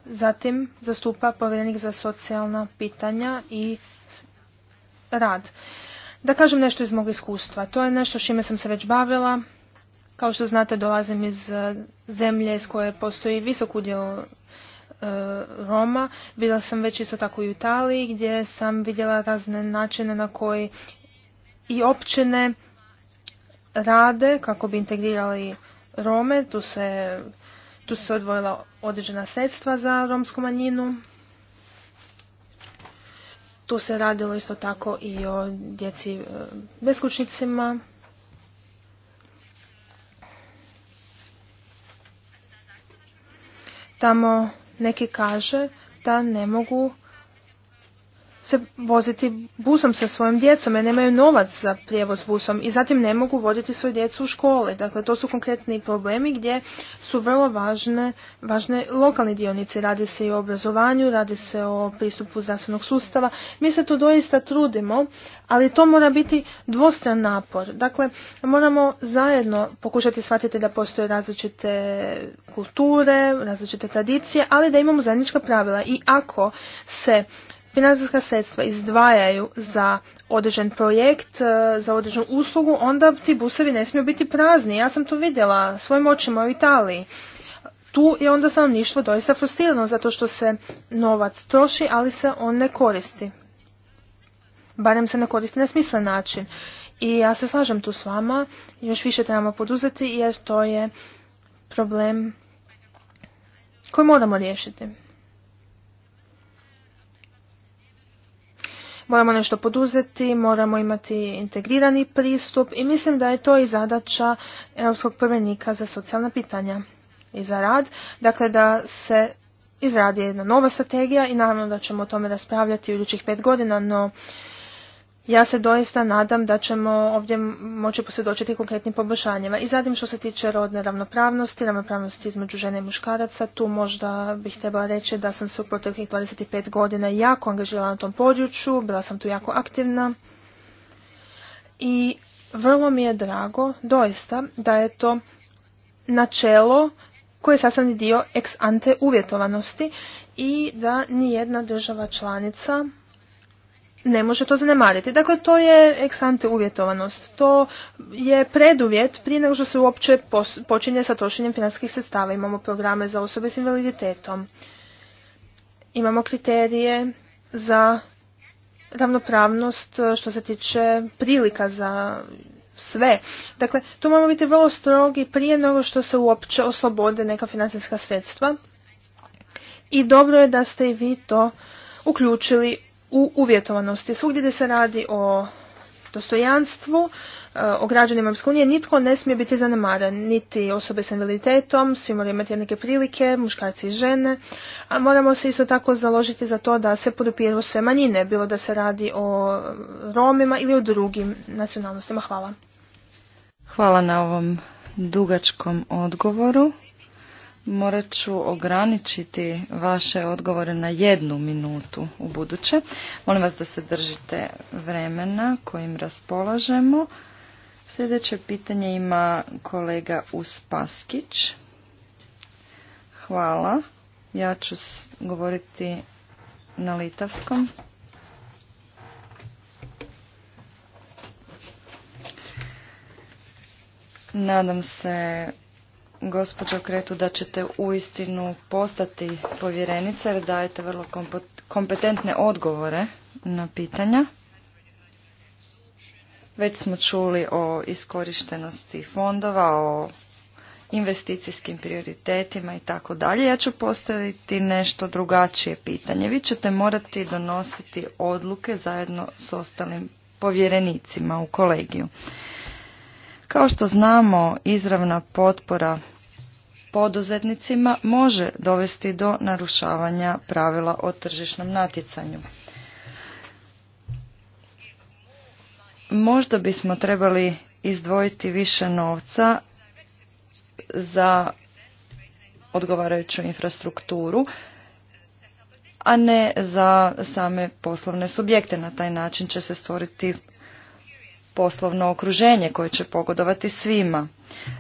zatim zastupa povjerenik za socijalna pitanja i rad. Da kažem nešto iz mog iskustva. To je nešto s čime sam se već bavila. Kao što znate, dolazim iz eh, zemlje iz koje postoji visok udjel E, Roma. Bila sam već isto tako i u Italiji gdje sam vidjela razne načine na koji i općine rade kako bi integrirali Rome. Tu se, tu se odvojila određena sredstva za romsku manjinu. Tu se radilo isto tako i o djeci e, beskućnicima. Tamo neki kaže da ne mogu se voziti busom sa svojom djecom jer nemaju novac za prijevoz busom i zatim ne mogu voditi svoju djecu u škole. Dakle, to su konkretni problemi gdje su vrlo važne, važne lokalni dionici. Radi se i o obrazovanju, radi se o pristupu zdravstvenog sustava. Mi se tu doista trudimo, ali to mora biti dvostran napor. Dakle, moramo zajedno pokušati shvatiti da postoje različite kulture, različite tradicije, ali da imamo zajednička pravila. I ako se financijska sredstva izdvajaju za određen projekt, e, za određenu uslugu, onda ti busevi ne smiju biti prazni. Ja sam to vidjela svojim očima u Italiji. Tu je onda stanovništvo doista frustrirano zato što se novac troši, ali se on ne koristi. Barem se ne koristi na smislen način. I ja se slažem tu s vama, još više trebamo poduzeti jer to je problem koji moramo riješiti. moramo nešto poduzeti, moramo imati integrirani pristup i mislim da je to i zadaća Europskog prvenika za socijalna pitanja i za rad, dakle da se izradi jedna nova strategija i naravno da ćemo o tome raspravljati u idućih pet godina, no ja se doista nadam da ćemo ovdje moći posvjedočiti konkretnim poboljšanjima. I zatim što se tiče rodne ravnopravnosti, ravnopravnosti između žene i muškaraca, tu možda bih trebala reći da sam se u proteklih 25 godina jako angažirala na tom području, bila sam tu jako aktivna i vrlo mi je drago doista da je to načelo koje je sastavni dio ex ante uvjetovanosti i da nijedna država članica ne može to zanemariti. Dakle, to je eksante uvjetovanost. To je preduvjet prije nego što se uopće počinje sa trošenjem financijskih sredstava. Imamo programe za osobe s invaliditetom. Imamo kriterije za ravnopravnost eh, što se tiče prilika za sve. Dakle, tu moramo biti vrlo strogi prije nego što se uopće oslobode neka financijska sredstva. I dobro je da ste i vi to uključili u uvjetovanosti. Svugdje gdje se radi o dostojanstvu, e, o građanima EU, nitko ne smije biti zanemaran, niti osobe s invaliditetom, svi moraju imati jednake prilike, muškarci i žene, a moramo se isto tako založiti za to da se podupiru sve manjine, bilo da se radi o Romima ili o drugim nacionalnostima. Hvala. Hvala na ovom dugačkom odgovoru morat ću ograničiti vaše odgovore na jednu minutu u buduće. Molim vas da se držite vremena kojim raspolažemo. Sljedeće pitanje ima kolega Uspaskić. Hvala. Ja ću govoriti na litavskom. Nadam se gospođo Kretu da ćete uistinu postati povjerenica jer dajete vrlo kompetentne odgovore na pitanja. Već smo čuli o iskorištenosti fondova, o investicijskim prioritetima i tako dalje. Ja ću postaviti nešto drugačije pitanje. Vi ćete morati donositi odluke zajedno s ostalim povjerenicima u kolegiju. Kao što znamo, izravna potpora poduzetnicima može dovesti do narušavanja pravila o tržišnom natjecanju. Možda bismo trebali izdvojiti više novca za odgovarajuću infrastrukturu, a ne za same poslovne subjekte. Na taj način će se stvoriti poslovno okruženje koje će pogodovati svima.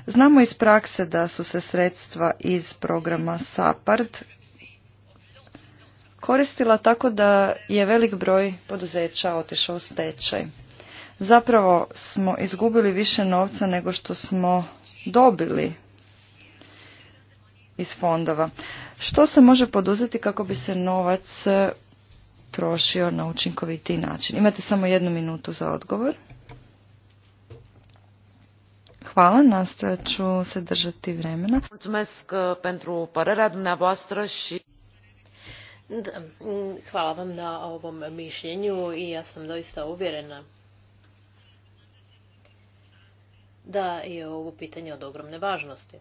Znamo iz prakse da su se sredstva iz programa SAPARD koristila tako da je velik broj poduzeća otišao u stečaj. Zapravo smo izgubili više novca nego što smo dobili iz fondova. Što se može poduzeti kako bi se novac trošio na učinkovitiji način? Imate samo jednu minutu za odgovor. Hvala, nastojat ću se držati vremena. Uh, pentru mm, Hvala vam na ovom mišljenju i ja sam doista uvjerena da je ovo pitanje od ogromne važnosti.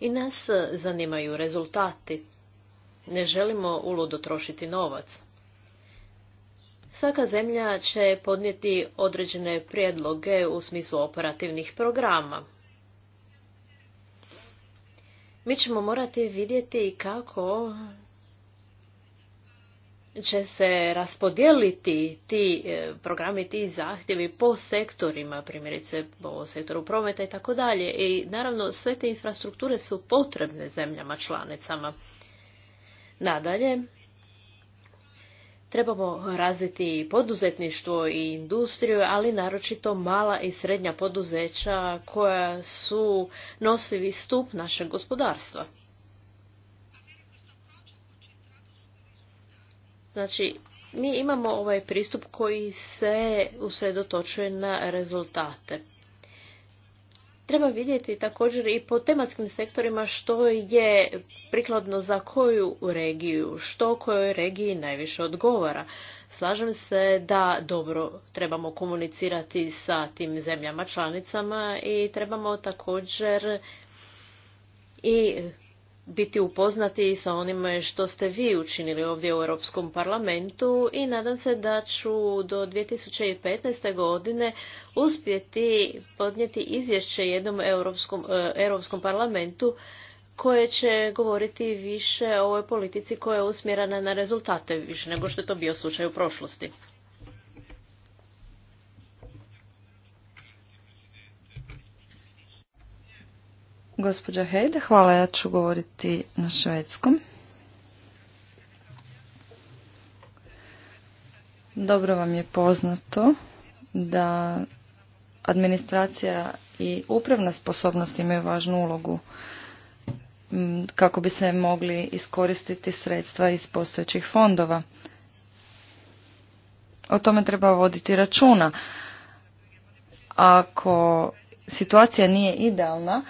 I nas zanimaju rezultati. Ne želimo uludo trošiti novac. Svaka zemlja će podnijeti određene prijedloge u smislu operativnih programa. Mi ćemo morati vidjeti kako će se raspodijeliti ti e, programi, ti zahtjevi po sektorima, primjerice po sektoru prometa i tako dalje. I naravno sve te infrastrukture su potrebne zemljama članicama. Nadalje, Trebamo razviti poduzetništvo i industriju, ali naročito mala i srednja poduzeća koja su nosivi stup našeg gospodarstva. Znači, mi imamo ovaj pristup koji se usredotočuje na rezultate. Treba vidjeti također i po tematskim sektorima što je prikladno za koju regiju, što kojoj regiji najviše odgovara. Slažem se da dobro trebamo komunicirati sa tim zemljama članicama i trebamo također i biti upoznati sa onima što ste vi učinili ovdje u Europskom parlamentu i nadam se da ću do 2015. godine uspjeti podnijeti izvješće jednom Europskom, e, Europskom parlamentu koje će govoriti više o ovoj politici koja je usmjerena na rezultate više nego što je to bio slučaj u prošlosti. Gospođa Hejde, hvala, ja ću govoriti na švedskom. Dobro vam je poznato da administracija i upravna sposobnost imaju važnu ulogu kako bi se mogli iskoristiti sredstva iz postojećih fondova. O tome treba voditi računa. Ako situacija nije idealna,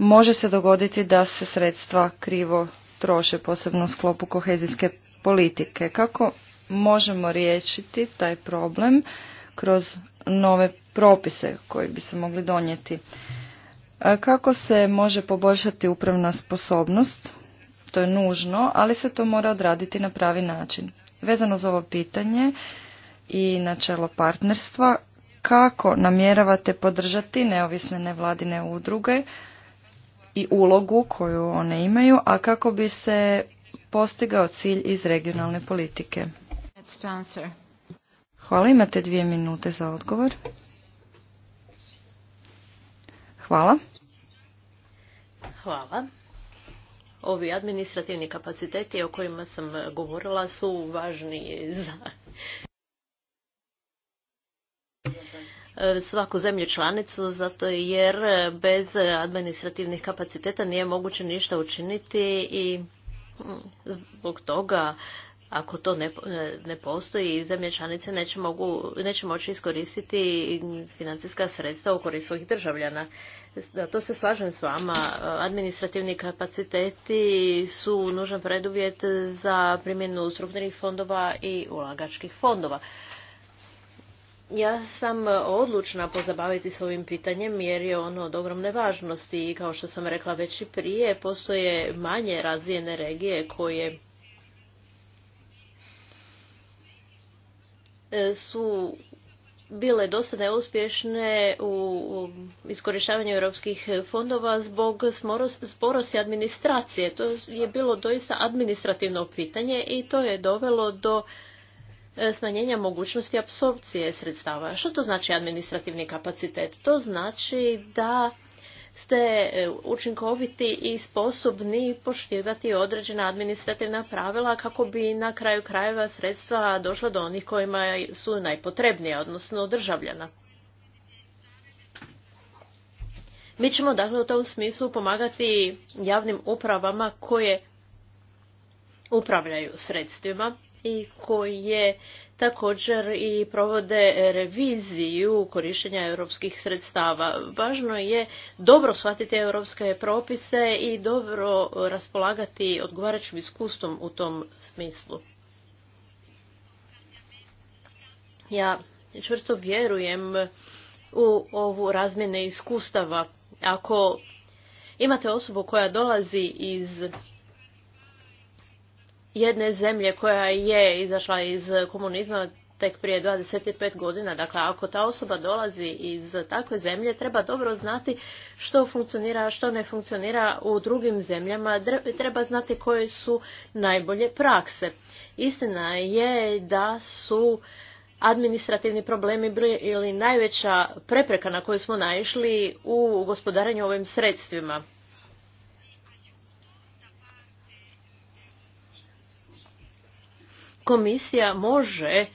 može se dogoditi da se sredstva krivo troše, posebno u sklopu kohezijske politike. Kako možemo riješiti taj problem kroz nove propise koji bi se mogli donijeti? Kako se može poboljšati upravna sposobnost? To je nužno, ali se to mora odraditi na pravi način. Vezano za ovo pitanje i načelo partnerstva, kako namjeravate podržati neovisne nevladine udruge i ulogu koju one imaju, a kako bi se postigao cilj iz regionalne politike. Hvala, imate dvije minute za odgovor. Hvala. Hvala. Ovi administrativni kapaciteti o kojima sam govorila su važni za E, svaku zemlju članicu zato jer bez administrativnih kapaciteta nije moguće ništa učiniti i mm, zbog toga ako to ne, e, ne postoji, zemlje članice neće, mogu, neće moći iskoristiti financijska sredstva u korist svojih državljana. Da, to se slažem s vama. Administrativni kapaciteti su nužan preduvjet za primjenu strukturnih fondova i ulagačkih fondova. Ja sam odlučna pozabaviti s ovim pitanjem jer je ono od ogromne važnosti i kao što sam rekla već i prije, postoje manje razvijene regije koje su bile dosta neuspješne u iskorištavanju europskih fondova zbog sporosti administracije. To je bilo doista administrativno pitanje i to je dovelo do E, smanjenja mogućnosti apsorpcije sredstava. Što to znači administrativni kapacitet? To znači da ste e, učinkoviti i sposobni poštivati određena administrativna pravila kako bi na kraju krajeva sredstva došla do onih kojima su najpotrebnija, odnosno državljana. Mi ćemo dakle u tom smislu pomagati javnim upravama koje upravljaju sredstvima i koje također i provode reviziju korištenja europskih sredstava. Važno je dobro shvatiti europske propise i dobro raspolagati odgovarajućim iskustvom u tom smislu. Ja čvrsto vjerujem u ovu razmjene iskustava. Ako imate osobu koja dolazi iz jedne zemlje koja je izašla iz komunizma tek prije 25 godina. Dakle, ako ta osoba dolazi iz takve zemlje, treba dobro znati što funkcionira, što ne funkcionira u drugim zemljama. Treba znati koje su najbolje prakse. Istina je da su administrativni problemi ili najveća prepreka na koju smo naišli u gospodarenju ovim sredstvima. komisija može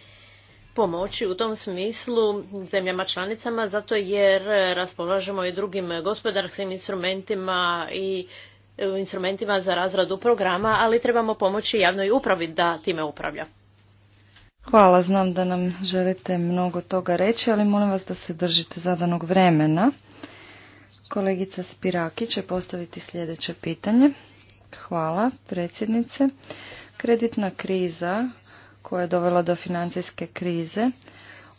pomoći u tom smislu zemljama članicama zato jer raspolažemo i drugim gospodarskim instrumentima i e, instrumentima za razradu programa, ali trebamo pomoći javnoj upravi da time upravlja. Hvala, znam da nam želite mnogo toga reći, ali molim vas da se držite zadanog vremena. Kolegica Spiraki će postaviti sljedeće pitanje. Hvala, predsjednice. Kreditna kriza koja je dovela do financijske krize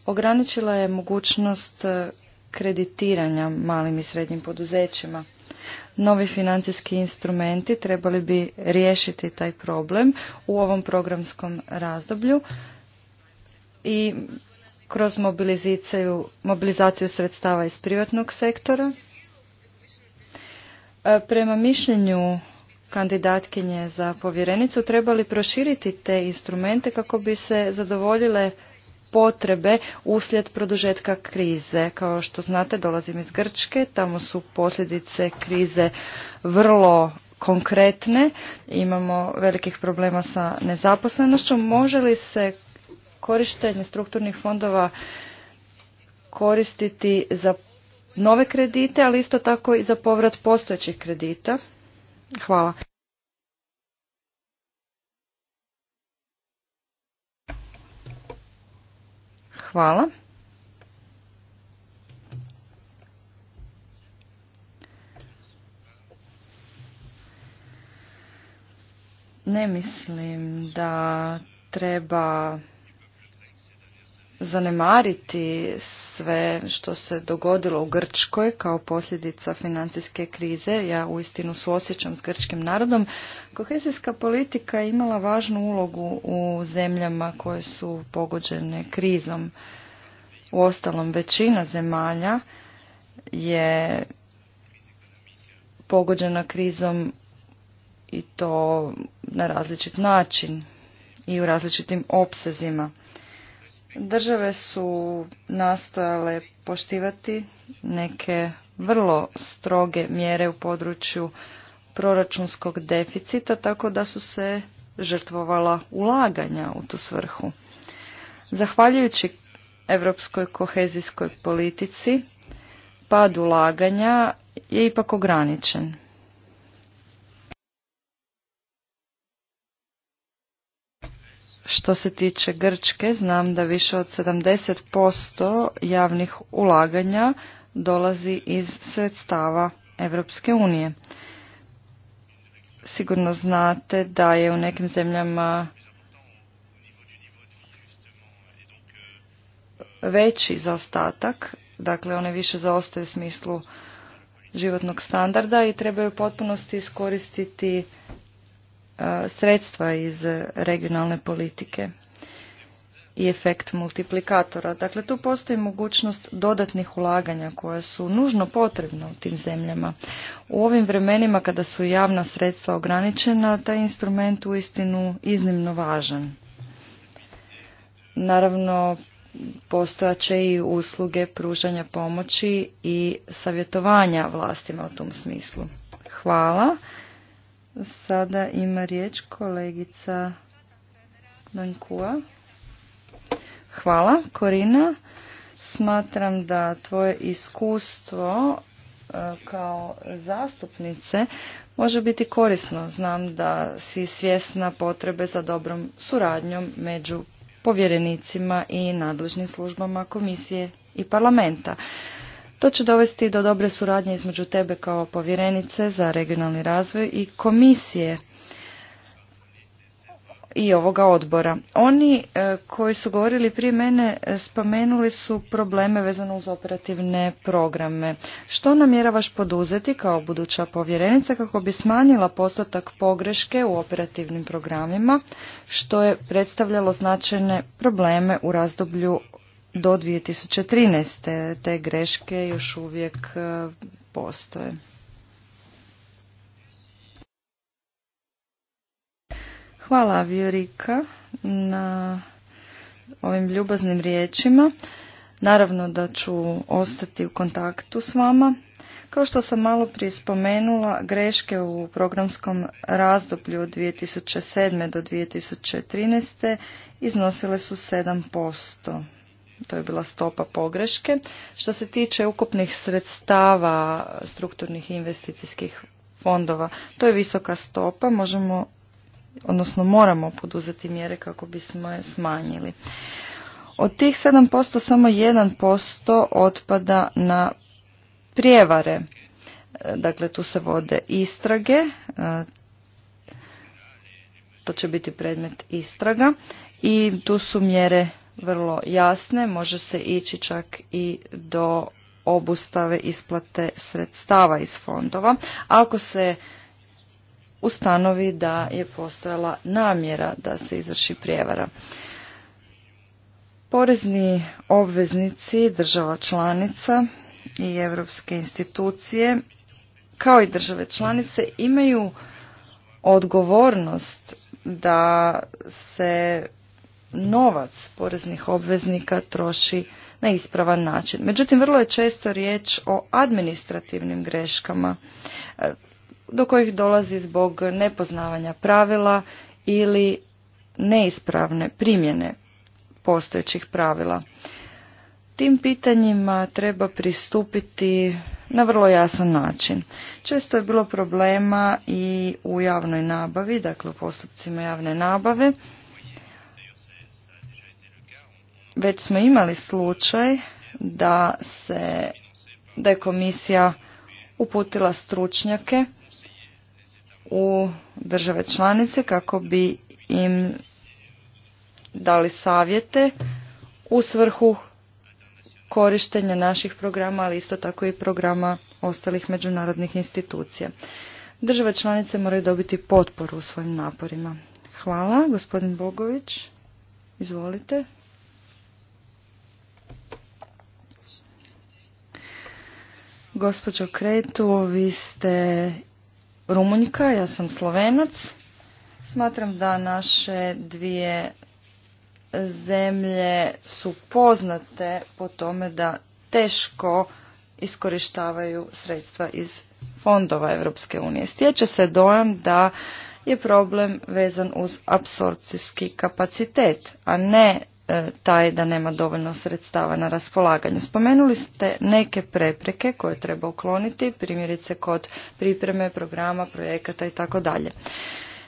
ograničila je mogućnost e, kreditiranja malim i srednjim poduzećima. Novi financijski instrumenti trebali bi riješiti taj problem u ovom programskom razdoblju i kroz mobilizaciju, mobilizaciju sredstava iz privatnog sektora. E, prema mišljenju kandidatkinje za povjerenicu trebali proširiti te instrumente kako bi se zadovoljile potrebe uslijed produžetka krize. Kao što znate, dolazim iz Grčke, tamo su posljedice krize vrlo konkretne, imamo velikih problema sa nezaposlenošću. Može li se korištenje strukturnih fondova koristiti za nove kredite, ali isto tako i za povrat postojećih kredita? Hvala. Hvala. Ne mislim da treba zanemariti sve što se dogodilo u Grčkoj kao posljedica financijske krize. Ja uistinu suosjećam s grčkim narodom. Kohezijska politika je imala važnu ulogu u zemljama koje su pogođene krizom. U ostalom većina zemalja je pogođena krizom i to na različit način i u različitim opsezima. Države su nastojale poštivati neke vrlo stroge mjere u području proračunskog deficita, tako da su se žrtvovala ulaganja u tu svrhu. Zahvaljujući europskoj kohezijskoj politici, pad ulaganja je ipak ograničen. Što se tiče Grčke, znam da više od 70% javnih ulaganja dolazi iz sredstava Europske unije. Sigurno znate da je u nekim zemljama veći zaostatak, dakle one više zaostaju u smislu životnog standarda i trebaju u potpunosti iskoristiti E, sredstva iz regionalne politike i efekt multiplikatora. Dakle, tu postoji mogućnost dodatnih ulaganja koja su nužno potrebna u tim zemljama. U ovim vremenima kada su javna sredstva ograničena, taj instrument u istinu iznimno važan. Naravno, postojaće i usluge pružanja pomoći i savjetovanja vlastima u tom smislu. Hvala. Sada ima riječ kolegica Dankua. Hvala, Korina. Smatram da tvoje iskustvo e, kao zastupnice može biti korisno. Znam da si svjesna potrebe za dobrom suradnjom među povjerenicima i nadležnim službama komisije i parlamenta. To će dovesti do dobre suradnje između tebe kao povjerenice za regionalni razvoj i komisije i ovoga odbora. Oni e, koji su govorili prije mene spomenuli su probleme vezano uz operativne programe. Što namjeravaš poduzeti kao buduća povjerenica kako bi smanjila postotak pogreške u operativnim programima što je predstavljalo značajne probleme u razdoblju do 2013. Te greške još uvijek e, postoje. Hvala Viorika na ovim ljubaznim riječima. Naravno da ću ostati u kontaktu s vama. Kao što sam malo prije spomenula, greške u programskom razdoblju od 2007. do 2013. iznosile su 7% to je bila stopa pogreške. Što se tiče ukupnih sredstava strukturnih investicijskih fondova, to je visoka stopa, možemo, odnosno moramo poduzeti mjere kako bismo je smanjili. Od tih 7% samo 1% otpada na prijevare. Dakle, tu se vode istrage, to će biti predmet istraga i tu su mjere vrlo jasne, može se ići čak i do obustave isplate sredstava iz fondova, ako se ustanovi da je postojala namjera da se izvrši prijevara. Porezni obveznici država članica i europske institucije, kao i države članice, imaju odgovornost da se novac poreznih obveznika troši na ispravan način. Međutim, vrlo je često riječ o administrativnim greškama e, do kojih dolazi zbog nepoznavanja pravila ili neispravne primjene postojećih pravila. Tim pitanjima treba pristupiti na vrlo jasan način. Često je bilo problema i u javnoj nabavi, dakle u postupcima javne nabave, već smo imali slučaj da se da je komisija uputila stručnjake u države članice kako bi im dali savjete u svrhu korištenja naših programa, ali isto tako i programa ostalih međunarodnih institucija. Države članice moraju dobiti potporu u svojim naporima. Hvala, gospodin Bogović. Izvolite. Gospođo Kretu, vi ste Rumunjka, ja sam Slovenac. Smatram da naše dvije zemlje su poznate po tome da teško iskorištavaju sredstva iz fondova Europske unije. Stječe se dojam da je problem vezan uz apsorpcijski kapacitet, a ne E, taj da nema dovoljno sredstava na raspolaganju. Spomenuli ste neke prepreke koje treba ukloniti, primjerice kod pripreme, programa, projekata i tako dalje.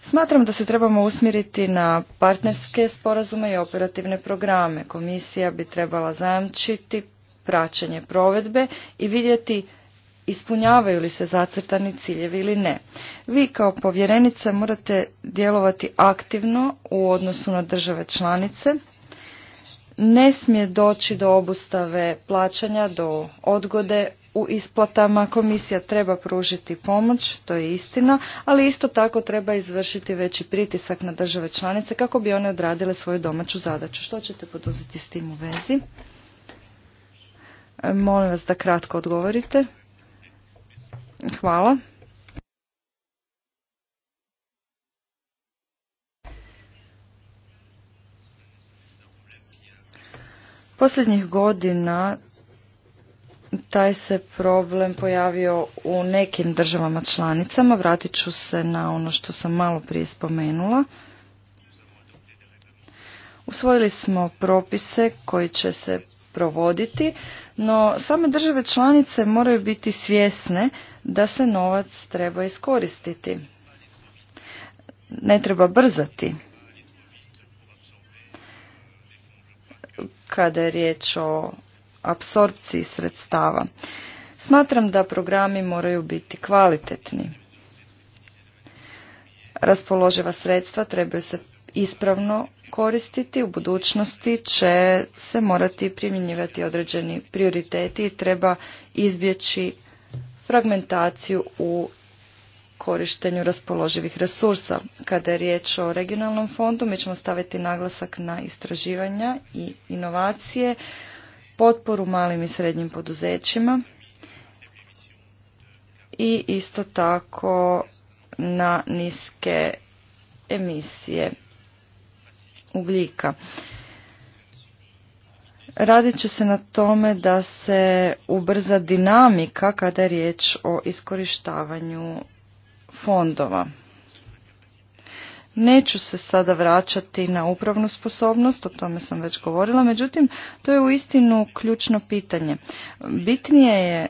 Smatram da se trebamo usmjeriti na partnerske sporazume i operativne programe. Komisija bi trebala zajamčiti praćenje provedbe i vidjeti ispunjavaju li se zacrtani ciljevi ili ne. Vi kao povjerenica morate djelovati aktivno u odnosu na države članice ne smije doći do obustave plaćanja, do odgode u isplatama. Komisija treba pružiti pomoć, to je istina, ali isto tako treba izvršiti veći pritisak na države članice kako bi one odradile svoju domaću zadaću. Što ćete poduzeti s tim u vezi? E, molim vas da kratko odgovorite. Hvala. Posljednjih godina taj se problem pojavio u nekim državama članicama. Vratit ću se na ono što sam malo prije spomenula. Usvojili smo propise koji će se provoditi, no same države članice moraju biti svjesne da se novac treba iskoristiti. Ne treba brzati kada je riječ o apsorpciji sredstava. Smatram da programi moraju biti kvalitetni. Raspoloživa sredstva trebaju se ispravno koristiti, u budućnosti će se morati primjenjivati određeni prioriteti i treba izbjeći fragmentaciju u korištenju raspoloživih resursa. Kada je riječ o regionalnom fondu, mi ćemo staviti naglasak na istraživanja i inovacije, potporu malim i srednjim poduzećima i isto tako na niske emisije ugljika. Radit će se na tome da se ubrza dinamika kada je riječ o iskorištavanju fondova. Neću se sada vraćati na upravnu sposobnost, o tome sam već govorila, međutim to je uistinu ključno pitanje. Bitnije je,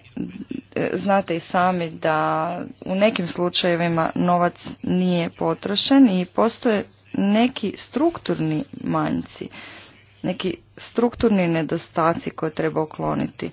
e, znate i sami, da u nekim slučajevima novac nije potrošen i postoje neki strukturni manjci, neki strukturni nedostaci koje treba ukloniti.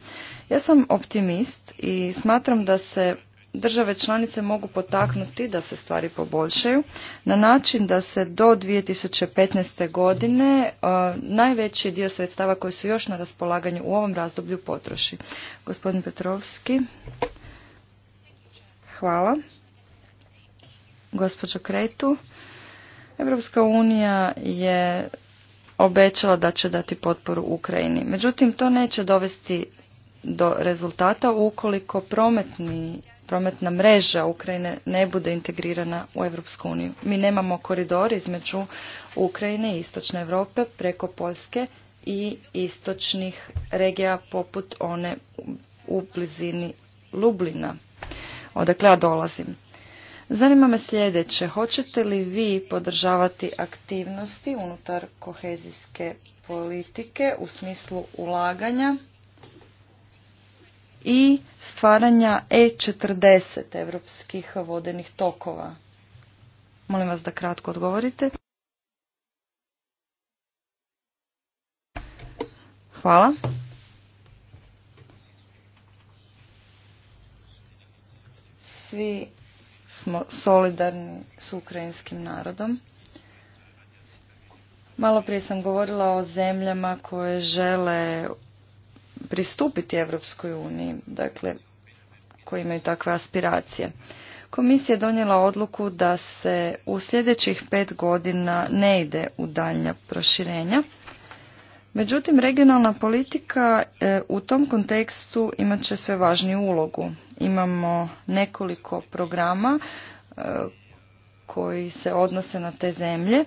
Ja sam optimist i smatram da se države članice mogu potaknuti da se stvari poboljšaju na način da se do 2015. godine e, najveći dio sredstava koji su još na raspolaganju u ovom razdoblju potroši. Gospodin Petrovski. Hvala. Gospođo Kretu. Evropska unija je obećala da će dati potporu Ukrajini. Međutim, to neće dovesti do rezultata ukoliko prometni prometna mreža Ukrajine ne bude integrirana u Europsku uniju. Mi nemamo koridor između Ukrajine i istočne Europe preko Poljske i istočnih regija poput one u blizini Lublina, odakle ja dolazim. Zanima me sljedeće, hoćete li vi podržavati aktivnosti unutar kohezijske politike u smislu ulaganja i stvaranja E40 europskih vodenih tokova. Molim vas da kratko odgovorite. Hvala. Svi smo solidarni s ukrajinskim narodom. Malo prije sam govorila o zemljama koje žele pristupiti Europskoj uniji, dakle koji imaju takve aspiracije. Komisija je donijela odluku da se u sljedećih pet godina ne ide u daljnja proširenja. Međutim, regionalna politika e, u tom kontekstu imat će sve važniju ulogu. Imamo nekoliko programa e, koji se odnose na te zemlje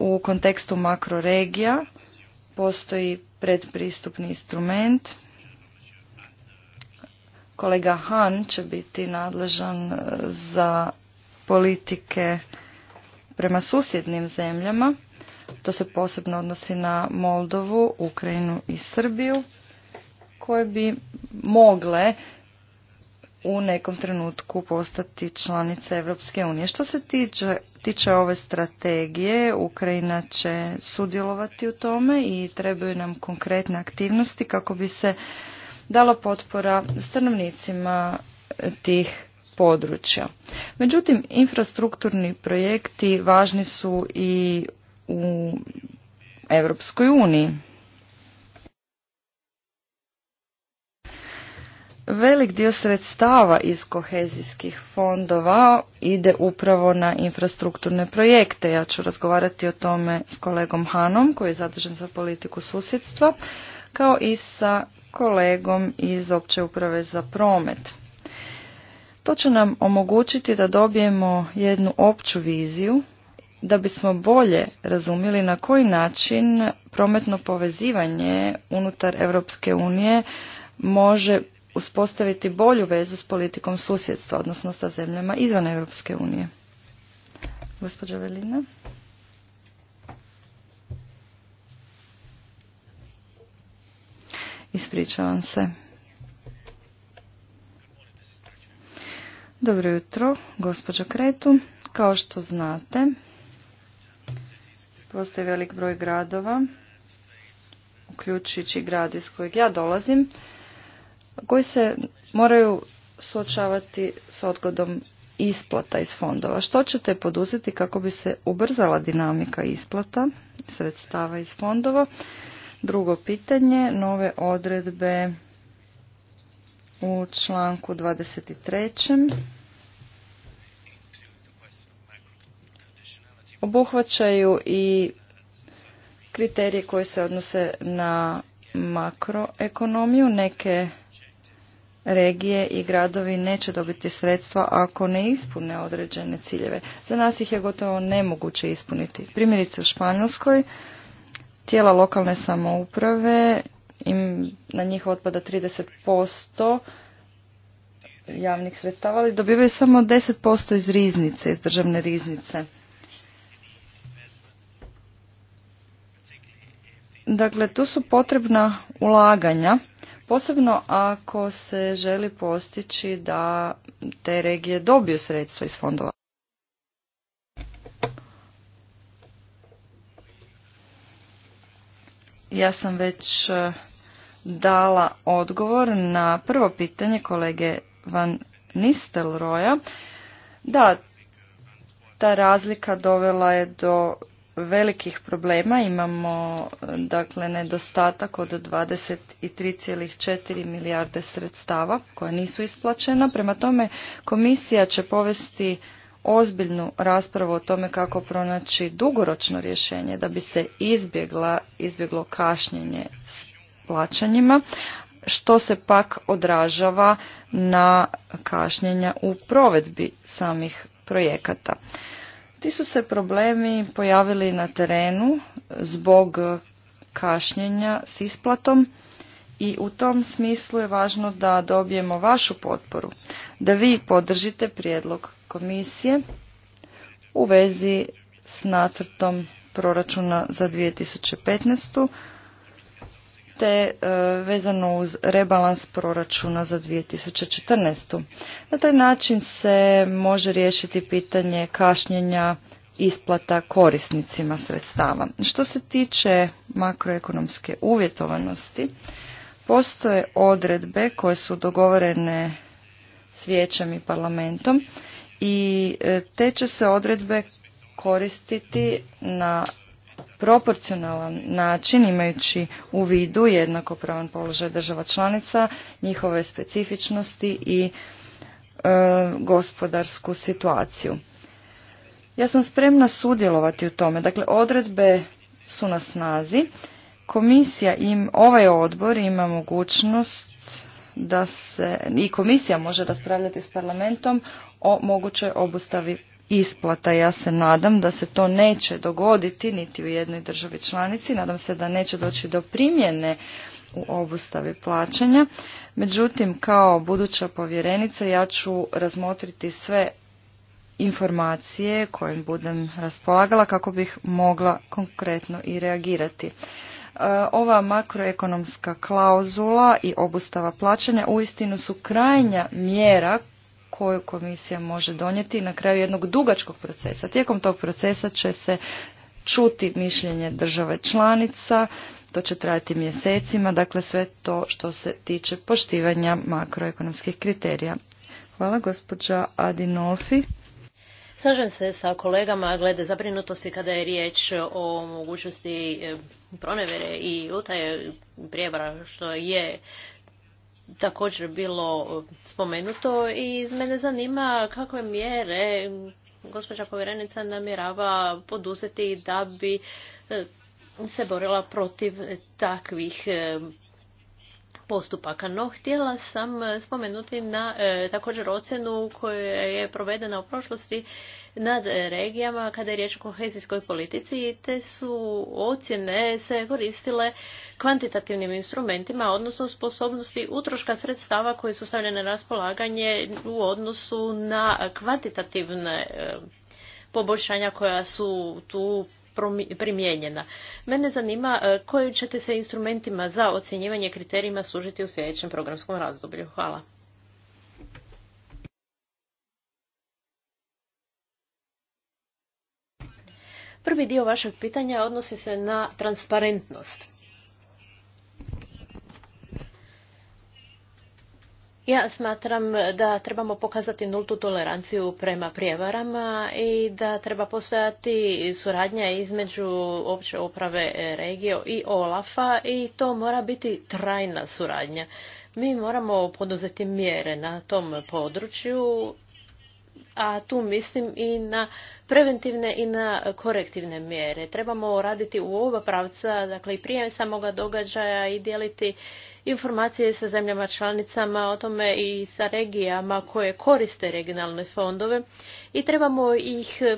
u kontekstu makroregija postoji predpristupni instrument. Kolega Han će biti nadležan e, za politike prema susjednim zemljama. To se posebno odnosi na Moldovu, Ukrajinu i Srbiju koje bi mogle u nekom trenutku postati članice Europske unije. Što se tiče, tiče ove strategije, Ukrajina će sudjelovati u tome i trebaju nam konkretne aktivnosti kako bi se dala potpora stanovnicima tih područja. Međutim, infrastrukturni projekti važni su i u Europskoj uniji. Velik dio sredstava iz kohezijskih fondova ide upravo na infrastrukturne projekte. Ja ću razgovarati o tome s kolegom Hanom koji je zadržan za politiku susjedstva kao i sa kolegom iz opće uprave za promet. To će nam omogućiti da dobijemo jednu opću viziju da bismo bolje razumjeli na koji način prometno povezivanje unutar Europske unije može uspostaviti bolju vezu s politikom susjedstva, odnosno sa zemljama izvan Europske unije. Gospođa Velina. Ispričavam se. Dobro jutro, gospođo Kretu. Kao što znate, postoji velik broj gradova, uključujući grad iz kojeg ja dolazim, koji se moraju suočavati s odgodom isplata iz fondova. Što ćete poduzeti kako bi se ubrzala dinamika isplata sredstava iz fondova? Drugo pitanje, nove odredbe u članku 23. Obuhvaćaju i kriterije koje se odnose na makroekonomiju. Neke regije i gradovi neće dobiti sredstva ako ne ispune određene ciljeve. Za nas ih je gotovo nemoguće ispuniti. Primjerice u Španjolskoj tijela lokalne samouprave im na njih otpada 30% javnih sredstava, ali dobivaju samo 10% iz riznice, iz državne riznice. Dakle, tu su potrebna ulaganja Posebno ako se želi postići da te regije dobiju sredstva iz fondova. Ja sam već e, dala odgovor na prvo pitanje kolege Van Nistelroja. Da, ta razlika dovela je do velikih problema. Imamo dakle nedostatak od 23,4 milijarde sredstava koja nisu isplaćena. Prema tome komisija će povesti ozbiljnu raspravu o tome kako pronaći dugoročno rješenje da bi se izbjegla, izbjeglo kašnjenje s plaćanjima što se pak odražava na kašnjenja u provedbi samih projekata. Ti su se problemi pojavili na terenu zbog kašnjenja s isplatom i u tom smislu je važno da dobijemo vašu potporu, da vi podržite prijedlog komisije u vezi s nacrtom proračuna za 2015 te e, vezano uz rebalans proračuna za 2014. Na taj način se može riješiti pitanje kašnjenja isplata korisnicima sredstava. Što se tiče makroekonomske uvjetovanosti, postoje odredbe koje su dogovorene s vijećem i parlamentom i e, te će se odredbe koristiti na proporcionalan način imajući u vidu jednakopravan položaj država članica, njihove specifičnosti i e, gospodarsku situaciju. Ja sam spremna sudjelovati u tome. Dakle, odredbe su na snazi. Komisija im, ovaj odbor ima mogućnost da se, i komisija može raspravljati s parlamentom o mogućoj obustavi isplata. Ja se nadam da se to neće dogoditi niti u jednoj državi članici. Nadam se da neće doći do primjene u obustavi plaćanja. Međutim, kao buduća povjerenica ja ću razmotriti sve informacije kojim budem raspolagala kako bih mogla konkretno i reagirati. E, ova makroekonomska klauzula i obustava plaćanja uistinu su krajnja mjera koju komisija može donijeti na kraju jednog dugačkog procesa. Tijekom tog procesa će se čuti mišljenje države članica, to će trajati mjesecima, dakle sve to što se tiče poštivanja makroekonomskih kriterija. Hvala gospođa Adinofi. Slažem se sa kolegama glede zabrinutosti kada je riječ o mogućnosti pronevere i utaje prijevara što je također bilo eh, spomenuto i mene zanima kakve mjere gospođa povjerenica namjerava poduzeti da bi eh, se borila protiv takvih eh, postupaka. No, htjela sam e, spomenuti na e, također ocjenu koja je provedena u prošlosti nad e, regijama kada je riječ o kohezijskoj politici. Te su ocjene se koristile kvantitativnim instrumentima, odnosno sposobnosti utroška sredstava koje su stavljene na raspolaganje u odnosu na kvantitativne poboljšanja koja su tu primijenjena. Mene zanima e, kojim ćete se instrumentima za ocjenjivanje kriterijima služiti u sljedećem programskom razdoblju. Hvala. Prvi dio vašeg pitanja odnosi se na transparentnost. Ja smatram da trebamo pokazati nultu toleranciju prema prijevarama i da treba postojati suradnja između opće uprave e, regio i OLAF-a i to mora biti trajna suradnja. Mi moramo poduzeti mjere na tom području, a tu mislim i na preventivne i na korektivne mjere. Trebamo raditi u oba pravca, dakle i prije samoga događaja i dijeliti informacije sa zemljama članicama o tome i sa regijama koje koriste regionalne fondove i trebamo ih e,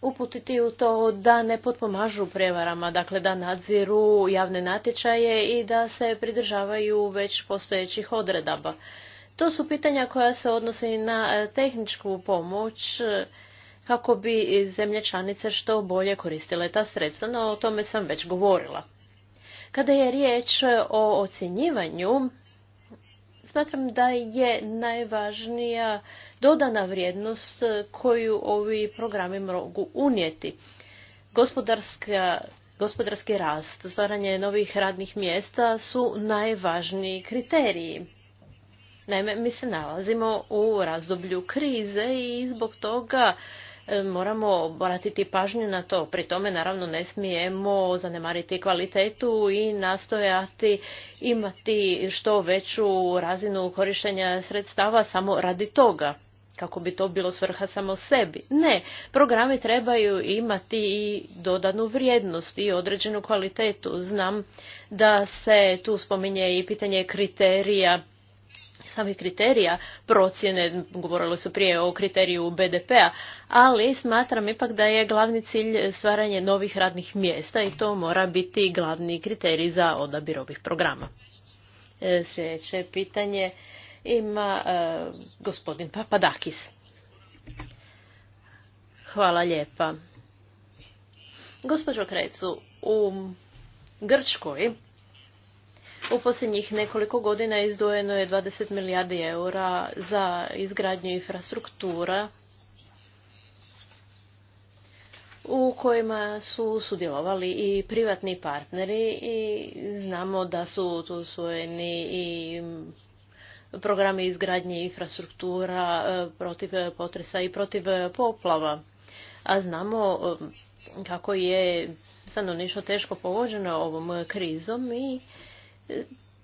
uputiti u to da ne potpomažu prevarama, dakle da nadziru javne natječaje i da se pridržavaju već postojećih odredaba. To su pitanja koja se odnose i na e, tehničku pomoć kako bi zemlje članice što bolje koristile ta sredstva, no o tome sam već govorila. Kada je riječ o ocjenjivanju, smatram da je najvažnija dodana vrijednost koju ovi programi mogu unijeti. gospodarski rast, stvaranje novih radnih mjesta su najvažniji kriteriji. Naime, mi se nalazimo u razdoblju krize i zbog toga E, moramo obratiti pažnju na to. Pri tome naravno ne smijemo zanemariti kvalitetu i nastojati imati što veću razinu korištenja sredstava samo radi toga kako bi to bilo svrha samo sebi. Ne, programi trebaju imati i dodanu vrijednost i određenu kvalitetu. Znam da se tu spominje i pitanje kriterija samih kriterija procjene, govorilo su prije o kriteriju BDP-a, ali smatram ipak da je glavni cilj stvaranje novih radnih mjesta i to mora biti glavni kriterij za odabir ovih programa. E, sljedeće pitanje ima e, gospodin Papadakis. Hvala lijepa. Gospođo Krecu, u Grčkoj u posljednjih nekoliko godina izdvojeno je 20 milijardi eura za izgradnju infrastruktura u kojima su sudjelovali i privatni partneri i znamo da su tu usvojeni i programi izgradnje infrastruktura e, protiv potresa i protiv poplava. A znamo e, kako je stanovništvo teško pogođeno ovom krizom i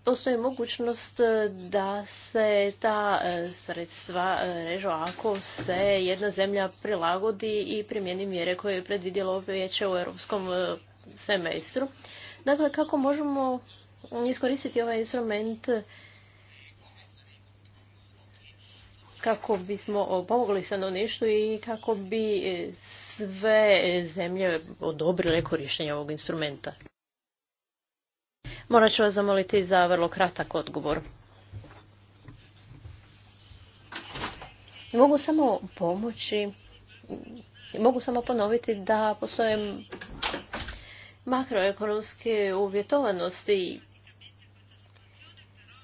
postoji mogućnost e, da se ta e, sredstva e, režu ako se jedna zemlja prilagodi i primjeni mjere koje je predvidjelo vijeće u europskom semestru. Dakle, kako možemo iskoristiti ovaj instrument kako bismo pomogli stanovništvu i kako bi sve zemlje odobrile korištenje ovog instrumenta. Morat ću vas zamoliti za vrlo kratak odgovor. Mogu samo pomoći, mogu samo ponoviti da postoje makroekonomske uvjetovanosti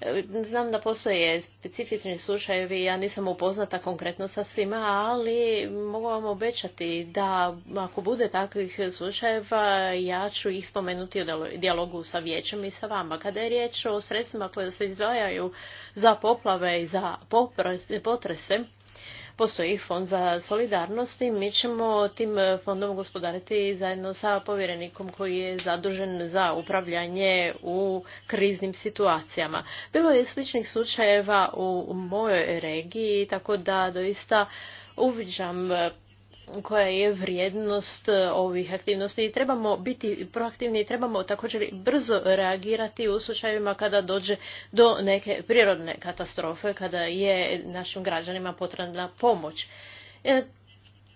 E, znam da postoje specifični slučajevi, ja nisam upoznata konkretno sa svima, ali mogu vam obećati da ako bude takvih slučajeva, ja ću ih spomenuti u dijalogu sa vijećem i sa vama. Kada je riječ o sredstvima koje se izdvajaju za poplave i za potrese, postoji fond za solidarnost i mi ćemo tim fondom gospodariti zajedno sa povjerenikom koji je zadužen za upravljanje u kriznim situacijama. Bilo je sličnih slučajeva u mojoj regiji, tako da doista uviđam koja je vrijednost e, ovih aktivnosti i trebamo biti proaktivni i trebamo također brzo reagirati u slučajevima kada dođe do neke prirodne katastrofe, kada je našim građanima potrebna pomoć. E,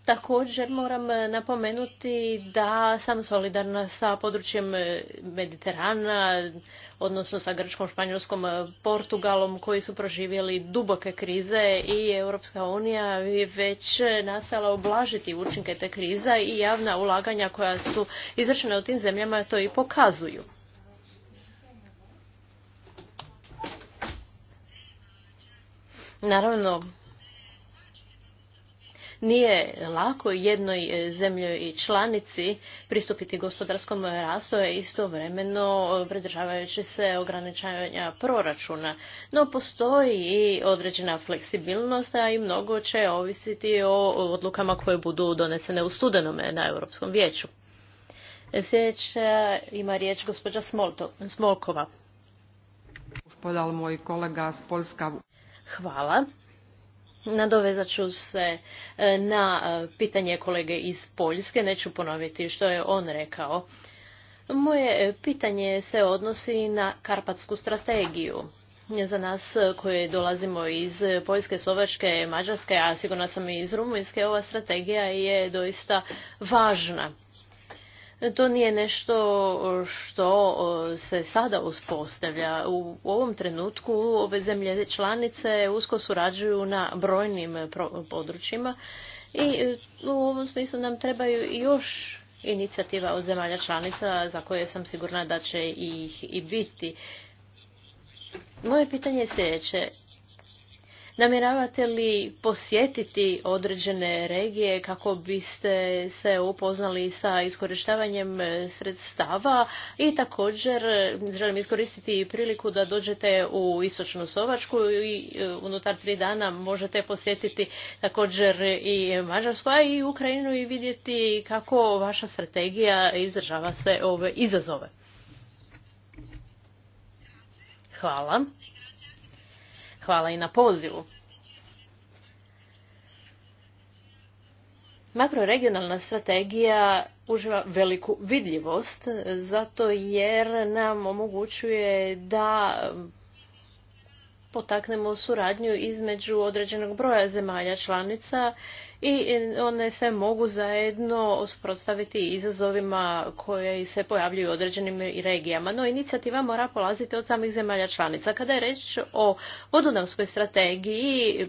Također moram e, napomenuti da sam solidarna sa područjem e, Mediterana, odnosno sa Grčkom, Španjolskom, e, Portugalom koji su proživjeli duboke krize i Europska unija je već nastala oblažiti učinke te kriza i javna ulaganja koja su izvršena u tim zemljama to i pokazuju. Naravno, nije lako jednoj e, zemlji i članici pristupiti gospodarskom rastu istovremeno pridržavajući se ograničavanja proračuna. No postoji i određena fleksibilnost, a i mnogo će ovisiti o odlukama koje budu donesene u studenome na Europskom vijeću. E, sljedeća ima riječ gospođa Smolkova. kolega Hvala. Nadovezat ću se e, na e, pitanje kolege iz Poljske, neću ponoviti što je on rekao. Moje e, pitanje se odnosi na karpatsku strategiju. Za nas koje dolazimo iz Poljske, Slovačke, Mađarske, a sigurno sam i iz Rumunjske, ova strategija je doista važna. To nije nešto što se sada uspostavlja. U ovom trenutku ove zemlje članice usko surađuju na brojnim područjima i e, u ovom smislu nam trebaju još inicijativa od zemalja članica za koje sam sigurna da će ih i biti. Moje pitanje je sljedeće. Namjeravate li posjetiti određene regije kako biste se upoznali sa iskorištavanjem e, sredstava i također želim iskoristiti priliku da dođete u Istočnu Sovačku i e, unutar tri dana možete posjetiti također i Mađarsku, a i Ukrajinu i vidjeti kako vaša strategija izražava se ove izazove. Hvala hvala i na pozivu. Makroregionalna strategija uživa veliku vidljivost zato jer nam omogućuje da potaknemo suradnju između određenog broja zemalja članica i one se mogu zajedno osprostaviti izazovima koje se pojavljuju u određenim regijama. No, inicijativa mora polaziti od samih zemalja članica. Kada je reč o vodunavskoj strategiji,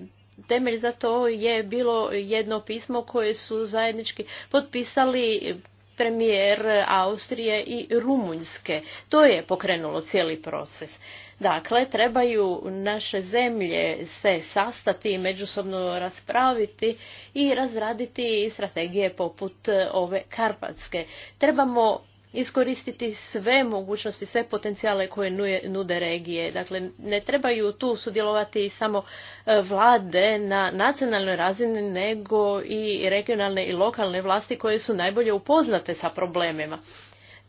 temelj za to je bilo jedno pismo koje su zajednički potpisali premijer Austrije i Rumunjske. To je pokrenulo cijeli proces. Dakle, trebaju naše zemlje se sastati i međusobno raspraviti i razraditi strategije poput e, ove karpatske. Trebamo iskoristiti sve mogućnosti, sve potencijale koje nude regije. Dakle, ne trebaju tu sudjelovati samo e, vlade na nacionalnoj razini, nego i regionalne i lokalne vlasti koje su najbolje upoznate sa problemima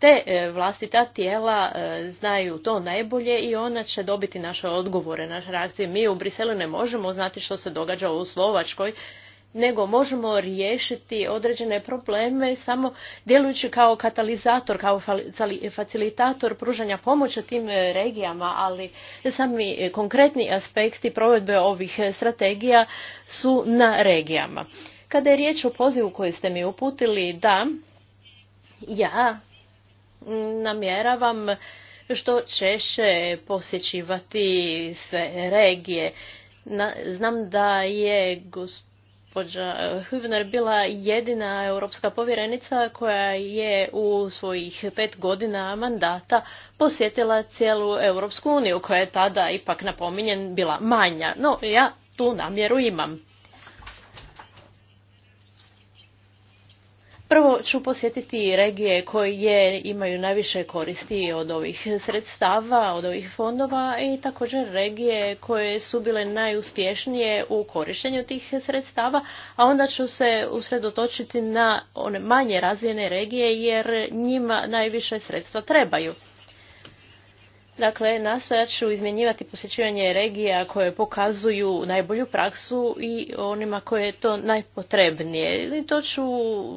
te e, vlastita tijela e, znaju to najbolje i ona će dobiti naše odgovore, naše reakcije. Mi u Briselu ne možemo znati što se događa u Slovačkoj, nego možemo riješiti određene probleme samo djelujući kao katalizator, kao facilitator pružanja pomoći tim e, regijama, ali sami konkretni aspekti provedbe ovih strategija su na regijama. Kada je riječ o pozivu koji ste mi uputili, da, ja namjeravam što češće posjećivati sve regije. znam da je gospođa Hübner bila jedina europska povjerenica koja je u svojih pet godina mandata posjetila cijelu Europsku uniju koja je tada ipak napominjen bila manja. No ja tu namjeru imam. Prvo ću posjetiti regije koje imaju najviše koristi od ovih sredstava, od ovih fondova i također regije koje su bile najuspješnije u korištenju tih sredstava, a onda ću se usredotočiti na one manje razvijene regije jer njima najviše sredstva trebaju. Dakle, nastojat ću izmjenjivati posjećivanje regija koje pokazuju najbolju praksu i onima koje je to najpotrebnije. I to ću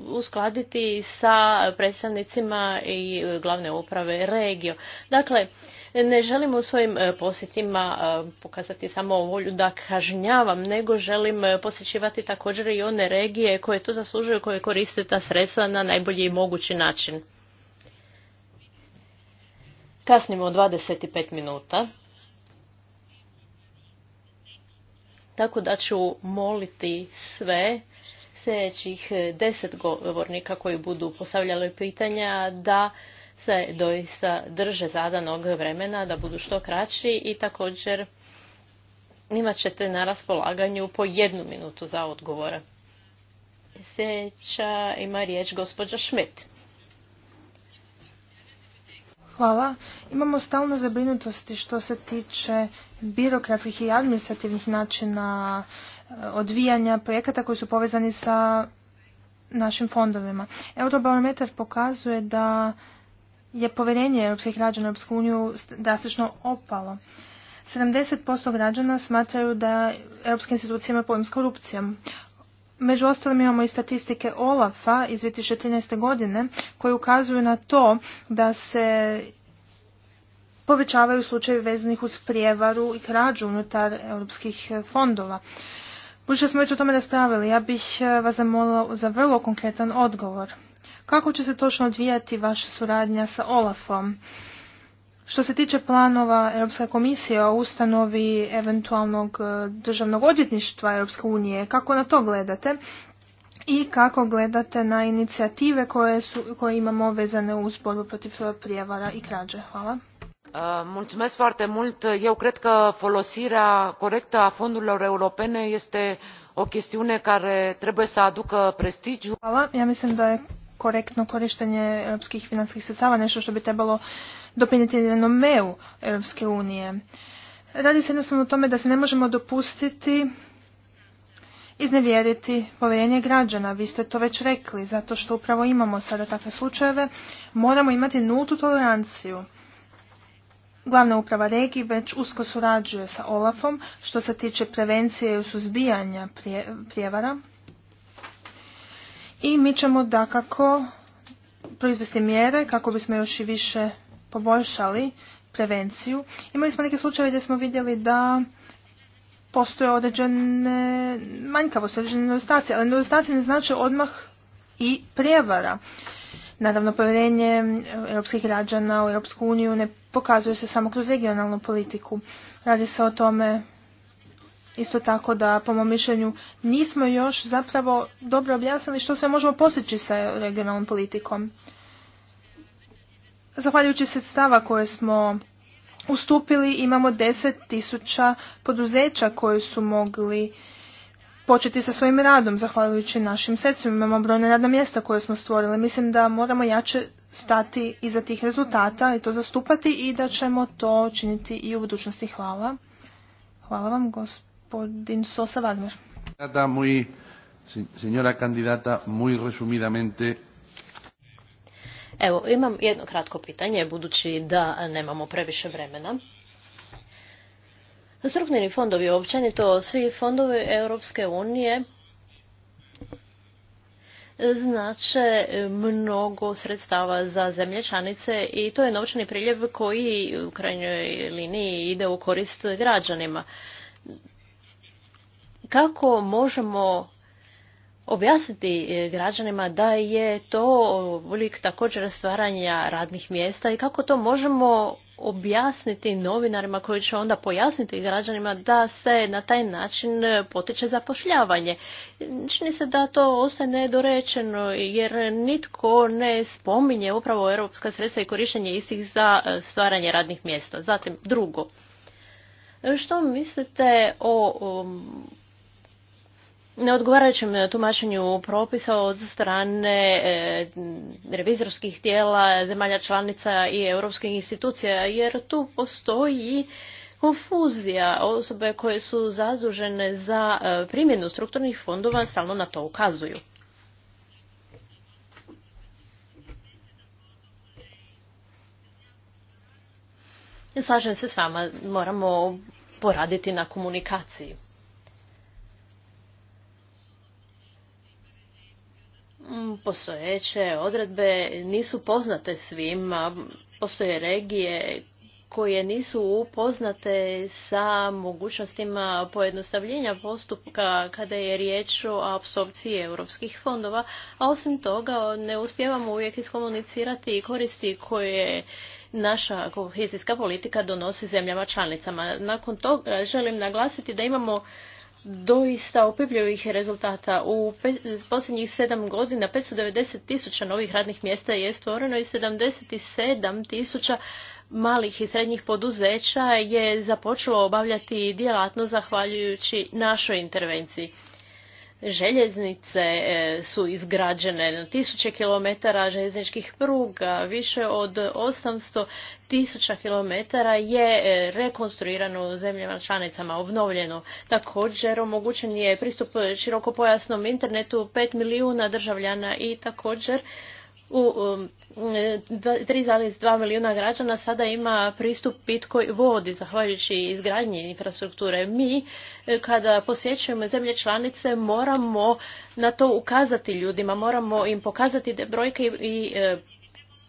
uskladiti sa predstavnicima i glavne uprave regio. Dakle, ne želim u svojim e, posjetima e, pokazati samo volju da kažnjavam, nego želim e, posjećivati također i one regije koje to zaslužuju, koje koriste ta sredstva na najbolji mogući način. Kasnimo 25 minuta. Tako da ću moliti sve sljedećih deset govornika koji budu postavljali pitanja da se doista drže zadanog vremena, da budu što kraći i također imat ćete na raspolaganju po jednu minutu za odgovore. Sljedeća ima riječ gospođa Schmidt. Hvala. Imamo stalno zabrinutosti što se tiče birokratskih i administrativnih načina eh, odvijanja projekata koji su povezani sa našim fondovima. Eurobarometar pokazuje da je povjerenje europskih građana u Europsku uniju drastično opalo. 70% građana smatraju da europske institucije imaju pojem s korupcijom. Među ostalim imamo i statistike OLAF-a iz 2013. godine koje ukazuju na to da se povećavaju slučajevi vezanih uz prijevaru i krađu unutar europskih fondova. Budući smo već o tome raspravili, ja bih e, vas zamolila za vrlo konkretan odgovor. Kako će se točno odvijati vaša suradnja sa OLAF-om? Što se tiče planova Europska komisija o ustanovi eventualnog e, državnog odvjetništva Europske unije, kako na to gledate i kako gledate na inicijative koje, su, koje imamo vezane uz borbu protiv prijevara i krađe? Hvala. Uh, mulțumesc foarte mult. Eu cred că folosirea corectă a fondurilor europene este o chestiune care trebuie să aducă prestigiu. Hvala. Ja mislim da je korektno korištenje europskih financijskih sredstava nešto što bi trebalo doprinijeti renomeu Europske unije. Radi se jednostavno o tome da se ne možemo dopustiti iznevjeriti povjerenje građana. Vi ste to već rekli, zato što upravo imamo sada takve slučajeve. Moramo imati nultu toleranciju. Glavna uprava regiji već usko surađuje sa Olafom što se tiče prevencije i suzbijanja prijevara. I mi ćemo dakako proizvesti mjere kako bismo još i više poboljšali prevenciju. Imali smo neke slučajeve gdje smo vidjeli da postoje određene manjkavosti, određene nedostacije, ali nedostacije ne znače odmah i prijevara. Naravno, povjerenje europskih građana u Europsku uniju ne pokazuje se samo kroz regionalnu politiku. Radi se o tome isto tako da po mom mišljenju nismo još zapravo dobro objasnili što sve možemo postići sa regionalnom politikom. Zahvaljujući sredstava koje smo ustupili imamo tisuća poduzeća koji su mogli početi sa svojim radom zahvaljujući našim sredstvima. Imamo brojne radna mjesta koje smo stvorili. Mislim da moramo jače stati iza tih rezultata i to zastupati i da ćemo to činiti i u budućnosti. Hvala. Hvala vam, gospod gospodin Sosa Wagner. Muy, señora kandidata, muy resumidamente. Evo, imam jedno kratko pitanje, budući da nemamo previše vremena. Strukturni fondovi, općenito svi fondovi Europske unije, znače mnogo sredstava za zemlje članice i to je novčani priljev koji u krajnjoj liniji ide u korist građanima kako možemo objasniti e, građanima da je to oblik također stvaranja radnih mjesta i kako to možemo objasniti novinarima koji će onda pojasniti građanima da se na taj način potiče zapošljavanje. Čini se da to ostaje nedorečeno jer nitko ne spominje upravo europska sredstva i korištenje istih za e, stvaranje radnih mjesta. Zatim drugo, e, što mislite o neodgovarajućem e, tumačenju propisa od strane e, revizorskih tijela, zemalja članica i europskih institucija, jer tu postoji konfuzija. Osobe koje su zadužene za e, primjenu strukturnih fondova stalno na to ukazuju. Slažem se s vama, moramo poraditi na komunikaciji. Mm, postojeće odredbe nisu poznate svima. Postoje regije koje nisu upoznate sa mogućnostima pojednostavljenja postupka kada je riječ o apsorpciji europskih fondova, a osim toga ne uspijevamo uvijek iskomunicirati i koristi koje naša kohezijska politika donosi zemljama članicama. Nakon toga želim naglasiti da imamo doista opipljivih rezultata. U posljednjih sedam godina 590 tisuća novih radnih mjesta je stvoreno i 77 tisuća malih i srednjih poduzeća je započelo obavljati djelatno zahvaljujući našoj intervenciji. Željeznice e, su izgrađene na tisuće kilometara željezničkih pruga, više od 800 tisuća kilometara je e, rekonstruirano u zemljama članicama, obnovljeno. Također omogućen je pristup širokopojasnom internetu 5 milijuna državljana i također u 3,2 um, milijuna građana sada ima pristup pitkoj vodi, zahvaljujući izgradnji infrastrukture. Mi, e, kada posjećujemo zemlje članice, moramo na to ukazati ljudima, moramo im pokazati te brojke i e,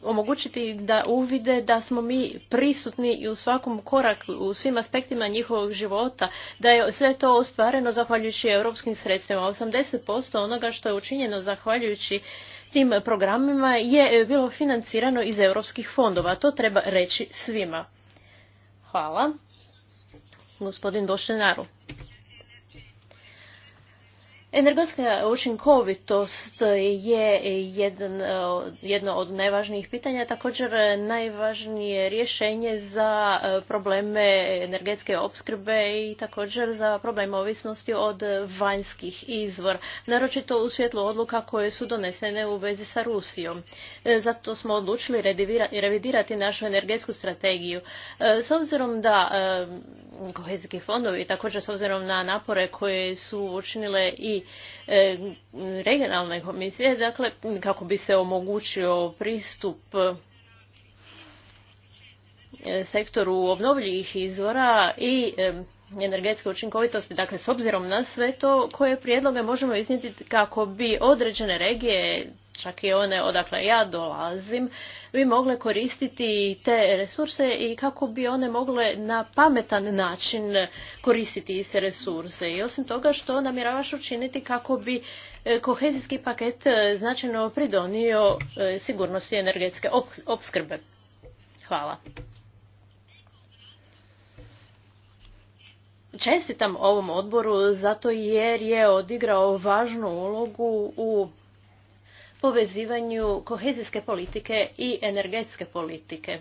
omogućiti da uvide da smo mi prisutni i u svakom koraku, u svim aspektima njihovog života, da je sve to ostvareno zahvaljujući europskim sredstvima. 80% onoga što je učinjeno zahvaljujući tim programima je e, bilo financirano iz europskih fondova. To treba reći svima. Hvala. Gospodin Došenaru. Energetska učinkovitost je jedan, jedno od najvažnijih pitanja, također najvažnije rješenje za probleme energetske opskrbe i također za problem ovisnosti od vanjskih izvora, naročito u svjetlu odluka koje su donesene u vezi sa Rusijom. E, zato smo odlučili revidirati našu energetsku strategiju. E, s obzirom da e, kohezijski fondovi, također s obzirom na napore koje su učinile i E, regionalne komisije, dakle, kako bi se omogućio pristup e, sektoru obnovljivih izvora i e, energetske učinkovitosti. Dakle, s obzirom na sve to, koje prijedloge možemo iznijeti kako bi određene regije čak i one odakle ja dolazim, bi mogle koristiti te resurse i kako bi one mogle na pametan način koristiti iste resurse. I osim toga što namjeravaš učiniti kako bi e, kohezijski paket e, značajno pridonio e, sigurnosti energetske opskrbe. Hvala. Čestitam ovom odboru zato jer je odigrao važnu ulogu u povezivanju kohezijske politike i energetske politike.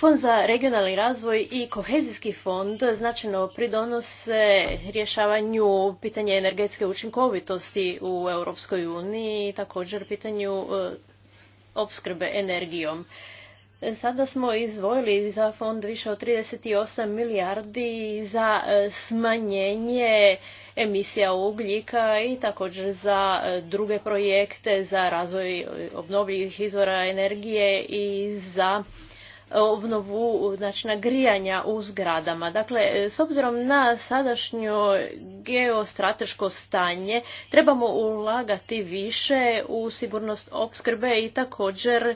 Fond za regionalni razvoj i kohezijski fond značajno pridonose rješavanju pitanja energetske učinkovitosti u Europskoj uniji i također pitanju e, opskrbe energijom. E, sada smo izdvojili za fond više od 38 milijardi za e, smanjenje emisija ugljika i također za e, druge projekte, za razvoj obnovljivih izvora energije i za e, obnovu znači nagrijanja u zgradama. Dakle, e, s obzirom na sadašnjo geostrateško stanje, trebamo ulagati više u sigurnost opskrbe i također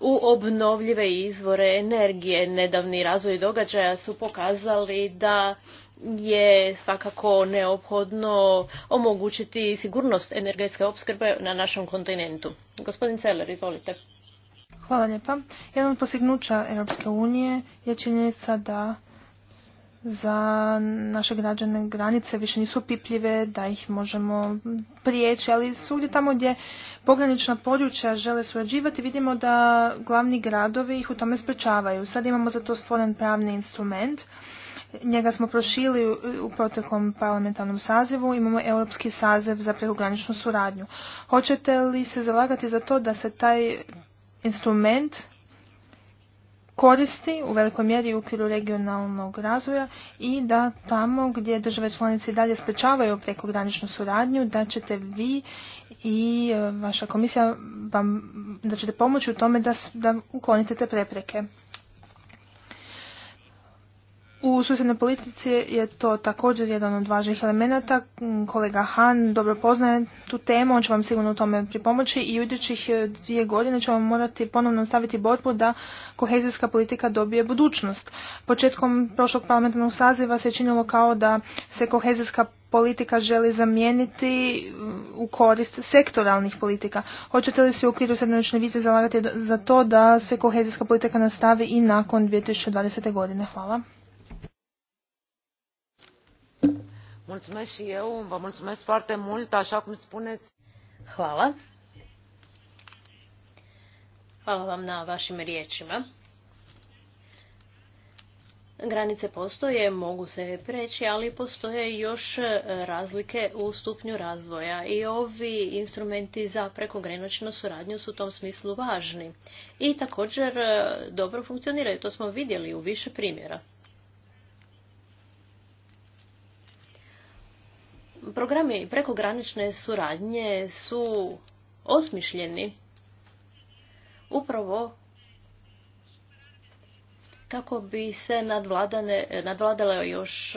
u obnovljive izvore energije. Nedavni razvoj događaja su pokazali da je svakako neophodno omogućiti sigurnost energetske opskrbe na našem kontinentu. Gospodin Celer, izvolite. Hvala lijepa. Jedan od postignuća Europske unije je činjenica da za naše građane granice više nisu pipljive, da ih možemo prijeći, ali svugdje tamo gdje pogranična područja žele surađivati, vidimo da glavni gradovi ih u tome sprečavaju. Sad imamo za to stvoren pravni instrument Njega smo prošili u proteklom parlamentarnom sazivu. Imamo Europski saziv za prekograničnu suradnju. Hoćete li se zalagati za to da se taj instrument koristi u velikoj mjeri u okviru regionalnog razvoja i da tamo gdje države članice dalje sprečavaju prekograničnu suradnju, da ćete vi i e, vaša komisija vam, da ćete pomoći u tome da, da uklonite te prepreke. U susjednoj politici je to također jedan od važnih elemenata. Mm, kolega Han dobro poznaje tu temu, on će vam sigurno u tome pripomoći i u idućih e, dvije godine ćemo morati ponovno staviti borbu da kohezijska politika dobije budućnost. Početkom prošlog parlamentarnog saziva se činilo kao da se kohezijska politika želi zamijeniti mm, u korist sektoralnih politika. Hoćete li se u okviru srednjovične vize zalagati za to da se kohezijska politika nastavi i nakon 2020. godine? Hvala. Mulțumesc eu, vă mulțumesc foarte mult, așa Hvala. Hvala vam na vašim riječima. Granice postoje, mogu se preći, ali postoje još razlike u stupnju razvoja i ovi instrumenti za prekograničnu suradnju su u tom smislu važni i također dobro funkcioniraju. To smo vidjeli u više primjera. programi prekogranične suradnje su osmišljeni upravo kako bi se nadvladale još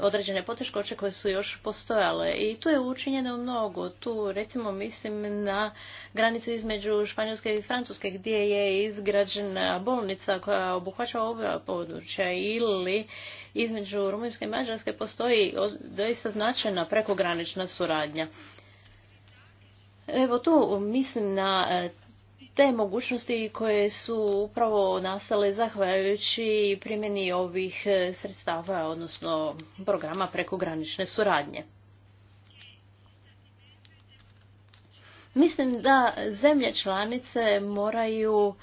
određene poteškoće koje su još postojale. I tu je učinjeno mnogo. Tu recimo mislim na granicu između Španjolske i Francuske gdje je izgrađena bolnica koja obuhvaća oba područja ili između Rumunjske i Mađarske postoji doista značajna prekogranična suradnja. Evo tu mislim na e, te mogućnosti koje su upravo nastale zahvaljujući primjeni ovih e, sredstava, odnosno programa prekogranične suradnje. Mislim da zemlje članice moraju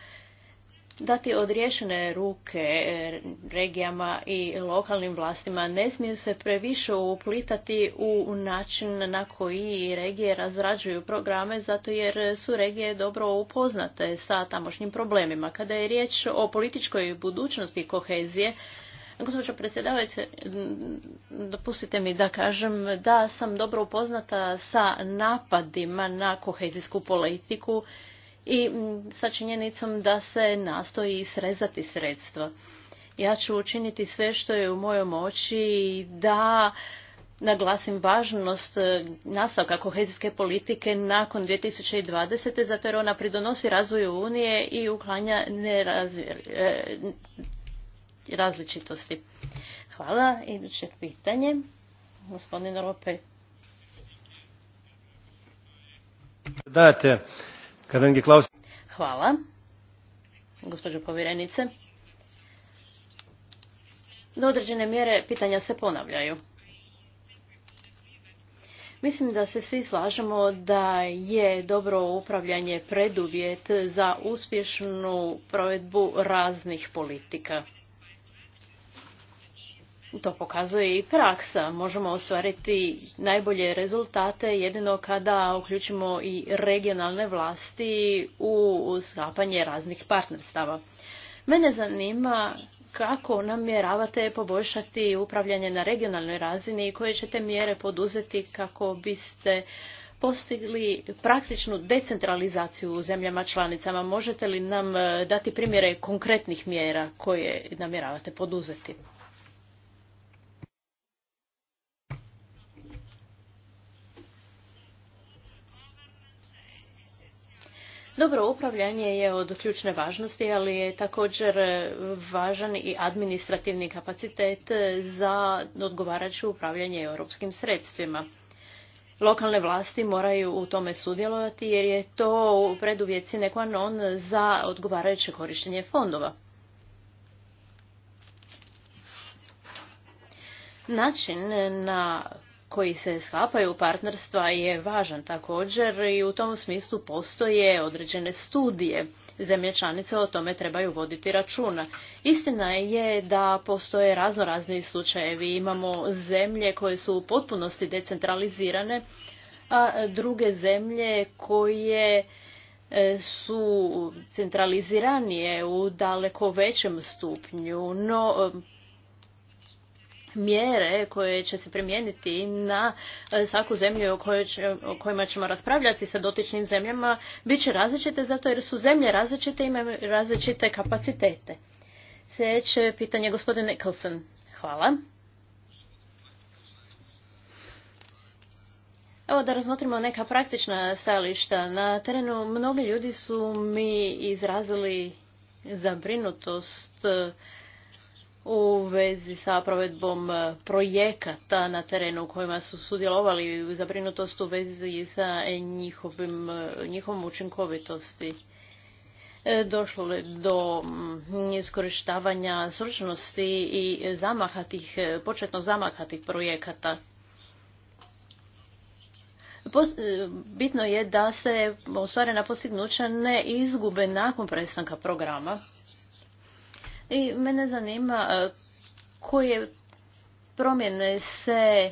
dati odriješene ruke eh, regijama i lokalnim vlastima. Ne smiju se previše uplitati u način na koji regije razrađuju programe, zato jer su regije dobro upoznate sa tamošnjim problemima. Kada je riječ o političkoj budućnosti kohezije, Gospođo predsjedavajuće, dopustite mi da kažem da sam dobro upoznata sa napadima na kohezijsku politiku i sa činjenicom da se nastoji srezati sredstva. Ja ću učiniti sve što je u mojoj moći da naglasim važnost e, nastavka kohezijske politike nakon 2020. zato jer ona pridonosi razvoju Unije i uklanja e, različitosti. Hvala. Iduće pitanje. Gospodin Rope. Hvala, gospođo povjerenice. Do određene mjere pitanja se ponavljaju. Mislim da se svi slažemo da je dobro upravljanje preduvjet za uspješnu provedbu raznih politika. To pokazuje i praksa. Možemo ostvariti najbolje rezultate jedino kada uključimo i regionalne vlasti u sklapanje raznih partnerstava. Mene zanima kako namjeravate poboljšati upravljanje na regionalnoj razini i koje ćete mjere poduzeti kako biste postigli praktičnu decentralizaciju u zemljama članicama. Možete li nam dati primjere konkretnih mjera koje namjeravate poduzeti? Dobro upravljanje je od ključne važnosti, ali je također važan i administrativni kapacitet za odgovarajuće upravljanje europskim sredstvima. Lokalne vlasti moraju u tome sudjelovati jer je to preduvjet sine neko anon za odgovarajuće korištenje fondova. Način na koji se sklapaju partnerstva je važan također i u tom smislu postoje određene studije. Zemlje članice o tome trebaju voditi računa. Istina je da postoje raznorazni slučajevi. Imamo zemlje koje su u potpunosti decentralizirane, a druge zemlje koje e, su centraliziranije u daleko većem stupnju, no mjere koje će se primijeniti na e, svaku zemlju o kojima ćemo raspravljati sa dotičnim zemljama bit će različite zato jer su zemlje različite i imaju različite kapacitete. Sljedeće pitanje gospodin Nicholson. Hvala. Evo da razmotrimo neka praktična stajališta. Na terenu mnogi ljudi su mi izrazili zabrinutost u vezi sa provedbom e, projekata na terenu u kojima su sudjelovali zabrinutost u vezi sa njihovim, e, njihovom učinkovitosti. E, došlo je do mm, iskorištavanja sručnosti i zamaha početno zamahatih projekata. Bitno je da se ostvarena postignuća ne izgube nakon prestanka programa i mene zanima e, koje promjene se e,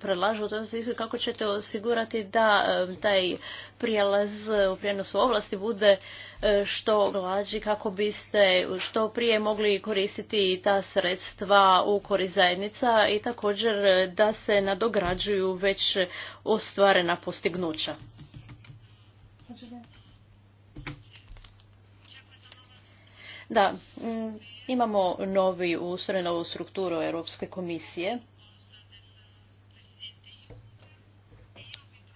predlažu u tom smislu kako ćete osigurati da e, taj prijelaz u prijenosu ovlasti bude što glađi kako biste što prije mogli koristiti ta sredstva u korist zajednica i također da se nadograđuju već ostvarena postignuća. Da, mm, imamo novi ustroj, novu strukturu Europske komisije.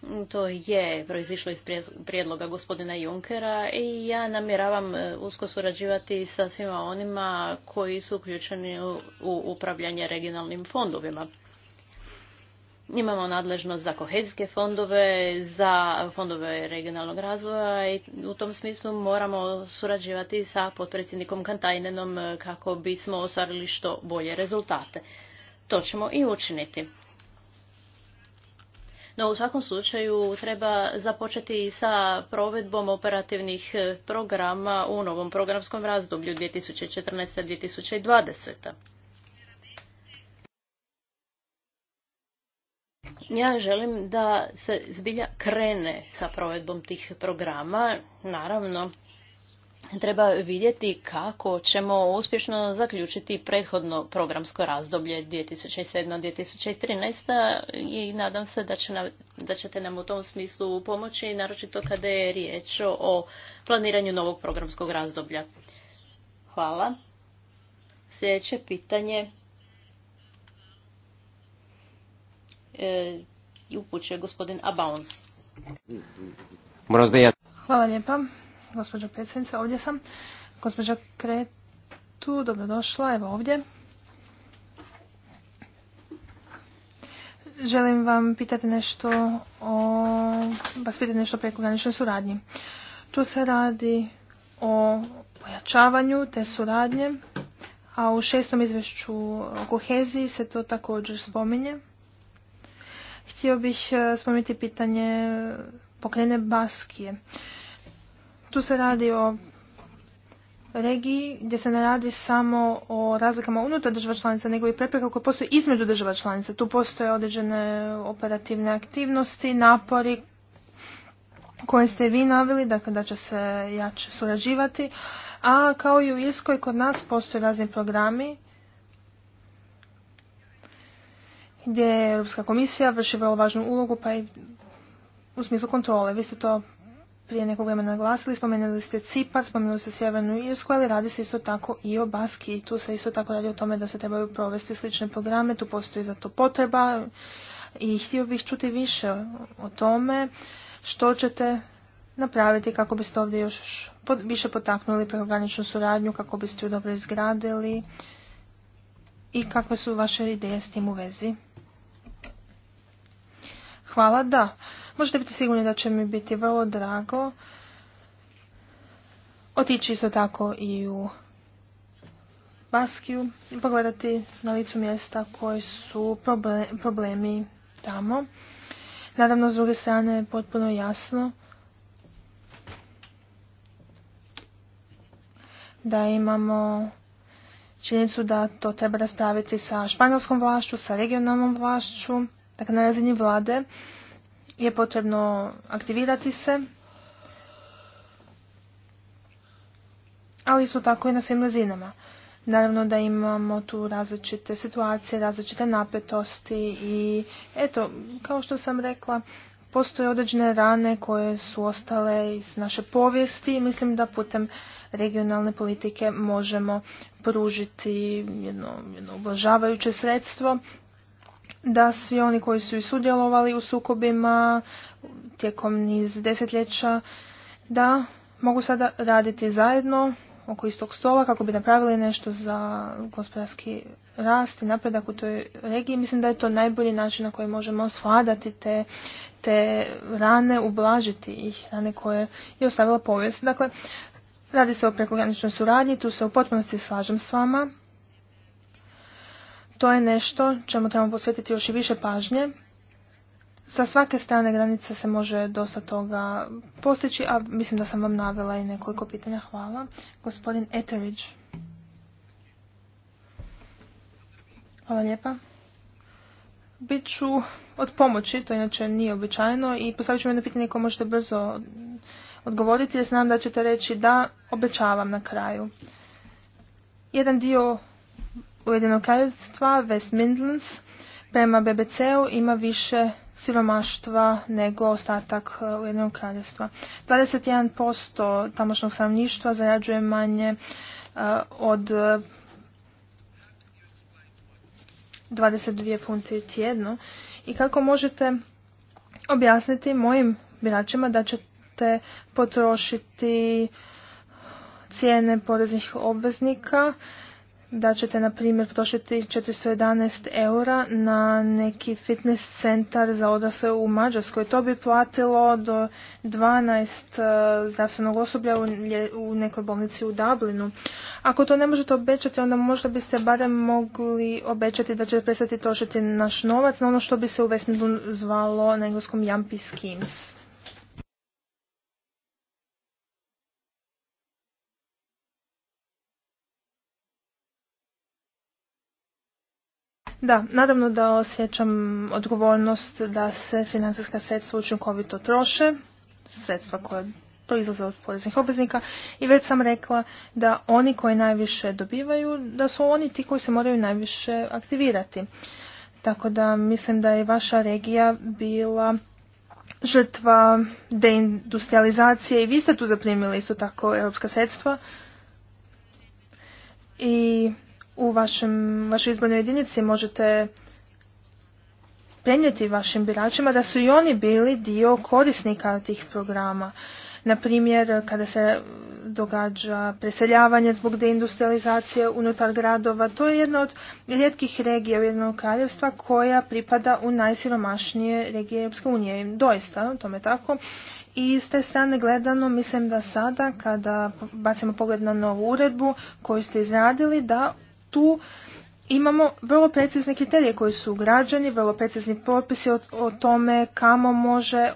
Mm, to je proizišlo iz prijedloga gospodina Junkera i ja namjeravam e, usko surađivati sa svima onima koji su uključeni u upravljanje regionalnim fondovima. Imamo nadležnost za kohezijske fondove, za fondove regionalnog razvoja i u tom smislu moramo surađivati sa potpredsjednikom Kantajnenom kako bismo ostvarili što bolje rezultate. To ćemo i učiniti. No u svakom slučaju treba započeti sa provedbom operativnih programa u novom programskom razdoblju 2014-2020. Ja želim da se zbilja krene sa provedbom tih programa. Naravno, treba vidjeti kako ćemo uspješno zaključiti prethodno programsko razdoblje 2007-2013 i nadam se da, će nam, da ćete nam u tom smislu pomoći, naročito kada je riječ o planiranju novog programskog razdoblja. Hvala. Sljedeće pitanje E, upućuje gospodin Abaunz. Hvala lijepa, gospođo predsjednice, ovdje sam. Gospođa Kretu, dobrodošla, evo ovdje. Želim vam pitati nešto o, vas pitati nešto o prekograničnoj suradnji. Tu se radi o pojačavanju te suradnje, a u šestom izvješću o koheziji se to također spominje. Htio bih e, spomenuti pitanje pokrene Baskije. Tu se radi o regiji gdje se ne radi samo o razlikama unutar država članica, nego i prepreka koje postoje između država članica. Tu postoje određene operativne aktivnosti, napori koje ste vi naveli, dakle da će se jače surađivati, a kao i u Irskoj kod nas postoje razni programi gdje Europska komisija vrši vrlo važnu ulogu pa i u smislu kontrole. Vi ste to prije nekog vremena naglasili, spomenuli ste Cipar, spomenuli ste Sjevernu Irsku, ali radi se isto tako i o Baski i tu se isto tako radi o tome da se trebaju provesti slične programe, tu postoji za to potreba i htio bih čuti više o tome što ćete napraviti kako biste ovdje još više potaknuli prekograničnu suradnju, kako biste ju dobro izgradili i kakve su vaše ideje s tim u vezi. Hvala, da. Možete biti sigurni da će mi biti vrlo drago otići isto tako i u Baskiju i pogledati na licu mjesta koji su problemi tamo. Naravno, s druge strane je potpuno jasno da imamo činjenicu da to treba raspraviti sa španjolskom vlašću, sa regionalnom vlašću Dakle, na razini vlade je potrebno aktivirati se, ali isto tako i na svim razinama. Naravno da imamo tu različite situacije, različite napetosti i eto, kao što sam rekla, postoje određene rane koje su ostale iz naše povijesti i mislim da putem regionalne politike možemo pružiti jedno, jedno ublažavajuće sredstvo da svi oni koji su i sudjelovali u sukobima tijekom niz desetljeća, da mogu sada raditi zajedno oko istog stola kako bi napravili nešto za gospodarski rast i napredak u toj regiji. Mislim da je to najbolji način na koji možemo svladati te, te rane, ublažiti ih, rane koje je ostavila povijest. Dakle, radi se o prekograničnoj suradnji, tu se u potpunosti slažem s vama. To je nešto čemu trebamo posvetiti još i više pažnje. Sa svake strane granice se može dosta toga postići, a mislim da sam vam navela i nekoliko pitanja. Hvala. Gospodin Eterić. Hvala lijepa. Bit ću od pomoći, to inače nije običajno, i postavit ću jedno pitanje koje možete brzo odgovoriti, jer znam da ćete reći da obećavam na kraju. Jedan dio Ujedinog kraljevstva West Midlands prema BBC-u ima više siromaštva nego ostatak e, Ujedinog kraljevstva. 21% tamošnog stanovništva zarađuje manje e, od 22 e, funti tjedno. I kako možete objasniti mojim biračima da ćete potrošiti cijene poreznih obveznika da ćete na primjer potrošiti 411 eura na neki fitness centar za odrasle u Mađarskoj. To bi platilo do 12 e, zdravstvenog osoblja u nekoj bolnici u Dublinu. Ako to ne možete obećati, onda možda biste barem mogli obećati da ćete prestati trošiti naš novac na ono što bi se u Vesmidu zvalo na engleskom Jumpy Schemes. Da, naravno da osjećam odgovornost da se financijska sredstva učinkovito troše, sredstva koja proizlaze od poreznih obveznika i već sam rekla da oni koji najviše dobivaju, da su oni ti koji se moraju najviše aktivirati. Tako da mislim da je vaša regija bila žrtva deindustrializacije i vi ste tu zaprimili isto tako europska sredstva. I u vašem, vašoj izbornoj jedinici možete prenijeti vašim biračima da su i oni bili dio korisnika tih programa. Na primjer, kada se događa preseljavanje zbog deindustrializacije unutar gradova, to je jedna od rijetkih regija jednog kraljevstva koja pripada u najsiromašnije regije Europske unije. Doista, tome tako. I s te strane gledano, mislim da sada, kada bacimo pogled na novu uredbu koju ste izradili, da tu imamo vrlo precizne kriterije koji su ugrađeni, vrlo precizni propisi o, tome kamo može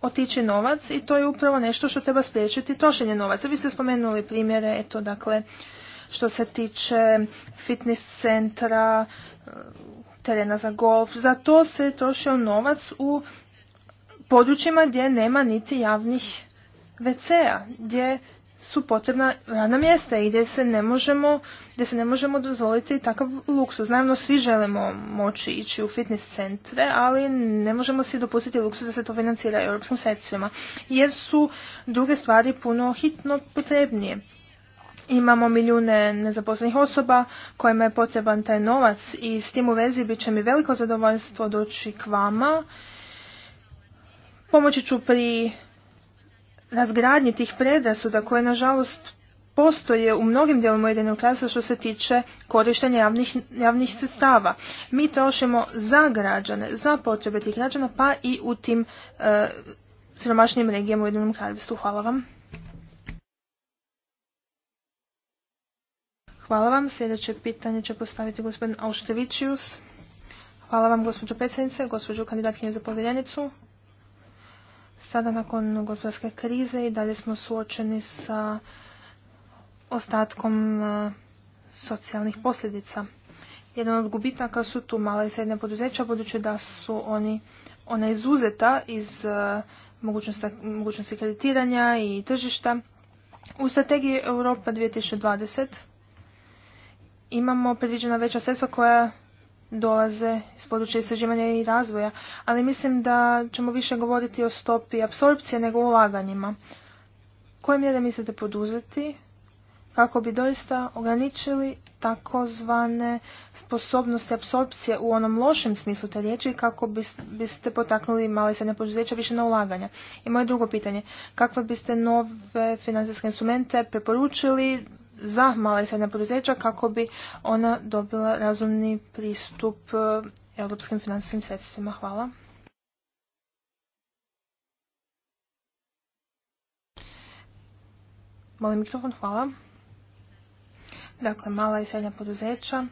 otići novac i to je upravo nešto što treba spriječiti trošenje novaca. Vi ste spomenuli primjere, eto dakle, što se tiče fitness centra, terena za golf. Za to se trošio novac u područjima gdje nema niti javnih WC-a, gdje su potrebna radna mjesta i gdje se ne možemo, gdje se ne možemo dozvoliti takav luksuz. Naravno, svi želimo moći ići u fitness centre, ali ne možemo si dopustiti luksuz da se to financira europskim sredstvima, jer su druge stvari puno hitno potrebnije. Imamo milijune nezaposlenih osoba kojima je potreban taj novac i s tim u vezi bit će mi veliko zadovoljstvo doći k vama. Pomoći ću pri razgradnji tih predrasuda koje nažalost postoje u mnogim dijelovima Ujedinog kraljevstva što se tiče korištenja javnih, javnih sredstava. Mi trošimo za građane, za potrebe tih građana, pa i u tim e, regijama u Ujedinom kraljevstvu. Hvala vam. Hvala vam. Sljedeće pitanje će postaviti gospodin Auštevičius. Hvala vam gospođo predsjednice, gospođo kandidatkinje za povjerenicu. Sada nakon gospodarske krize i dalje smo suočeni sa ostatkom e, socijalnih posljedica. Jedan od gubitaka su tu mala i srednja poduzeća, budući da su oni, ona izuzeta iz e, mogućnosti, kreditiranja i tržišta. U strategiji Europa 2020 imamo predviđena veća sredstva koja dolaze iz područja istraživanja i razvoja, ali mislim da ćemo više govoriti o stopi apsorpcije nego o ulaganjima. Koje mjere mislite poduzeti kako bi doista ograničili takozvane sposobnosti apsorpcije u onom lošem smislu te riječi kako biste potaknuli male i srednja poduzeća više na ulaganja. I moje drugo pitanje, kakve biste nove financijske instrumente preporučili za mala i srednja poduzeća kako bi ona dobila razumni pristup e, europskim financijskim sredstvima? Hvala. Molim mikrofon, hvala dakle mala i srednja poduzeća.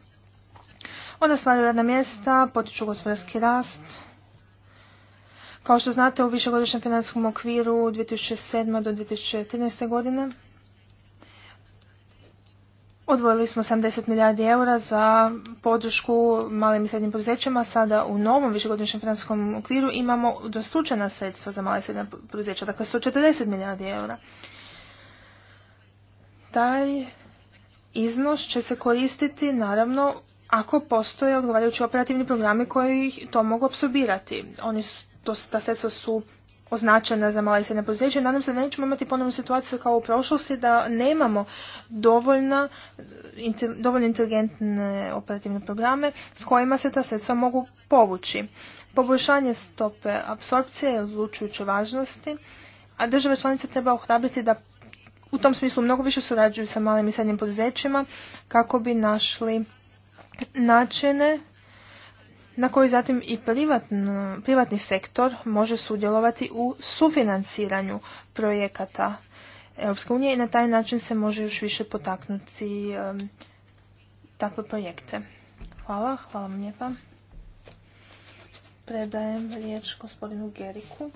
Ona stvaraju radna mjesta, potiču gospodarski rast. Kao što znate, u višegodišnjem financijskom okviru 2007. do 2013. godine Odvojili smo 70 milijardi eura za podršku malim i srednjim poduzećima. Sada u novom višegodišnjem financijskom okviru imamo dostučena sredstva za male i srednje poduzeća, dakle 140 milijardi eura. Taj iznos će se koristiti naravno ako postoje odgovarajući operativni programi koji to mogu apsorbirati. Oni to, ta sredstva su označena za mala i srednja poduzeća. Nadam se da nećemo imati ponovnu situaciju kao u prošlosti da nemamo dovoljna, dovoljno inteligentne operativne programe s kojima se ta sredstva mogu povući. Poboljšanje stope apsorpcije je odlučujuće važnosti, a države članice treba ohrabriti da u tom smislu mnogo više surađuju sa malim i srednjim poduzećima kako bi našli načine na koji zatim i privatni sektor može sudjelovati u sufinanciranju projekata Europske unije i na taj način se može još više potaknuti takve projekte. Hvala, hvala vam lijepa. Predajem riječ gospodinu Geriku.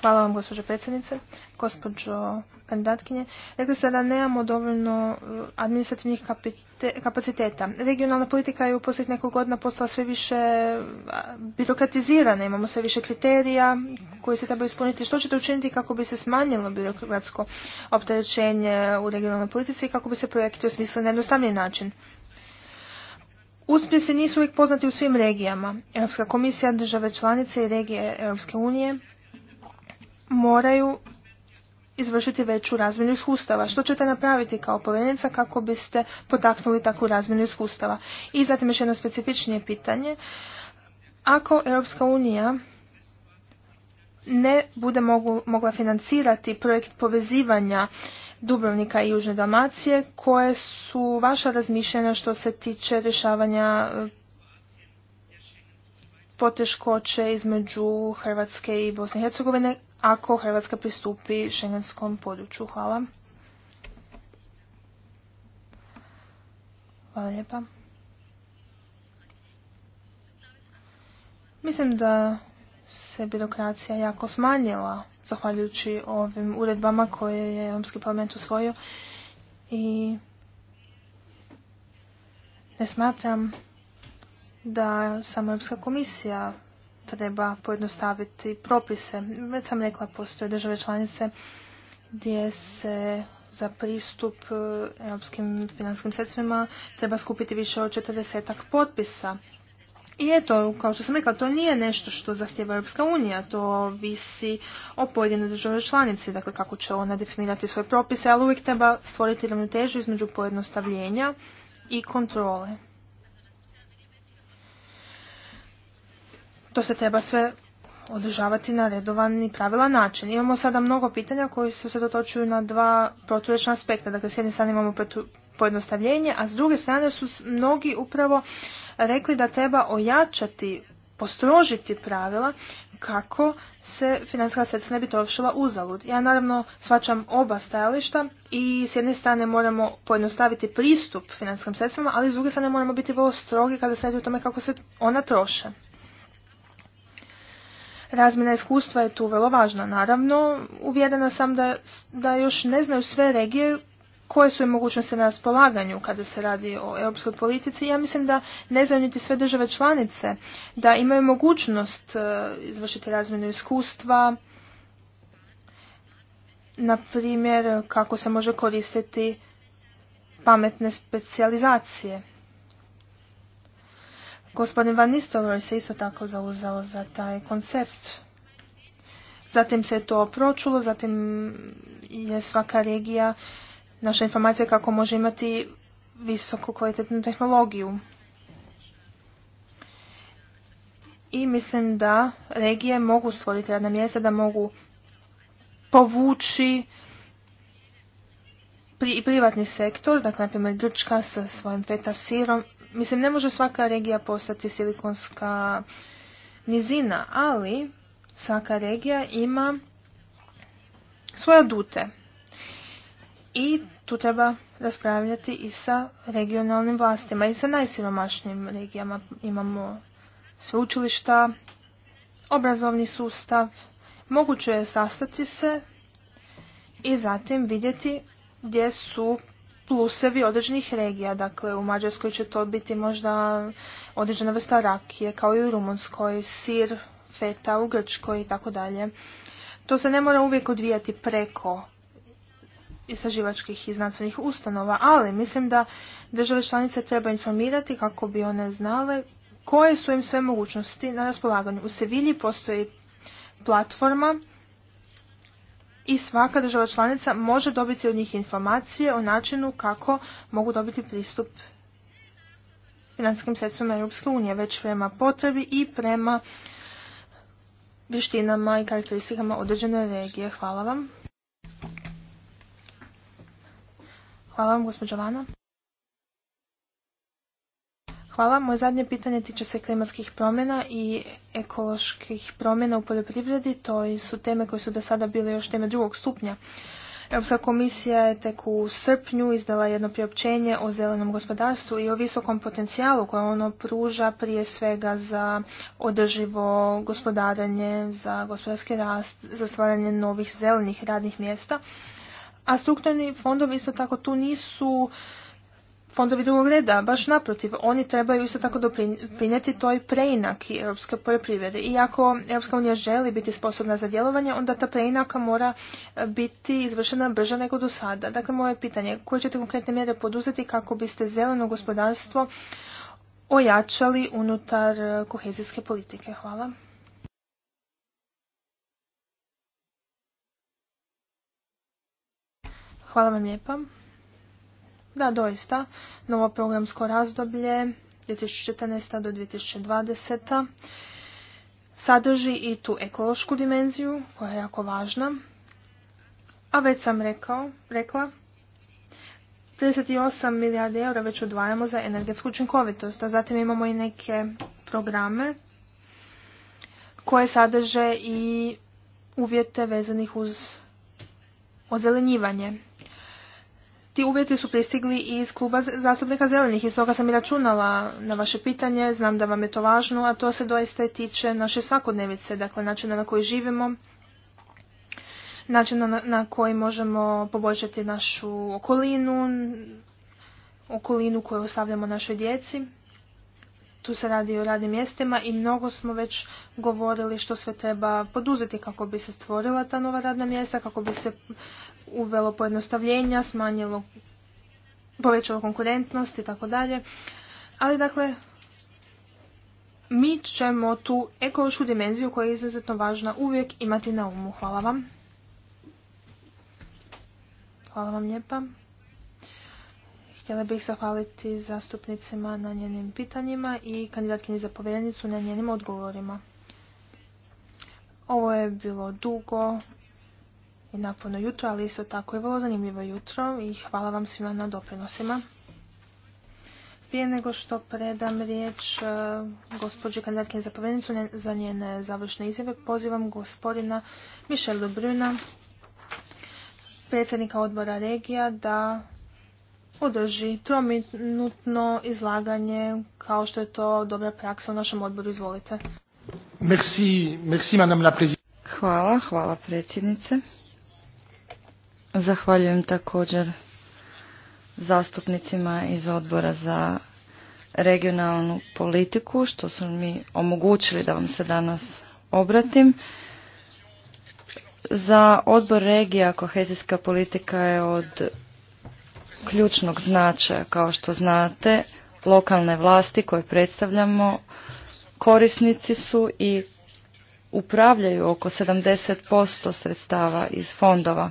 Hvala vam, gospođo predsjednice. Gospođo kandidatkinje, rekli ste da nemamo dovoljno eh, administrativnih kapaciteta. Regionalna politika je u posljednjih nekoliko godina postala sve više eh, birokratizirana. Imamo sve više kriterija koje se treba ispuniti. Što ćete učiniti kako bi se smanjilo birokratsko opterećenje u regionalnoj politici i kako bi se projekti osmislili na jednostavniji način? Uspjesi nisu uvijek poznati u svim regijama. Europska komisija, države članice i regije Europske unije moraju izvršiti veću razmjenu iskustava. Što ćete napraviti kao povjerenica kako biste potaknuli takvu razmjenu iskustava? I zatim još jedno specifičnije pitanje. Ako Europska unija ne bude mogla financirati projekt povezivanja Dubrovnika i Južne Dalmacije, koje su vaša razmišljena što se tiče rješavanja e, poteškoće između Hrvatske i Bosne i Hercegovine ako Hrvatska pristupi šengenskom području. Hvala. Hvala lijepa. Mislim da se birokracija jako smanjila zahvaljujući ovim uredbama koje je Europski parlament usvojio i ne smatram da samo Europska komisija treba pojednostaviti propise. Već sam rekla, postoje države članice gdje se za pristup e, europskim financijskim sredstvima treba skupiti više od 40 potpisa. I eto, kao što sam rekla, to nije nešto što zahtjeva Europska unija, to visi o pojedinoj državi članici, dakle kako će ona definirati svoje propise, ali uvijek treba stvoriti ravnotežu između pojednostavljenja i kontrole. to se treba sve održavati na redovan i pravilan način. Imamo sada mnogo pitanja koji se dotočuju na dva proturečna aspekta. Dakle, s jedne strane imamo pojednostavljenje, a s druge strane su mnogi upravo rekli da treba ojačati, postrožiti pravila kako se financijska sredstva ne bi trošila uzalud. Ja naravno svačam oba stajališta i s jedne strane moramo pojednostaviti pristup financijskim sredstvima, ali s druge strane moramo biti vrlo strogi kada se radi o tome kako se ona troše. Razmjena iskustva je tu vrlo važna. Naravno, uvjerena sam da, da još ne znaju sve regije koje su im mogućnosti na raspolaganju kada se radi o europskoj politici. Ja mislim da ne znaju niti sve države članice da imaju mogućnost e, izvršiti razmjenu iskustva, na primjer kako se može koristiti pametne specijalizacije Gospodin Van Nistelrooy se isto tako zauzao za taj koncept. Zatim se je to pročulo, zatim je svaka regija naša informacija kako može imati visoko kvalitetnu tehnologiju. I mislim da regije mogu stvoriti radna mjesta, da mogu povući pri, privatni sektor, dakle, na primjer, Grčka sa svojim feta sirom mislim ne može svaka regija postati silikonska nizina, ali svaka regija ima svoje dute I tu treba raspravljati i sa regionalnim vlastima i sa najsiromašnijim regijama. Imamo sveučilišta, obrazovni sustav. Moguće je sastati se i zatim vidjeti gdje su plusevi određenih regija. Dakle, u Mađarskoj će to biti možda određena vrsta rakije, kao i u Rumunskoj, sir, feta u Grčkoj i tako dalje. To se ne mora uvijek odvijati preko istraživačkih i znanstvenih ustanova, ali mislim da države članice treba informirati kako bi one znale koje su im sve mogućnosti na raspolaganju. U Sevilji postoji platforma i svaka država članica može dobiti od njih informacije o načinu kako mogu dobiti pristup financijskim sredstvima Europske unije, već prema potrebi i prema vještinama i karakteristikama određene regije. Hvala vam. Hvala vam, gospođa Vana. Hvala. Moje zadnje pitanje tiče se klimatskih promjena i ekoloških promjena u poljoprivredi. To su teme koje su do sada bile još teme drugog stupnja. Europska komisija je tek u srpnju izdala jedno priopćenje o zelenom gospodarstvu i o visokom potencijalu koje ono pruža prije svega za održivo gospodaranje, za gospodarski rast, za stvaranje novih zelenih radnih mjesta. A strukturni fondovi isto tako tu nisu fondovi drugog reda, baš naprotiv, oni trebaju isto tako doprinijeti toj preinaki europske poljoprivrede. I ako Europska unija želi biti sposobna za djelovanje, onda ta preinaka mora e, biti izvršena brže nego do sada. Dakle, moje pitanje, koje ćete konkretne mjere poduzeti kako biste zeleno gospodarstvo ojačali unutar e, kohezijske politike? Hvala. Hvala vam lijepa. Da, doista. Novo programsko razdoblje 2014. do 2020. sadrži i tu ekološku dimenziju koja je jako važna. A već sam rekao, rekla 38 milijardi eura već odvajamo za energetsku učinkovitost, a zatim imamo i neke programe koje sadrže i uvjete vezanih uz ozelenjivanje ti uvjeti su pristigli iz kluba zastupnika zelenih i stoga sam i računala na vaše pitanje, znam da vam je to važno, a to se doista i tiče naše svakodnevice, dakle načina na koji živimo, načina na koji možemo poboljšati našu okolinu, okolinu koju ostavljamo našoj djeci. Tu se radi o radnim mjestima i mnogo smo već govorili što sve treba poduzeti kako bi se stvorila ta nova radna mjesta, kako bi se uvelo pojednostavljenja, smanjilo, povećalo konkurentnost i tako dalje. Ali dakle, mi ćemo tu ekološku dimenziju koja je izuzetno važna uvijek imati na umu. Hvala vam. Hvala vam lijepa. Htjela bih zahvaliti zastupnicima na njenim pitanjima i kandidatkinji za povjerenicu na njenim odgovorima. Ovo je bilo dugo napuno jutro, ali isto tako je vrlo zanimljivo jutro i hvala vam svima na doprinosima. Prije nego što predam riječ e, gospođi Kandarkin za povjednicu za njene završne izjave, pozivam gospodina Mišel Dobruna, predsjednika odbora regija, da održi trominutno izlaganje kao što je to dobra praksa u našem odboru. Izvolite. Hvala, hvala predsjednice. Zahvaljujem također zastupnicima iz odbora za regionalnu politiku što su mi omogućili da vam se danas obratim. Za odbor regija kohezijska politika je od ključnog značaja. Kao što znate, lokalne vlasti koje predstavljamo korisnici su i upravljaju oko 70% sredstava iz fondova.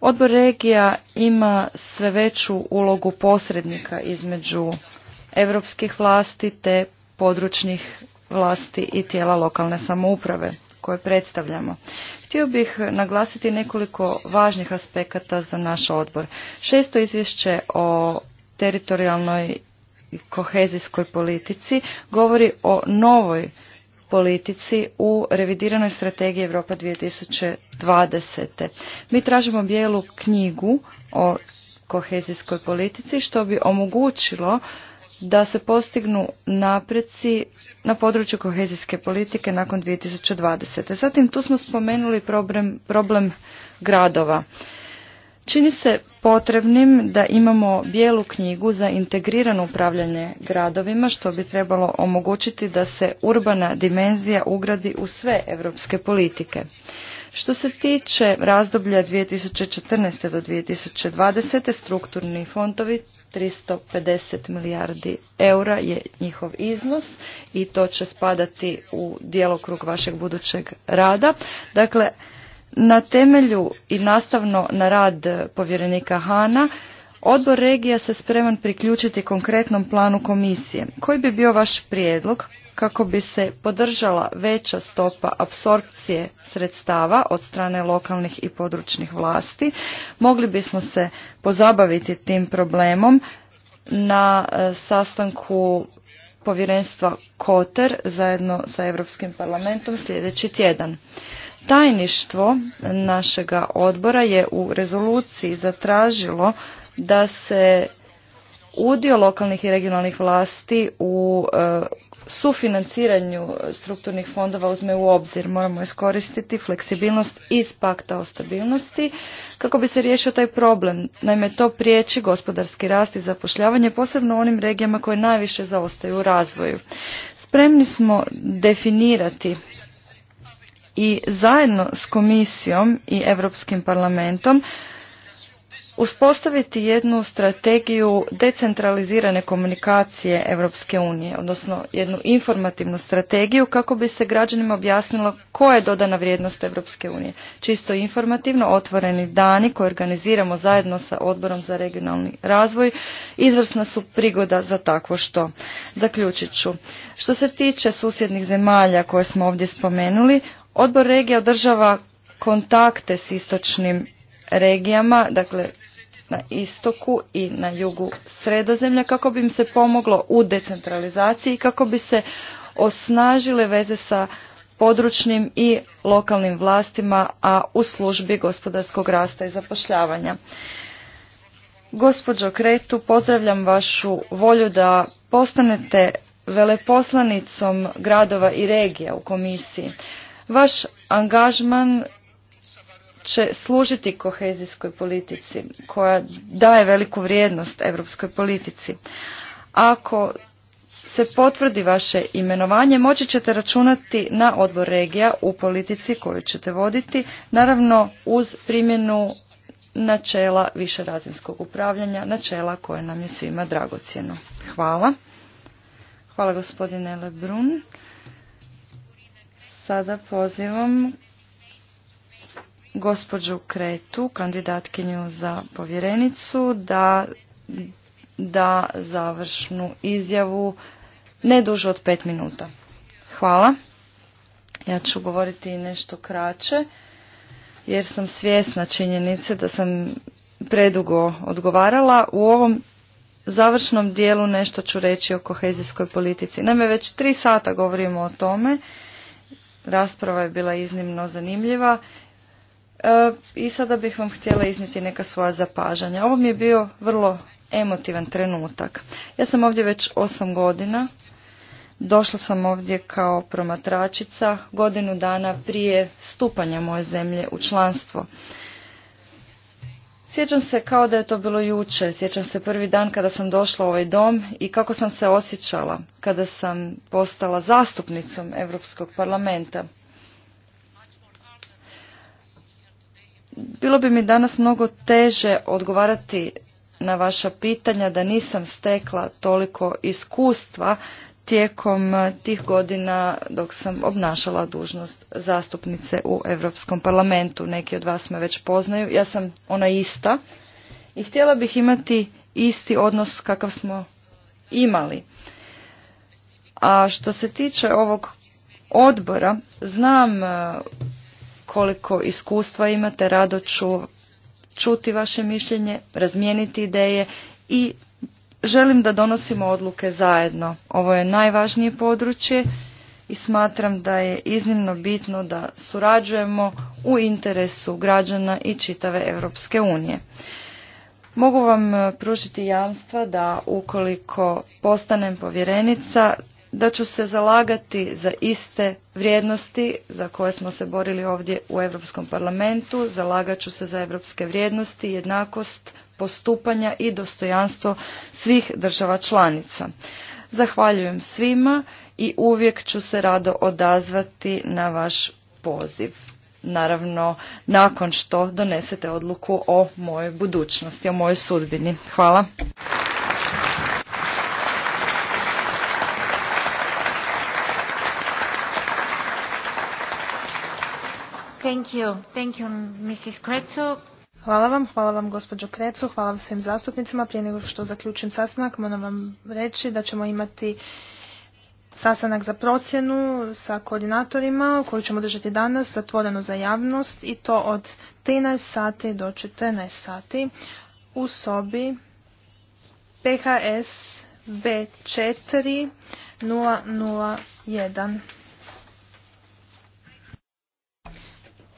Odbor regija ima sve veću ulogu posrednika između europskih vlasti te područnih vlasti i tijela lokalne samouprave koje predstavljamo. Htio bih naglasiti nekoliko važnih aspekata za naš odbor. Šesto izvješće o teritorijalnoj kohezijskoj politici govori o novoj politici u revidiranoj strategiji Europa 2020. Mi tražimo bijelu knjigu o kohezijskoj politici što bi omogućilo da se postignu napreci na području kohezijske politike nakon 2020. Zatim tu smo spomenuli problem gradova čini se potrebnim da imamo bijelu knjigu za integrirano upravljanje gradovima što bi trebalo omogućiti da se urbana dimenzija ugradi u sve europske politike. Što se tiče razdoblja 2014. do 2020. strukturni fondovi 350 milijardi eura je njihov iznos i to će spadati u djelokrug vašeg budućeg rada. Dakle, na temelju i nastavno na rad povjerenika Hana, odbor regija se spreman priključiti konkretnom planu komisije. Koji bi bio vaš prijedlog kako bi se podržala veća stopa apsorpcije sredstava od strane lokalnih i područnih vlasti? Mogli bismo se pozabaviti tim problemom na e, sastanku povjerenstva Koter zajedno sa Europskim parlamentom sljedeći tjedan. Tajništvo našega odbora je u rezoluciji zatražilo da se udio lokalnih i regionalnih vlasti u e, sufinanciranju strukturnih fondova uzme u obzir. Moramo iskoristiti fleksibilnost iz pakta o stabilnosti kako bi se riješio taj problem. Naime, to priječi gospodarski rast i zapošljavanje, posebno u onim regijama koje najviše zaostaju u razvoju. Spremni smo definirati i zajedno s komisijom i Europskim parlamentom uspostaviti jednu strategiju decentralizirane komunikacije Europske unije, odnosno jednu informativnu strategiju kako bi se građanima objasnilo koja je dodana vrijednost Europske unije. Čisto informativno otvoreni dani koje organiziramo zajedno sa odborom za regionalni razvoj izvrsna su prigoda za takvo što. Zaključit ću. Što se tiče susjednih zemalja koje smo ovdje spomenuli, Odbor regija održava kontakte s istočnim regijama, dakle na istoku i na jugu sredozemlja kako bi im se pomoglo u decentralizaciji i kako bi se osnažile veze sa područnim i lokalnim vlastima, a u službi gospodarskog rasta i zapošljavanja. Gospođo Kretu, pozdravljam vašu volju da postanete veleposlanicom gradova i regija u komisiji. Vaš angažman će služiti kohezijskoj politici koja daje veliku vrijednost europskoj politici. Ako se potvrdi vaše imenovanje, moći ćete računati na odbor regija u politici koju ćete voditi, naravno uz primjenu načela višerazinskog upravljanja, načela koje nam je svima dragocjeno. Hvala. Hvala gospodine Lebrun. Sada pozivam gospođu Kretu, kandidatkinju za povjerenicu, da da završnu izjavu ne dužu od pet minuta. Hvala. Ja ću govoriti nešto kraće jer sam svjesna činjenice da sam predugo odgovarala. U ovom završnom dijelu nešto ću reći o kohezijskoj politici. Naime, već tri sata govorimo o tome Rasprava je bila iznimno zanimljiva. E, I sada bih vam htjela iznijeti neka svoja zapažanja. Ovo mi je bio vrlo emotivan trenutak. Ja sam ovdje već osam godina. Došla sam ovdje kao promatračica godinu dana prije stupanja moje zemlje u članstvo. Sjećam se kao da je to bilo juče, sjećam se prvi dan kada sam došla u ovaj dom i kako sam se osjećala kada sam postala zastupnicom Europskog parlamenta. Bilo bi mi danas mnogo teže odgovarati na vaša pitanja da nisam stekla toliko iskustva tijekom eh, tih godina dok sam obnašala dužnost zastupnice u Europskom parlamentu. Neki od vas me već poznaju. Ja sam ona ista i htjela bih imati isti odnos kakav smo imali. A što se tiče ovog odbora, znam eh, koliko iskustva imate, rado ću čuti vaše mišljenje, razmijeniti ideje i želim da donosimo odluke zajedno. Ovo je najvažnije područje i smatram da je iznimno bitno da surađujemo u interesu građana i čitave Europske unije. Mogu vam e, pružiti jamstva da ukoliko postanem povjerenica, da ću se zalagati za iste vrijednosti za koje smo se borili ovdje u Europskom parlamentu, zalagat ću se za europske vrijednosti, jednakost, postupanja i dostojanstvo svih država članica. Zahvaljujem svima i uvijek ću se rado odazvati na vaš poziv. Naravno, nakon što donesete odluku o mojoj budućnosti, o mojoj sudbini. Hvala. Thank you. Thank you, Mrs. Hvala vam, hvala vam gospođo Krecu, hvala vam svim zastupnicima. Prije nego što zaključim sastanak, moram vam reći da ćemo imati sastanak za procjenu sa koordinatorima koju ćemo držati danas zatvoreno za javnost i to od 13 sati do 14 sati u sobi PHS B4 001.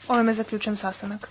Ovime zaključujem sastanak.